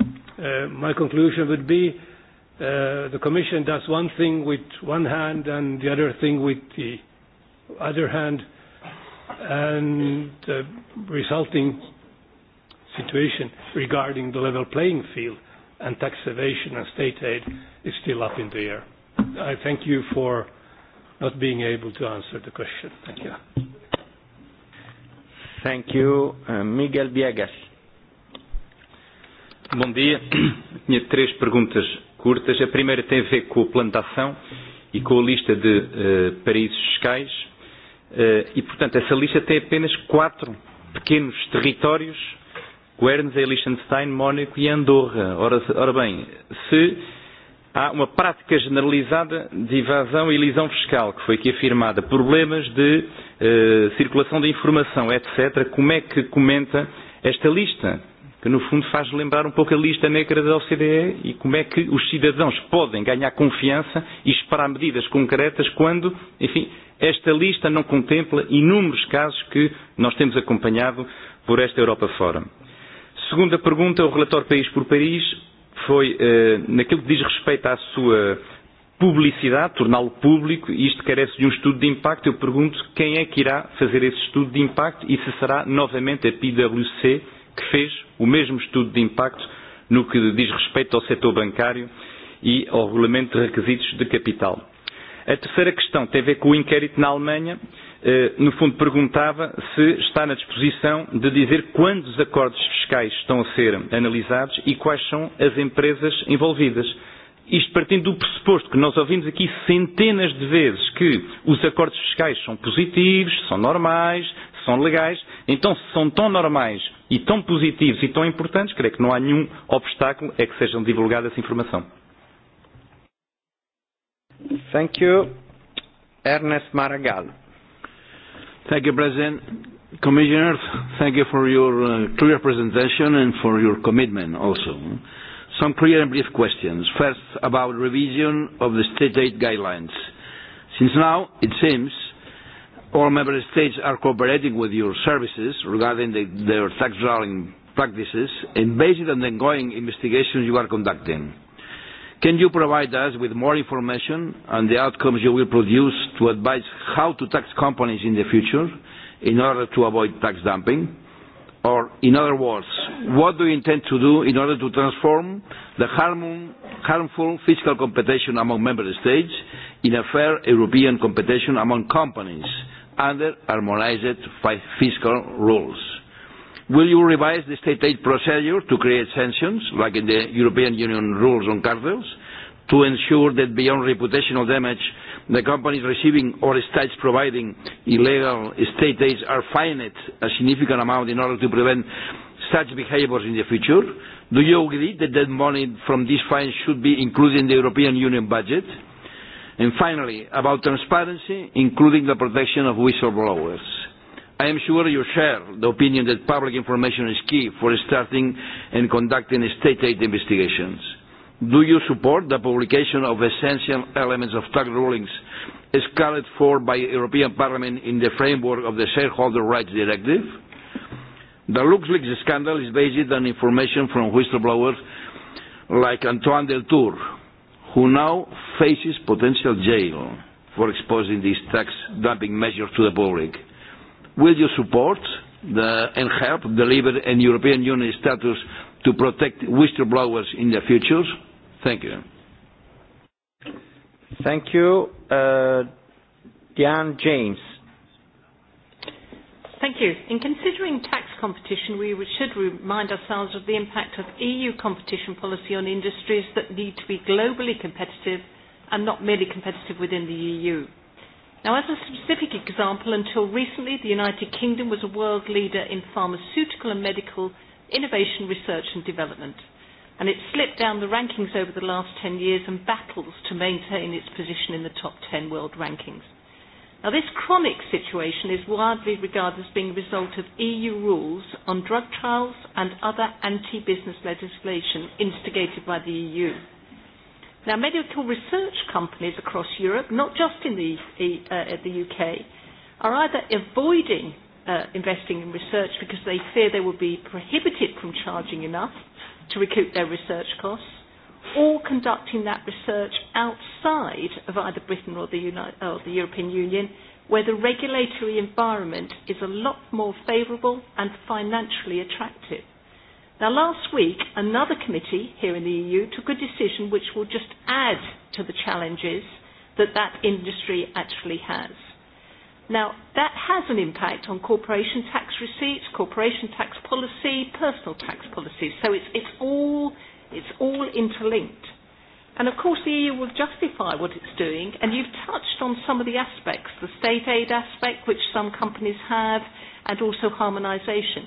uh, my conclusion would be uh, the Commission does one thing with one hand and the other thing with the other hand, and the resulting situation regarding the level playing field and tax evasion and state aid is still up in the air. I thank you for not being able to answer the question. Thank you. Thank you. Uh, Miguel Viegas. Bom dia. Tinha três perguntas curtas. A primeira tem a ver com o plano de ação e com a lista de uh, paraísos fiscais. Uh, e, portanto, essa lista tem apenas quatro pequenos territórios: Guernsey, Liechtenstein, Mónaco e Andorra. Ora, ora bem, se há uma prática generalizada de evasão e lisão fiscal, que foi aqui afirmada, problemas de uh, circulação de informação, etc., como é que comenta esta lista? que no fundo faz lembrar um pouco a lista negra da OCDE e como é que os cidadãos podem ganhar confiança e esperar medidas concretas quando, enfim, esta lista não contempla inúmeros casos que nós temos acompanhado por esta Europa Fórum. Segunda pergunta, o relatório país por país foi eh, naquilo que diz respeito à sua publicidade, torná-lo público, e isto carece de um estudo de impacto. Eu pergunto quem é que irá fazer esse estudo de impacto e se será novamente a PWC que fez o mesmo estudo de impacto no que diz respeito ao setor bancário e ao regulamento de requisitos de capital. A terceira questão tem a ver com o inquérito na Alemanha. Eh, no fundo, perguntava se está na disposição de dizer quantos acordos fiscais estão a ser analisados e quais são as empresas envolvidas. Isto partindo do pressuposto que nós ouvimos aqui centenas de vezes que os acordos fiscais são positivos, são normais, são legais, então se são tão normais e tão positivos e tão importantes, creio que não há nenhum obstáculo a que sejam divulgadas essa informação. Thank you. Ernest Maragall. Thank you, President. Commissioner, thank you for your uh, clear presentation and for your commitment also. Some clear and brief questions. First, about revision of the state aid guidelines. Since now, it seems, all member states are cooperating with your services regarding the, their tax filing practices and based on the ongoing investigations you are conducting. Can you provide us with more information on the outcomes you will produce to advise how to tax companies in the future in order to avoid tax dumping? Or, in other words, what do you intend to do in order to transform the harm, harmful fiscal competition among member states in a fair European competition among companies? under harmonized fiscal rules. Will you revise the state aid procedure to create sanctions, like in the European Union rules on cartels, to ensure that beyond reputational damage, the companies receiving or states providing illegal state aids are fined a significant amount in order to prevent such behaviors in the future? Do you agree that that money from this fine should be included in the European Union budget? Finally, about transparency, including the protection of whistleblowers. I am sure you share the opinion that public information is key for starting and conducting state aid investigations. Do you support the publication of essential elements of tax rulings as called for by European Parliament in the framework of the Shareholder Rights Directive? The LuxLeaks scandal is based on information from whistleblowers like Antoine Deltour, who now faces potential jail for exposing these tax dumping measures to the public. Will you support the, and help deliver a European Union status to protect whistleblowers in the future? Thank you. Thank you. Uh, Diane James. Thank you. In considering tax competition, we should remind ourselves of the impact of EU competition policy on industries that need to be globally competitive and not merely competitive within the EU. As a specific example, until recently, the United Kingdom was a world leader in pharmaceutical and medical innovation research and development, and it slipped down the rankings over the last 10 years and battles to maintain its position in the top 10 world rankings. Now, this chronic situation is widely regarded as being a result of EU rules on drug trials and other anti business legislation instigated by the EU. Now, medical research companies across Europe, not just in the, e, uh, the UK, are either avoiding uh, investing in research because they fear they will be prohibited from charging enough to recoup their research costs, all conducting that research outside of either Britain or the, Uni- or the European Union, where the regulatory environment is a lot more favourable and financially attractive. Now, last week, another committee here in the EU took a decision which will just add to the challenges that that industry actually has. Now, that has an impact on corporation tax receipts, corporation tax policy, personal tax policy. So it's, it's all. It's all interlinked. And of course, the EU will justify what it's doing. And you've touched on some of the aspects the state aid aspect, which some companies have, and also harmonization.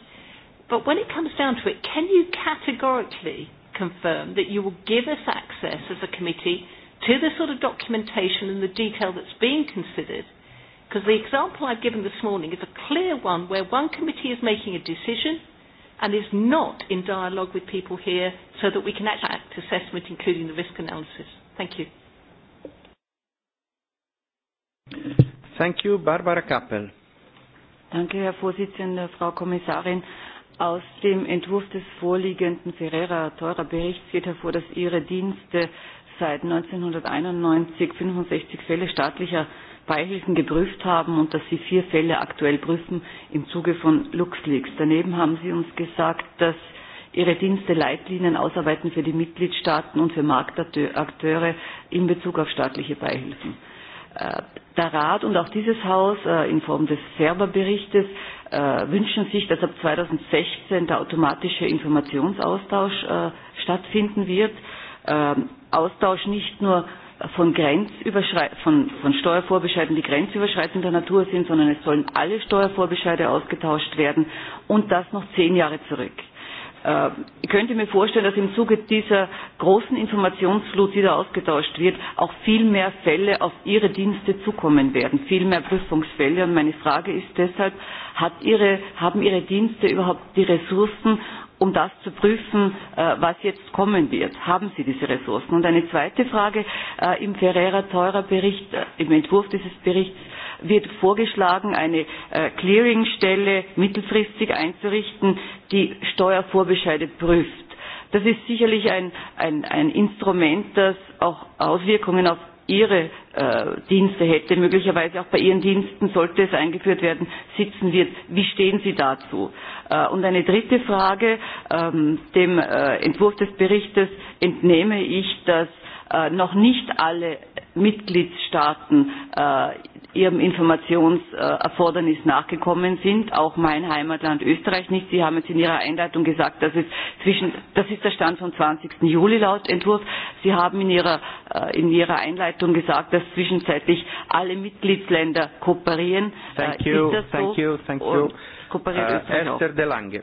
But when it comes down to it, can you categorically confirm that you will give us access as a committee to the sort of documentation and the detail that's being considered? Because the example I've given this morning is a clear one where one committee is making a decision and is not in dialogue with people here so that we can actually act assessment, including the risk analysis. Thank you. Thank you. Barbara Kappel. Danke, Herr Vorsitzender, Frau Kommissarin. Aus dem Entwurf des vorliegenden Ferreira-Teurer-Berichts geht hervor, dass Ihre Dienste seit 1991 65 Fälle staatlicher Beihilfen geprüft haben und dass Sie vier Fälle aktuell prüfen im Zuge von LuxLeaks. Daneben haben Sie uns gesagt, dass Ihre Dienste Leitlinien ausarbeiten für die Mitgliedstaaten und für Marktakteure in Bezug auf staatliche Beihilfen. Äh, der Rat und auch dieses Haus äh, in Form des Serberberichtes äh, wünschen sich, dass ab 2016 der automatische Informationsaustausch stattfinden wird. Ähm, Austausch nicht nur von, von, von Steuervorbescheiden, die grenzüberschreitender Natur sind, sondern es sollen alle Steuervorbescheide ausgetauscht werden und das noch zehn Jahre zurück. Äh, ich könnte mir vorstellen, dass im Zuge dieser großen Informationsflut, die da ausgetauscht wird, auch viel mehr Fälle auf Ihre Dienste zukommen werden, viel mehr Prüfungsfälle. Und meine Frage ist deshalb, hat Ihre, haben Ihre Dienste überhaupt die Ressourcen, um das zu prüfen äh, was jetzt kommen wird? haben sie diese ressourcen? und eine zweite frage äh, im ferreira teurer bericht äh, im entwurf dieses berichts wird vorgeschlagen eine clearingstelle mittelfristig einzurichten die steuervorbescheide prüft. das ist sicherlich ein, ein, ein instrument das auch auswirkungen auf ihre äh, Dienste hätte, möglicherweise auch bei Ihren Diensten, sollte es eingeführt werden, sitzen wird. Wie stehen Sie dazu? Äh, und eine dritte Frage. Ähm, dem äh, Entwurf des Berichtes entnehme ich, dass äh, noch nicht alle Mitgliedstaaten ihrem informationserfordernis nachgekommen sind auch mein heimatland österreich nicht. sie haben jetzt in ihrer einleitung gesagt das ist der stand vom. zwanzig juli laut entwurf. sie haben in ihrer, äh, in ihrer einleitung gesagt dass zwischenzeitlich alle mitgliedsländer kooperieren. Thank äh, you, ist das so? thank you, thank you. Kooperiert äh, österreich uh, auch? esther de lange.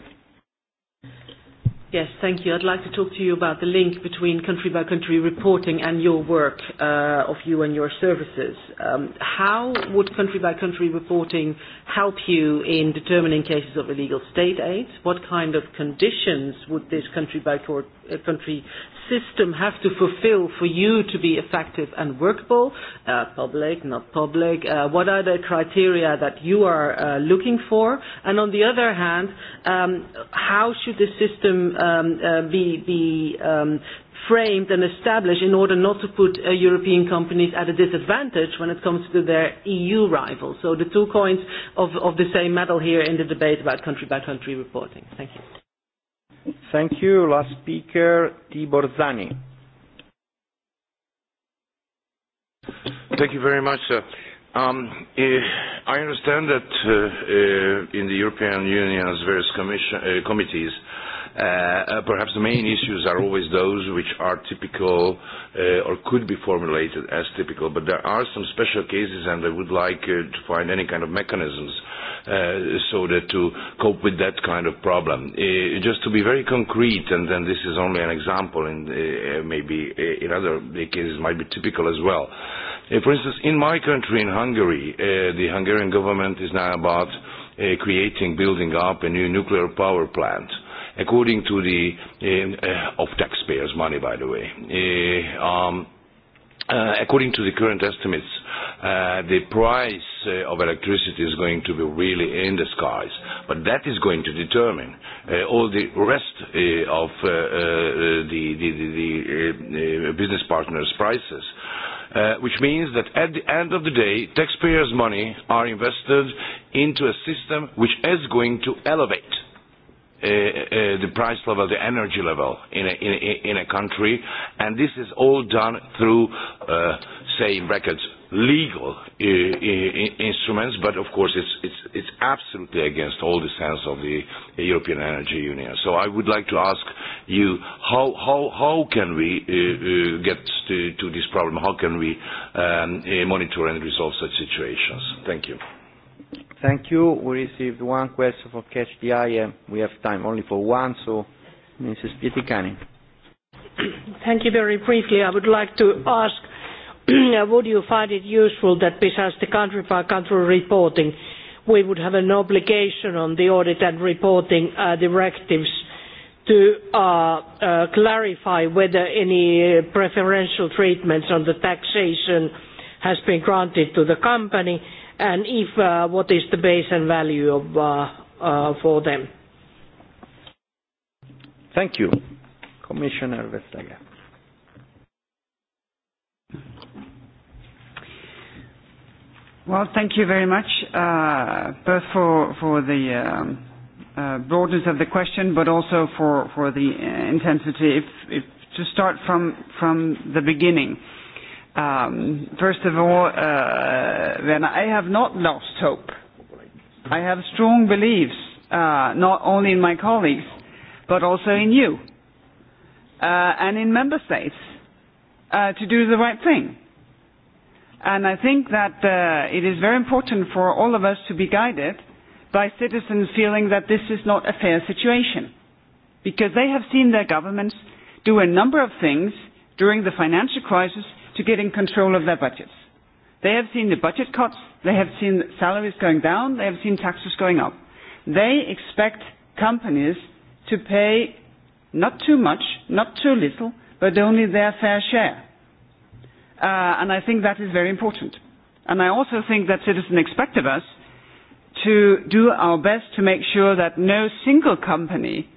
Yes, thank you. I'd like to talk to you about the link between country by country reporting and your work uh, of you and your services. Um, how would country by country reporting help you in determining cases of illegal state aid? What kind of conditions would this country by uh, country system have to fulfill for you to be effective and workable? Uh, public, not public. Uh, what are the criteria that you are uh, looking for? And on the other hand, um, how should the system uh, um, uh, be, be um, framed and established in order not to put uh, European companies at a disadvantage when it comes to their EU rivals. So the two coins of, of the same metal here in the debate about country-by-country country reporting. Thank you. Thank you. Last speaker, Tibor Zani. Thank you very much, sir. Um, uh, I understand that uh, uh, in the European Union's various commission, uh, committees, uh, Uh, uh, perhaps the main issues are always those which are typical uh, or could be formulated as typical, but there are some special cases and I would like uh, to find any kind of mechanisms uh, so that to cope with that kind of problem. Uh, just to be very concrete, and then this is only an example and uh, maybe uh, in other cases might be typical as well. Uh, for instance, in my country, in Hungary, uh, the Hungarian government is now about uh, creating, building up a new nuclear power plant. Uh, according to the uh, uh, of taxpayers' money, by the way. Uh, um, uh, according to the current estimates, uh, the price uh, of electricity is going to be really in the skies, but that is going to determine uh, all the rest uh, of uh, uh, the, the, the, the uh, uh, business partners' prices, uh, which means that at the end of the day, taxpayers' money are invested into a system which is going to elevate. Uh, uh, the price level, the energy level in a, in a, in a country, and this is all done through, uh, say in brackets, legal uh, I- I- instruments, but of course it's, it's, it's absolutely against all the sense of the European Energy Union. So I would like to ask you, how, how, how can we uh, uh, get to, to this problem? How can we um, uh, monitor and resolve such situations? Thank you. Thank you. We received one question for KHDI. We have time only for one, so Mrs. Pietikäinen. Thank you. Very briefly, I would like to ask, would you find it useful that besides the country-by-country reporting, we would have an obligation on the audit and reporting uh, directives to uh, uh, clarify whether any preferential treatments on the taxation has been granted to the company? and if uh, what is the base and value uh, uh, for them. Thank you. Commissioner Vestager. Well, thank you very much, both for the um, broadness of the question, but also for the intensity. If to start from the beginning, Um, first of all, uh, then I have not lost hope. I have strong beliefs, uh, not only in my colleagues, but also in you uh, and in member states uh, to do the right thing. And I think that uh, it is very important for all of us to be guided by citizens feeling that this is not a fair situation because they have seen their governments do a number of things during the financial crisis to getting control of their budgets. They have seen the budget cuts. They have seen salaries going down. They have seen taxes going up. They expect companies to pay not too much, not too little, but only their fair share. Uh, and I think that is very important. And I also think that citizens expect of us to do our best to make sure that no single company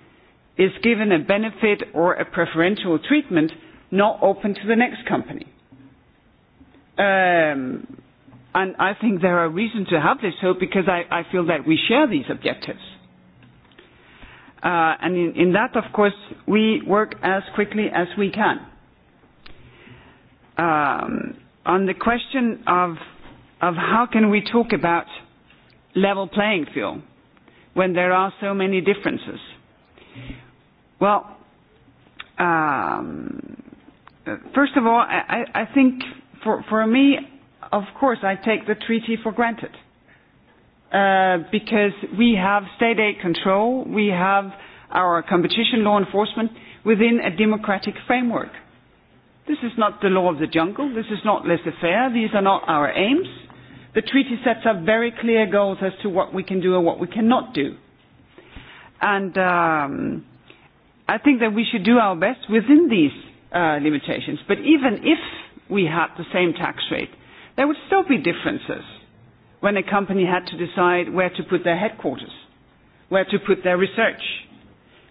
is given a benefit or a preferential treatment not open to the next company um, and I think there are reasons to have this hope because I, I feel that we share these objectives. Uh, and in, in that, of course, we work as quickly as we can. Um, on the question of, of how can we talk about level playing field when there are so many differences? Well, um, first of all, I, I think for, for me, of course, I take the treaty for granted. Uh, because we have state aid control, we have our competition law enforcement within a democratic framework. This is not the law of the jungle, this is not laissez faire, these are not our aims. The treaty sets up very clear goals as to what we can do and what we cannot do. And um, I think that we should do our best within these uh, limitations. But even if we had the same tax rate. There would still be differences when a company had to decide where to put their headquarters, where to put their research,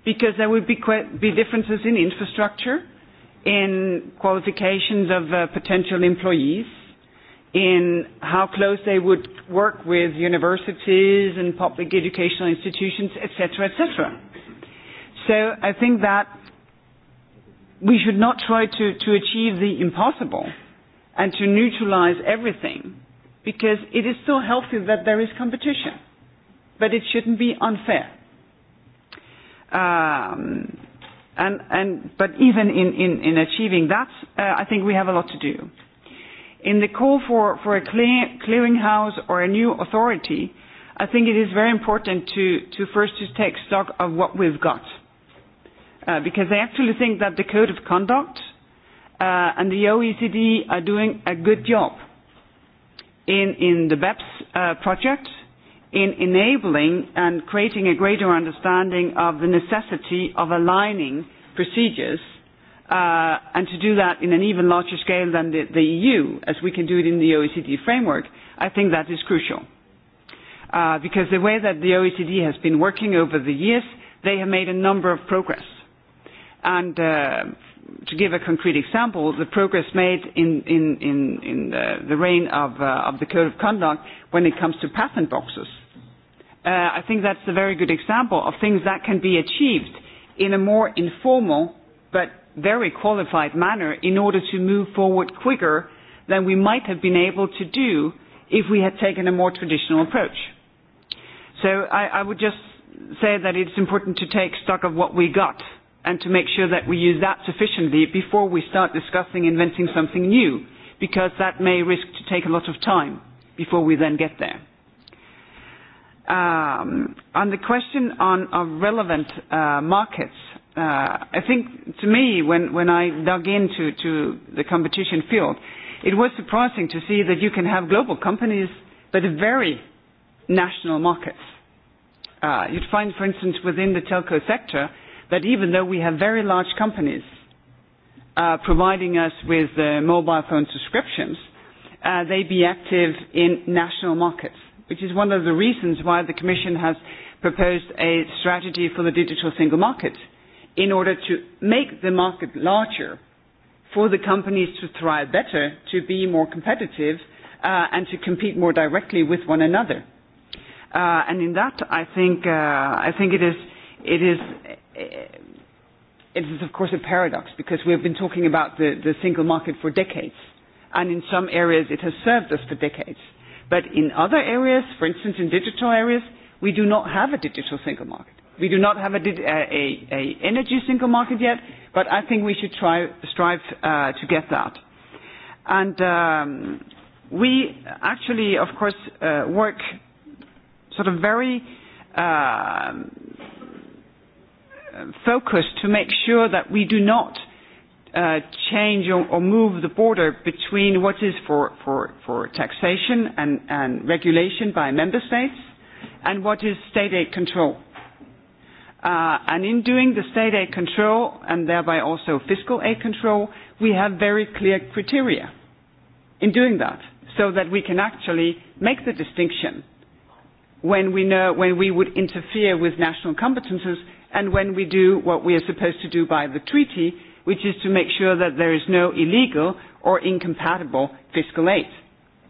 because there would be differences in infrastructure, in qualifications of uh, potential employees, in how close they would work with universities and public educational institutions, et cetera. I think that we should not try to, to achieve the impossible and to neutralize everything because it is so healthy that there is competition. But it shouldn't be unfair. Um, and, and, but even in, in, in achieving that, uh, I think we have a lot to do. In the call for, for a clear, clearinghouse or a new authority, I think it is very important to, to first to take stock of what we've got. Uh, because they actually think that the code of conduct uh, and the OECD are doing a good job in, in the BEPS uh, project in enabling and creating a greater understanding of the necessity of aligning procedures uh, and to do that in an even larger scale than the, the EU, as we can do it in the OECD framework, I think that is crucial. Uh, because the way that the OECD has been working over the years, they have made a number of progress and uh, to give a concrete example, the progress made in, in, in, in the, the reign of, uh, of the code of conduct when it comes to patent boxes. Uh, I think that's a very good example of things that can be achieved in a more informal but very qualified manner in order to move forward quicker than we might have been able to do if we had taken a more traditional approach. So I, I would just say that it's important to take stock of what we got and to make sure that we use that sufficiently before we start discussing inventing something new, because that may risk to take a lot of time before we then get there. Um, on the question on, on relevant uh, markets, uh, I think to me, when, when I dug into to the competition field, it was surprising to see that you can have global companies but very national markets. Uh, you'd find, for instance, within the telco sector, uh, that even though we have very large companies uh, providing us with uh, mobile phone subscriptions, uh, they be active in national markets, which is one of the reasons why the Commission has proposed a strategy for the digital single market in order to make the market larger for the companies to thrive better, to be more competitive, uh, and to compete more directly with one another. Uh, and in that, I think, uh, I think it, is, it is Uh, it is of course a paradox because we have been talking about the, the single market for decades and in some areas it has served us for decades but in other areas for instance in digital areas we do not have a digital single market we do not have a, a, a energy single market yet but I think we should try, strive uh, to get that and um, we actually of course uh, work sort of very uh, focus to make sure that we do not uh, change or, or move the border between what is for, for, for taxation and, and regulation by member states and what is state aid control. Uh, and in doing the state aid control and thereby also fiscal aid control, we have very clear criteria in doing that so that we can actually make the distinction when we know when we would interfere with national competences and when we do what we are supposed to do by the treaty, which is to make sure that there is no illegal or incompatible fiscal aid.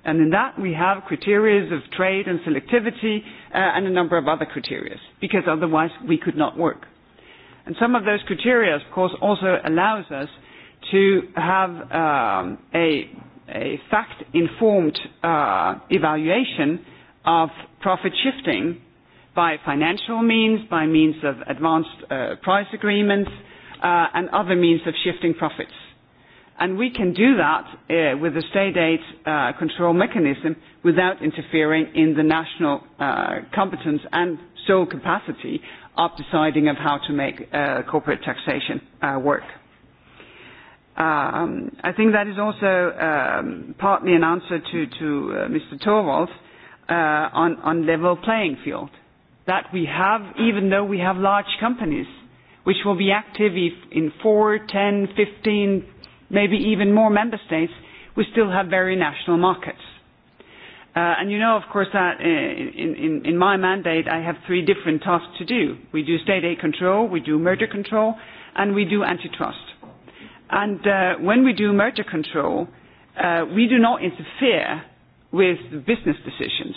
And in that, we have criteria of trade and selectivity uh, and a number of other criteria, because otherwise we could not work. And some of those criteria, of course, also allows us to have um, a, a fact-informed uh, evaluation of profit shifting by financial means, by means of advanced uh, price agreements, uh, and other means of shifting profits. We can do that uh, with the state aid control mechanism without interfering in the national competence and sole capacity of deciding of how to make corporate taxation work. Um, I think that is also um, partly an answer to Mr. Torwald on level playing field that we have, even though we have large companies, which will be active in 4, 10, 15, maybe even more member states, we still have very national markets. Uh, and you know, of course, that uh, in, in, in my mandate, I have three different tasks to do. We do state aid control, we do merger control, and we do antitrust. And uh, when we do merger control, uh, we do not interfere with business decisions.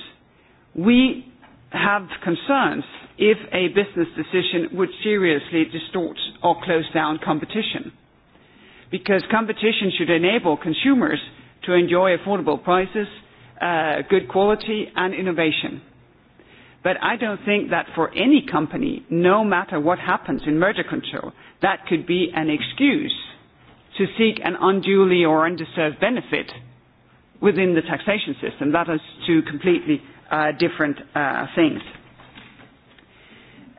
We have concerns if a business decision would seriously distort or close down competition. Because competition should enable consumers to enjoy affordable prices, uh, good quality, and innovation. But I don't think that for any company, no matter what happens in merger control, that could be an excuse to seek an unduly or undeserved benefit within the taxation system. That is two completely uh, different uh, things.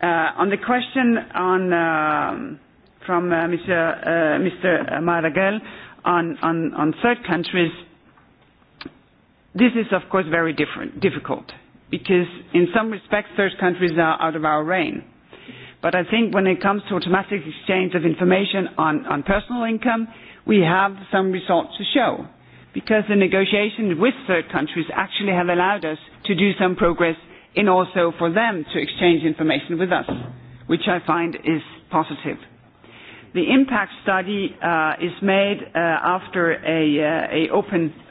Uh, on the question on, um, from uh, Mr. Uh, Mr. Maragel on, on, on third countries, this is of course very different, difficult because in some respects third countries are out of our reign. But I think when it comes to automatic exchange of information on, on personal income, we have some results to show because the negotiations with third countries actually have allowed us to do some progress in also for them to exchange information with us, which I find is positive. The impact study uh, is made uh, after a, uh, a open uh,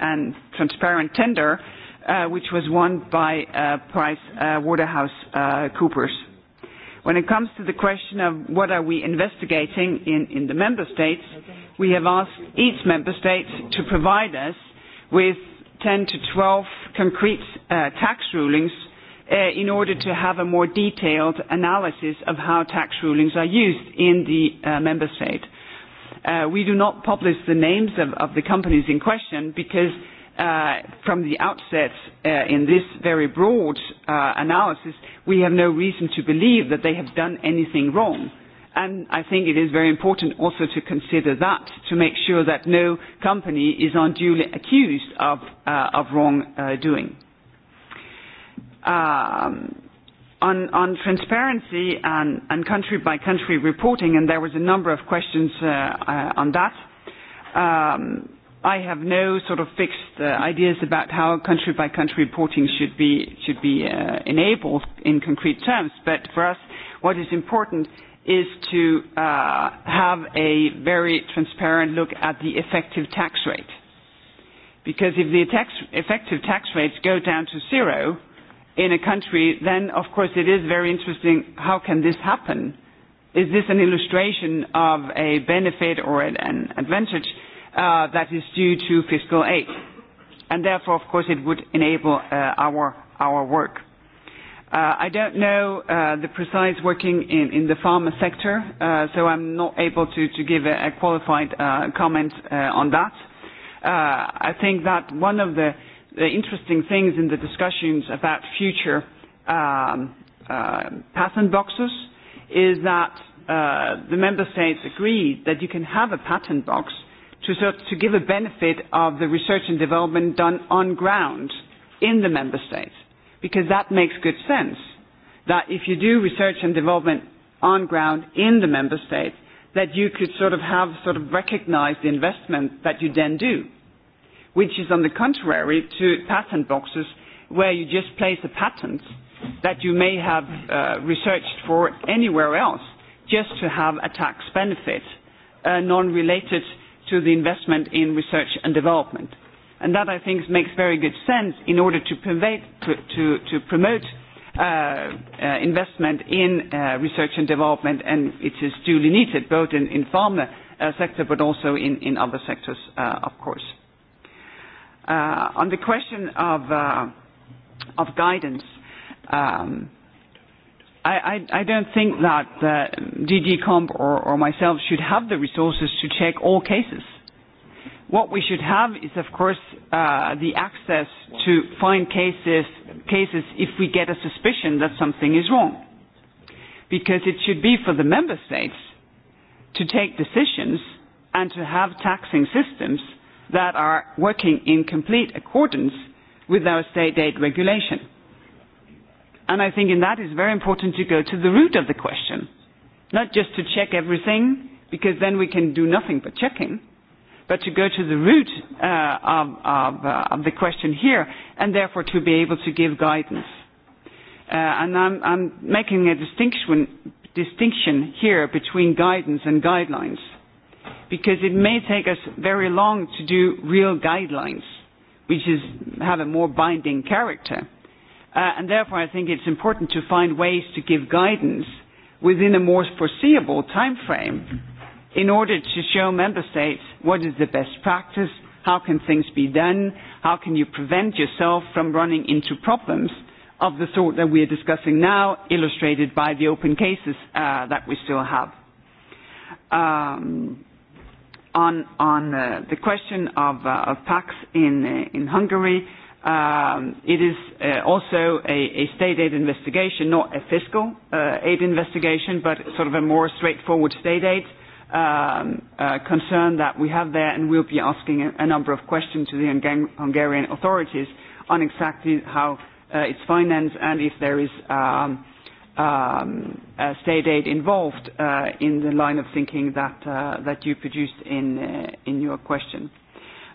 and transparent tender, uh, which was won by uh, Price uh, Waterhouse uh, Coopers. When it comes to the question of what are we investigating in, in the member states, we have asked each member state to provide us with 10 to 12 concrete uh, tax rulings uh, in order to have a more detailed analysis of how tax rulings are used in the uh, member state. Uh, we do not publish the names of, of the companies in question because uh, from the outset uh, in this very broad uh, analysis, we have no reason to believe that they have done anything wrong. And I think it is very important also to consider that to make sure that no company is unduly accused of, uh, of wrongdoing. Uh, um, on, on transparency and, and country by country reporting, and there was a number of questions uh, uh, on that. Um, I have no sort of fixed uh, ideas about how country by country reporting should be, should be uh, enabled in concrete terms, but for us, what is important is to uh, have a very transparent look at the effective tax rate. Because if the tax, effective tax rates go down to zero in a country, then of course it is very interesting how can this happen? Is this an illustration of a benefit or an advantage? Uh, that is due to Fiscal Eight. Therefore, of course, it would enable uh, our work. Uh, I don't know the precise working in the pharma sector, so I'm not able to give a qualified comment on that. I think that one of the interesting things in the discussions about future um, patent boxes is that the member states agreed that you can have a patent box to, to give a benefit of the research and development done on ground in the member states, because that makes good sense, that if you do research and development on ground in the member states, that you could sort of have sort of recognized the investment that you then do, which is on the contrary to patent boxes where you just place a patent that you may have uh, researched for anywhere else just to have a tax benefit, a uh, non-related benefit to the investment in research and development. And that, I think, makes very good sense in order to, pervade, to, to, to promote uh, uh, investment in uh, research and development, and it is duly needed, both in, in pharma uh, sector, but also in, in other sectors, uh, of course. Uh, on the question of, uh, of guidance, um, I, I don't think that the uh, DG Comp or, or myself should have the resources to check all cases. What we should have is, of course, uh, the access to find cases, cases if we get a suspicion that something is wrong. Because it should be for the member states to take decisions and to have taxing systems that are working in complete accordance with our state aid regulation. And I think in that it's very important to go to the root of the question, not just to check everything, because then we can do nothing but checking, but to go to the root uh, of, of, uh, of the question here, and therefore to be able to give guidance. Uh, and I'm, I'm making a distinction, distinction here between guidance and guidelines, because it may take us very long to do real guidelines, which is, have a more binding character. Uh, and therefore, I think it's important to find ways to give guidance within a more foreseeable time frame in order to show member states what is the best practice, how can things be done, how can you prevent yourself from running into problems of the sort that we are discussing now, illustrated by the open cases uh, that we still have. Um, on on uh, the question of, uh, of PACs in, uh, in Hungary, uh, Um, it is uh, also a, a state aid investigation, not a fiscal uh, aid investigation, but sort of a more straightforward state aid um, uh, concern that we have there, and we'll be asking a, a number of questions to the Hungang- Hungarian authorities on exactly how uh, it's financed and if there is um, um, a state aid involved uh, in the line of thinking that, uh, that you produced in, uh, in your question.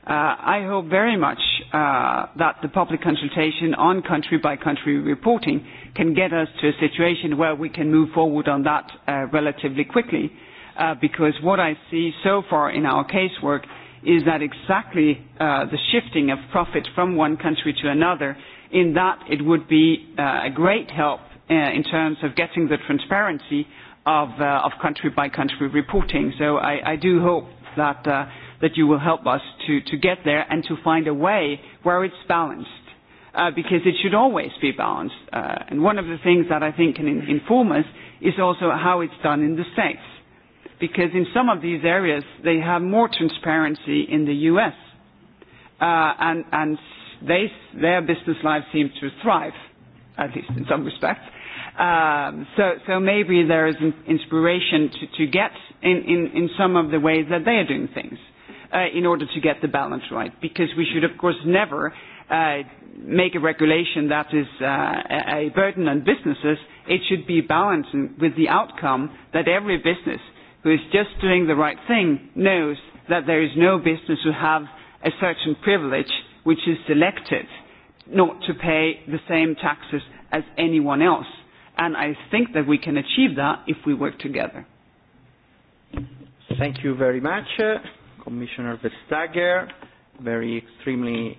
Uh, I hope very much uh, that the public consultation on country by country reporting can get us to a situation where we can move forward on that uh, relatively quickly. Uh, because what I see so far in our casework is that exactly uh, the shifting of profit from one country to another, in that it would be uh, a great help uh, in terms of getting the transparency of, uh, of country by country reporting. So I, I do hope that. Uh, that you will help us to, to get there and to find a way where it's balanced, uh, because it should always be balanced. Uh, and one of the things that I think can in- inform us is also how it's done in the States, because in some of these areas they have more transparency in the US, uh, and, and they, their business life seems to thrive, at least in some respects. Um, so, so maybe there is an inspiration to, to get in, in, in some of the ways that they are doing things. Uh, in order to get the balance right, because we should, of course, never uh, make a regulation that is uh, a burden on businesses. It should be balanced with the outcome that every business who is just doing the right thing knows that there is no business who have a certain privilege, which is selective, not to pay the same taxes as anyone else. I think that we can achieve that if we work together. Thank you very much. Commissioner Vestager. Very extremely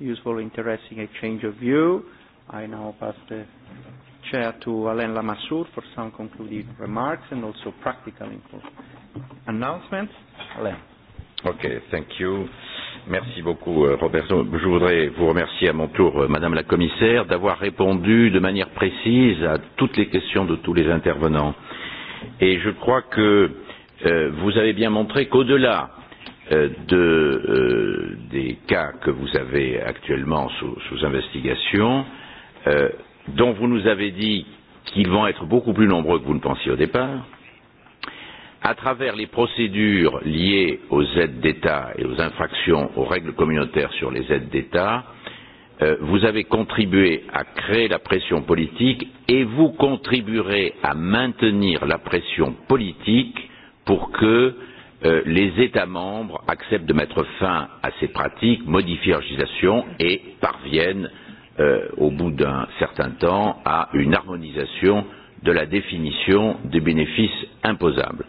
useful, interesting exchange of view. I now pass the chair to Alain Lamassoure for some concluding remarks and also practical announcements. Alain. Okay, thank you. Merci beaucoup, euh, Roberto. Je voudrais vous remercier à mon tour, euh, Madame la Commissaire, d'avoir répondu de manière précise à toutes les questions de tous les intervenants. Et je crois que euh, vous avez bien montré qu'au-delà euh, Euh, de, euh, des cas que vous avez actuellement sous, sous investigation, euh, dont vous nous avez dit qu'ils vont être beaucoup plus nombreux que vous ne pensiez au départ, à travers les procédures liées aux aides d'État et aux infractions aux règles communautaires sur les aides d'État, euh, vous avez contribué à créer la pression politique et vous contribuerez à maintenir la pression politique pour que euh, Euh, les États membres acceptent de mettre fin à ces pratiques, modifient leur législation et parviennent, euh, au bout d'un certain temps, à une harmonisation de la définition des bénéfices imposables,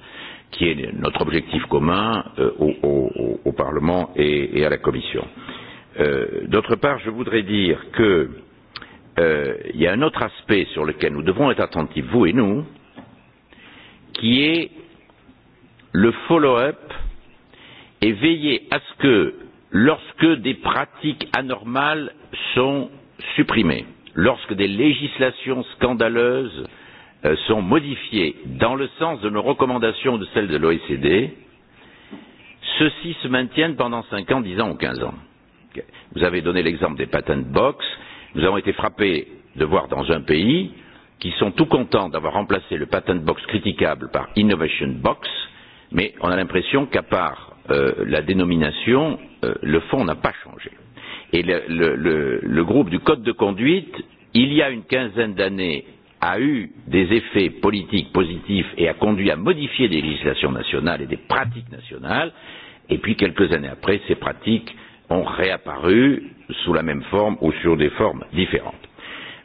qui est notre objectif commun euh, au, au, au Parlement et, et à la Commission. Euh, D'autre part, je voudrais dire que euh, il y a un autre aspect sur lequel nous devons être attentifs, vous et nous, qui est le follow up et veiller à ce que, lorsque des pratiques anormales sont supprimées, lorsque des législations scandaleuses euh, sont modifiées dans le sens de nos recommandations ou de celles de l'OECD, ceux ci se maintiennent pendant cinq ans, dix ans ou quinze ans. Vous avez donné l'exemple des patent box, nous avons été frappés de voir dans un pays qui sont tout contents d'avoir remplacé le patent box critiquable par innovation box, euh, mais on a l'impression qu'à part euh, la dénomination, euh, le fond n'a pas changé. Et le, le, le, le groupe du code de conduite, il y a une quinzaine d'années, a eu des effets politiques positifs et a conduit à modifier des législations nationales et des pratiques nationales, et puis quelques années après, ces pratiques ont réapparu sous la même forme ou sur des formes différentes.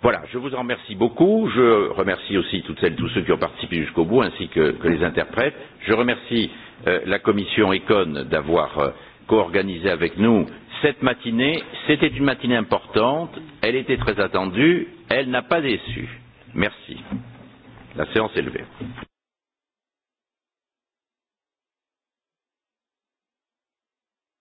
Voilà, je vous en remercie beaucoup. Je remercie aussi toutes celles et tous ceux qui ont participé jusqu'au bout, ainsi que, que les interprètes. Je remercie euh, la commission ECON d'avoir euh, co-organisé avec nous cette matinée. C'était une matinée importante, elle était très attendue, elle n'a pas déçu. Merci. La séance est levée.